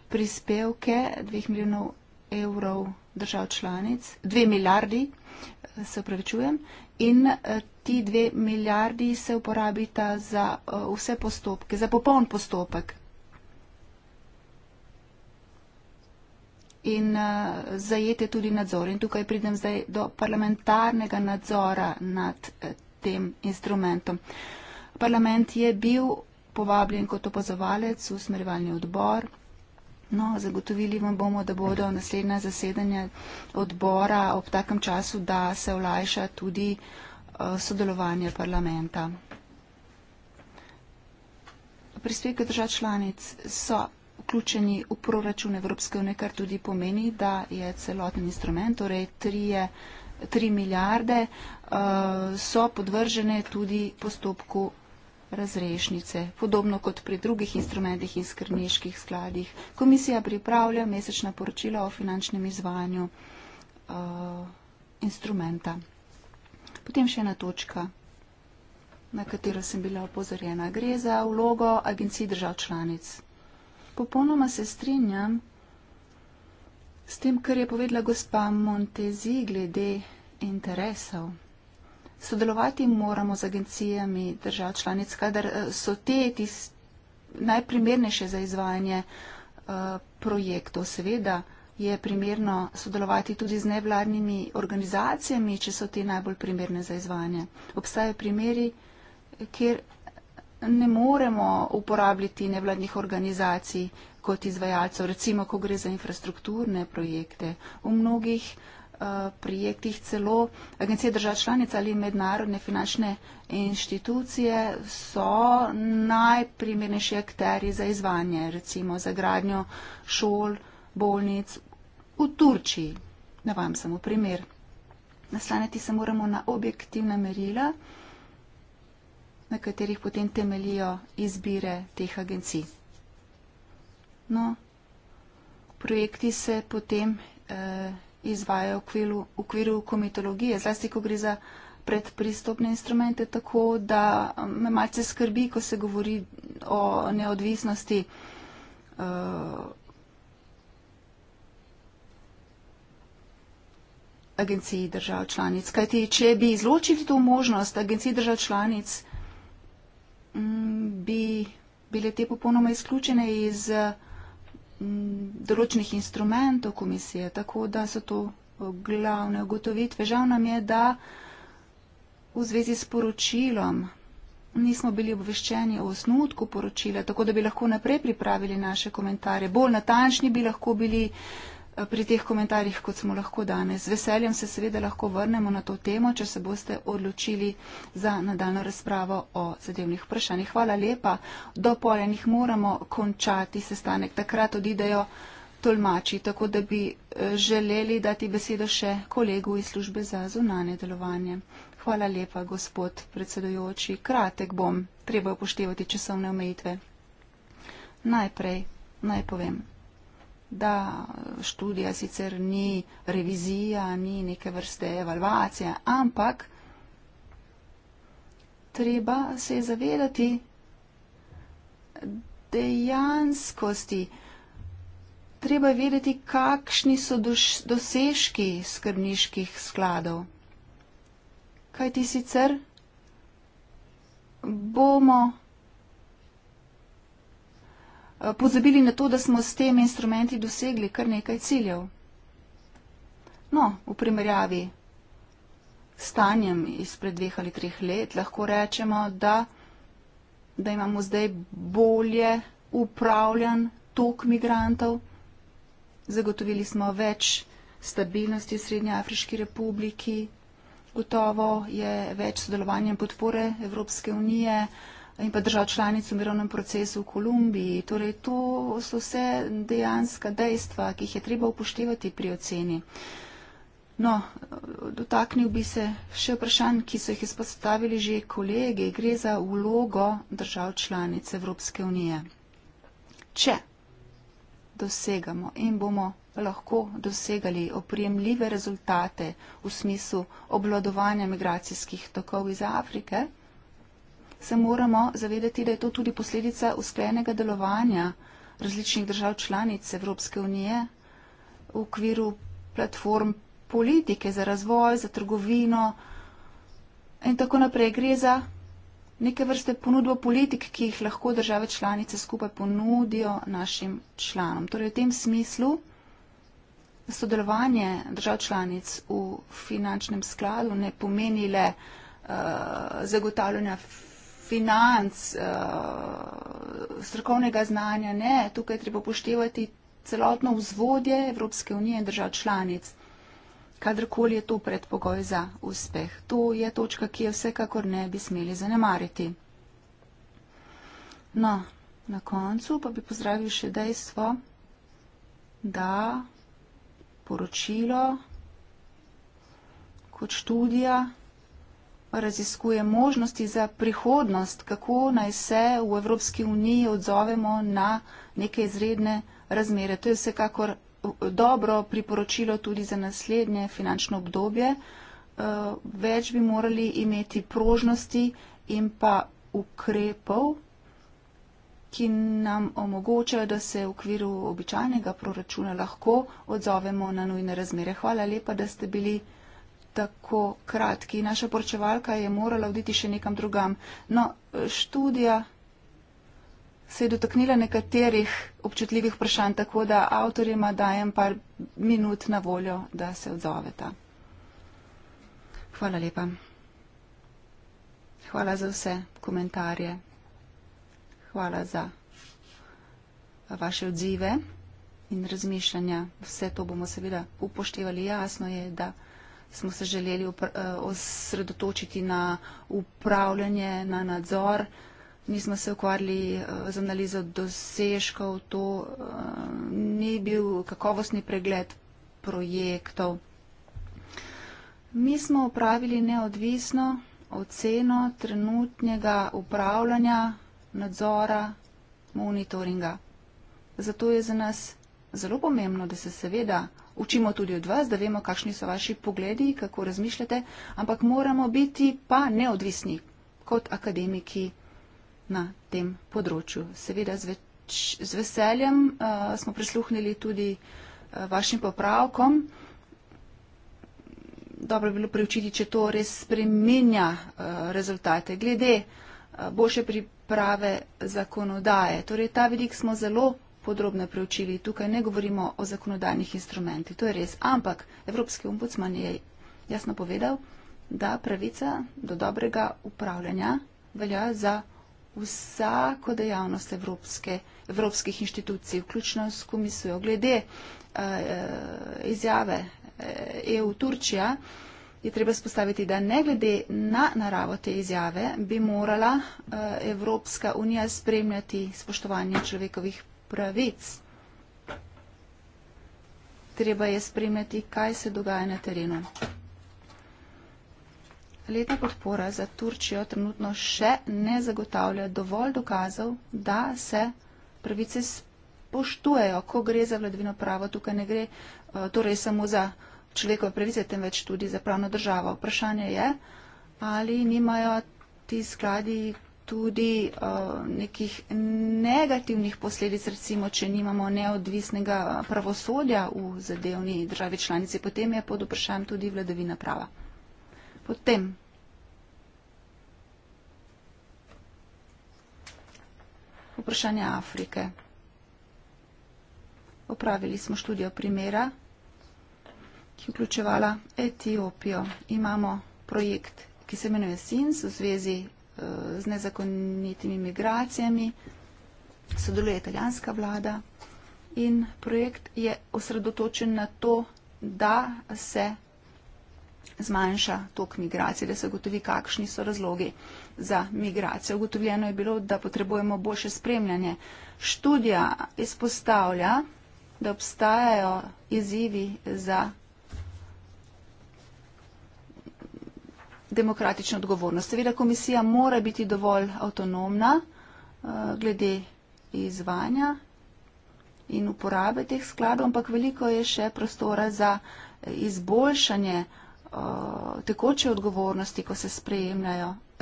[SPEAKER 1] prispevke 2 milijonov evrov držav članic, 2 milijardi, se upravičujem, in eh, ti dve milijardi se uporabita za eh, vse postopke, za popoln postopek. In eh, zajete tudi nadzor. In tukaj pridem zdaj do parlamentarnega nadzora nad tem instrumentom. Parlament je bil povabljen kot opazovalec v smerjevalni odbor. No, zagotovili vam bomo, da bodo naslednja zasedanja odbora ob takem času, da se olajša tudi eh, sodelovanje parlamenta. Prispevke držav članic so vključeni v proračun Evropske unije, kar tudi pomeni, da je celoten instrument, torej 3, 3 milijarde, eh, so podvržene tudi postopku razrešnice, podobno kot pri drugih instrumentih in skrbniških skladih. Komisija pripravlja mesečna poročila o finančnem izvajanju uh, instrumenta. Potem še ena točka, na katero sem bila opozorjena. Gre za vlogo agencij držav članic. Popolnoma se strinjam s tem, kar je povedala gospa Montezi glede interesov sodelovati moramo z agencijami držav članic, kadar eh, so te najprimernejše za izvajanje eh, projektov. Seveda je primerno sodelovati tudi z nevladnimi organizacijami, če so te najbolj primerne za izvajanje. Obstajajo primeri, kjer ne moremo uporabljati nevladnih organizacij kot izvajalcev, recimo, ko gre za infrastrukturne projekte. V mnogih uh, Eh, projektih celo agencije držav članic ali mednarodne finančne inštitucije so najprimernejši akteri za izvanje, recimo za gradnjo šol, bolnic v Turčiji. Ne vam samo primer. Naslaniti se moramo na objektivna merila, na katerih potem temelijo izbire teh agencij. No, projekti se potem eh, izvajajo v okviru, v okviru komitologije, zlasti ko gre za predpristopne instrumente, tako da me malce skrbi, ko se govori o neodvisnosti uh, agencij držav članic. Kajti, če bi izločili to možnost agencij držav članic, m, mm, bi bile te popolnoma izključene iz uh, določenih instrumentov komisije, tako da so to e, glavne ugotovitve. Žal nam je, da v zvezi s poročilom nismo bili obveščeni o osnutku poročila, tako da bi lahko naprej pripravili naše komentarje. Bolj natančni bi lahko bili, pri teh komentarjih, kot smo lahko danes. Z veseljem se seveda lahko vrnemo na to temo, če se boste odločili za nadaljno razpravo o zadevnih vprašanjih. Hvala lepa. Do poljenih moramo končati sestanek. Takrat odidejo tolmači, tako da bi eh, želeli dati besedo še kolegu iz službe za zunanje delovanje. Hvala lepa, gospod predsedujoči. Kratek bom, treba upoštevati časovne omejitve. Najprej naj povem da študija sicer ni revizija, ni neke vrste evalvacije, ampak treba se zavedati dejanskosti. Treba vedeti, kakšni so dosežki skrbniških skladov. Kaj ti sicer bomo Eh, pozabili na to, da smo s temi instrumenti dosegli kar nekaj ciljev. No, v primerjavi s stanjem izpred dveh ali treh let lahko rečemo, da, da imamo zdaj bolje upravljan tok migrantov. Zagotovili smo več stabilnosti v Srednje Afriški republiki. Gotovo je več sodelovanja in podpore Evropske unije. Uh, in pa držav članic v mirovnem procesu v Kolumbiji. Torej, to so vse dejanska dejstva, ki jih je treba upoštevati pri oceni. No, dotaknil bi se še vprašanj, ki so jih izpostavili že kolegi. Gre za vlogo držav članic Evropske unije. Če dosegamo in bomo lahko dosegali oprijemljive rezultate v smislu obladovanja migracijskih tokov iz Afrike, se moramo zavedati, da je to tudi posledica usklenega delovanja različnih držav članic Evropske unije v okviru platform politike za razvoj, za trgovino in tako naprej. Gre za neke vrste ponudbo politik, ki jih lahko države članice skupaj ponudijo našim članom. Torej v tem smislu sodelovanje držav članic v finančnem skladu ne pomeni le uh, zagotavljanja financ, eh, strokovnega znanja. Ne, tukaj treba poštevati celotno vzvodje Evropske unije in držav članic. Kadarkoli je to predpogoj za uspeh. To je točka, ki jo vsekakor ne bi smeli zanemariti. No, na koncu pa bi pozdravil še dejstvo, da poročilo kot študija raziskuje možnosti za prihodnost, kako naj se v Evropski uniji odzovemo na neke izredne razmere. To je vsekakor eh, dobro priporočilo tudi za naslednje finančno obdobje. Eh, več bi morali imeti prožnosti in pa ukrepov, ki nam omogočajo, da se v okviru običajnega proračuna lahko odzovemo na nujne razmere. Hvala lepa, da ste bili tako kratki. Naša poročevalka je morala oditi še nekam drugam. No, študija se je dotaknila nekaterih občutljivih vprašanj, tako da avtorjima dajem par minut na voljo, da se odzoveta. Hvala lepa. Hvala za vse komentarje. Hvala za vaše odzive in razmišljanja. Vse to bomo seveda upoštevali. Jasno je, da smo se želeli eh, osredotočiti na upravljanje, na nadzor. Nismo se ukvarjali eh, z analizo dosežkov, to eh, ni bil kakovostni pregled projektov. Mi smo upravili neodvisno oceno trenutnega upravljanja, nadzora, monitoringa. Zato je za nas zelo pomembno, da se seveda učimo tudi od vas, da vemo, kakšni so vaši pogledi, kako razmišljate, ampak moramo biti pa neodvisni kot akademiki na tem področju. Seveda z, več, z veseljem uh, smo prisluhnili tudi uh, vašim popravkom. Dobro bi bilo preučiti, če to res spremenja uh, eh, rezultate glede uh, boljše priprave zakonodaje. Torej, ta vidik smo zelo podrobno preučili. Tukaj ne govorimo o zakonodajnih instrumentih, to je res. Ampak Evropski ombudsman je jasno povedal, da pravica do dobrega upravljanja velja za vsako dejavnost evropske, evropskih inštitucij, vključno s komisijo. Glede eh, eh, eh, e, izjave EU Turčija je treba spostaviti, da ne glede na naravo te izjave bi morala Evropska unija spremljati spoštovanje človekovih pravic. Treba je spremeti, kaj se dogaja na terenu. Letna podpora za Turčijo trenutno še ne zagotavlja dovolj dokazov, da se pravice spoštujejo, ko gre za vladvino pravo. Tukaj ne gre eh, torej samo za človekove pravice, temveč tudi za pravno državo. Vprašanje je, ali nimajo ti skladi tudi uh, nekih negativnih posledic, recimo, če nimamo neodvisnega pravosodja v zadevni državi članici, potem je pod vprašanjem tudi vladavina prava. Potem. Vprašanje Afrike. Opravili smo študijo primera, ki je vključevala Etiopijo. Imamo projekt, ki se imenuje SINS v zvezi z nezakonitimi migracijami, sodeluje italijanska vlada in projekt je osredotočen na to, da se zmanjša tok migracij, da se ugotovi, kakšni so razlogi za migracijo. Ugotovljeno je bilo, da potrebujemo boljše spremljanje. Študija izpostavlja, da obstajajo izzivi za demokratično odgovornost. Seveda komisija mora biti dovolj avtonomna eh, glede izvanja in uporabe teh skladov, ampak veliko je še prostora za izboljšanje eh, tekoče odgovornosti, ko se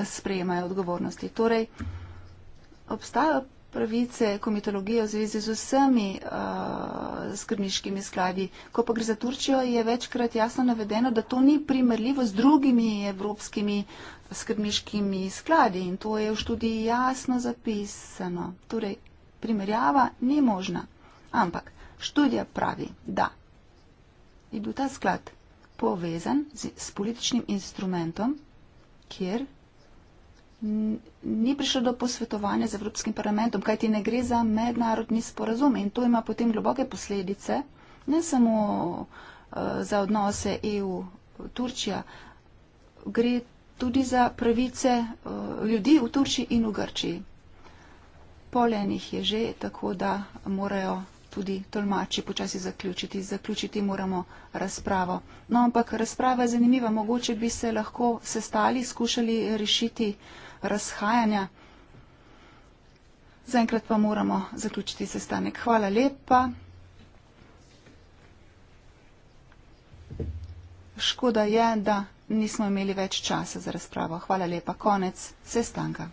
[SPEAKER 1] sprejemajo odgovornosti. Torej, obstajajo pravice, komitologijo v zvezi z vsemi uh, skrbniškimi skladi. Ko pa gre za Turčijo, je večkrat jasno navedeno, da to ni primerljivo z drugimi evropskimi skrbniškimi skladi in to je v študiji jasno zapisano. Torej, primerjava ni možna, ampak študija pravi, da je bil ta sklad povezan z, s političnim instrumentom, kjer ni prišlo do posvetovanja z Evropskim parlamentom, kajti ne gre za mednarodni sporazum in to ima potem globoke posledice, ne samo eh, za odnose EU-Turčija, gre tudi za pravice eh, ljudi v Turčiji in v Grčiji. Poljenih je že, tako da morajo tudi tolmači počasi zaključiti. Zaključiti moramo razpravo. No, ampak razprava je zanimiva. Mogoče bi se lahko sestali, skušali rešiti uh, razhajanja. Zaenkrat pa moramo zaključiti sestanek. Hvala lepa. Škoda je, da nismo imeli več časa za razpravo. Hvala lepa. Konec sestanka.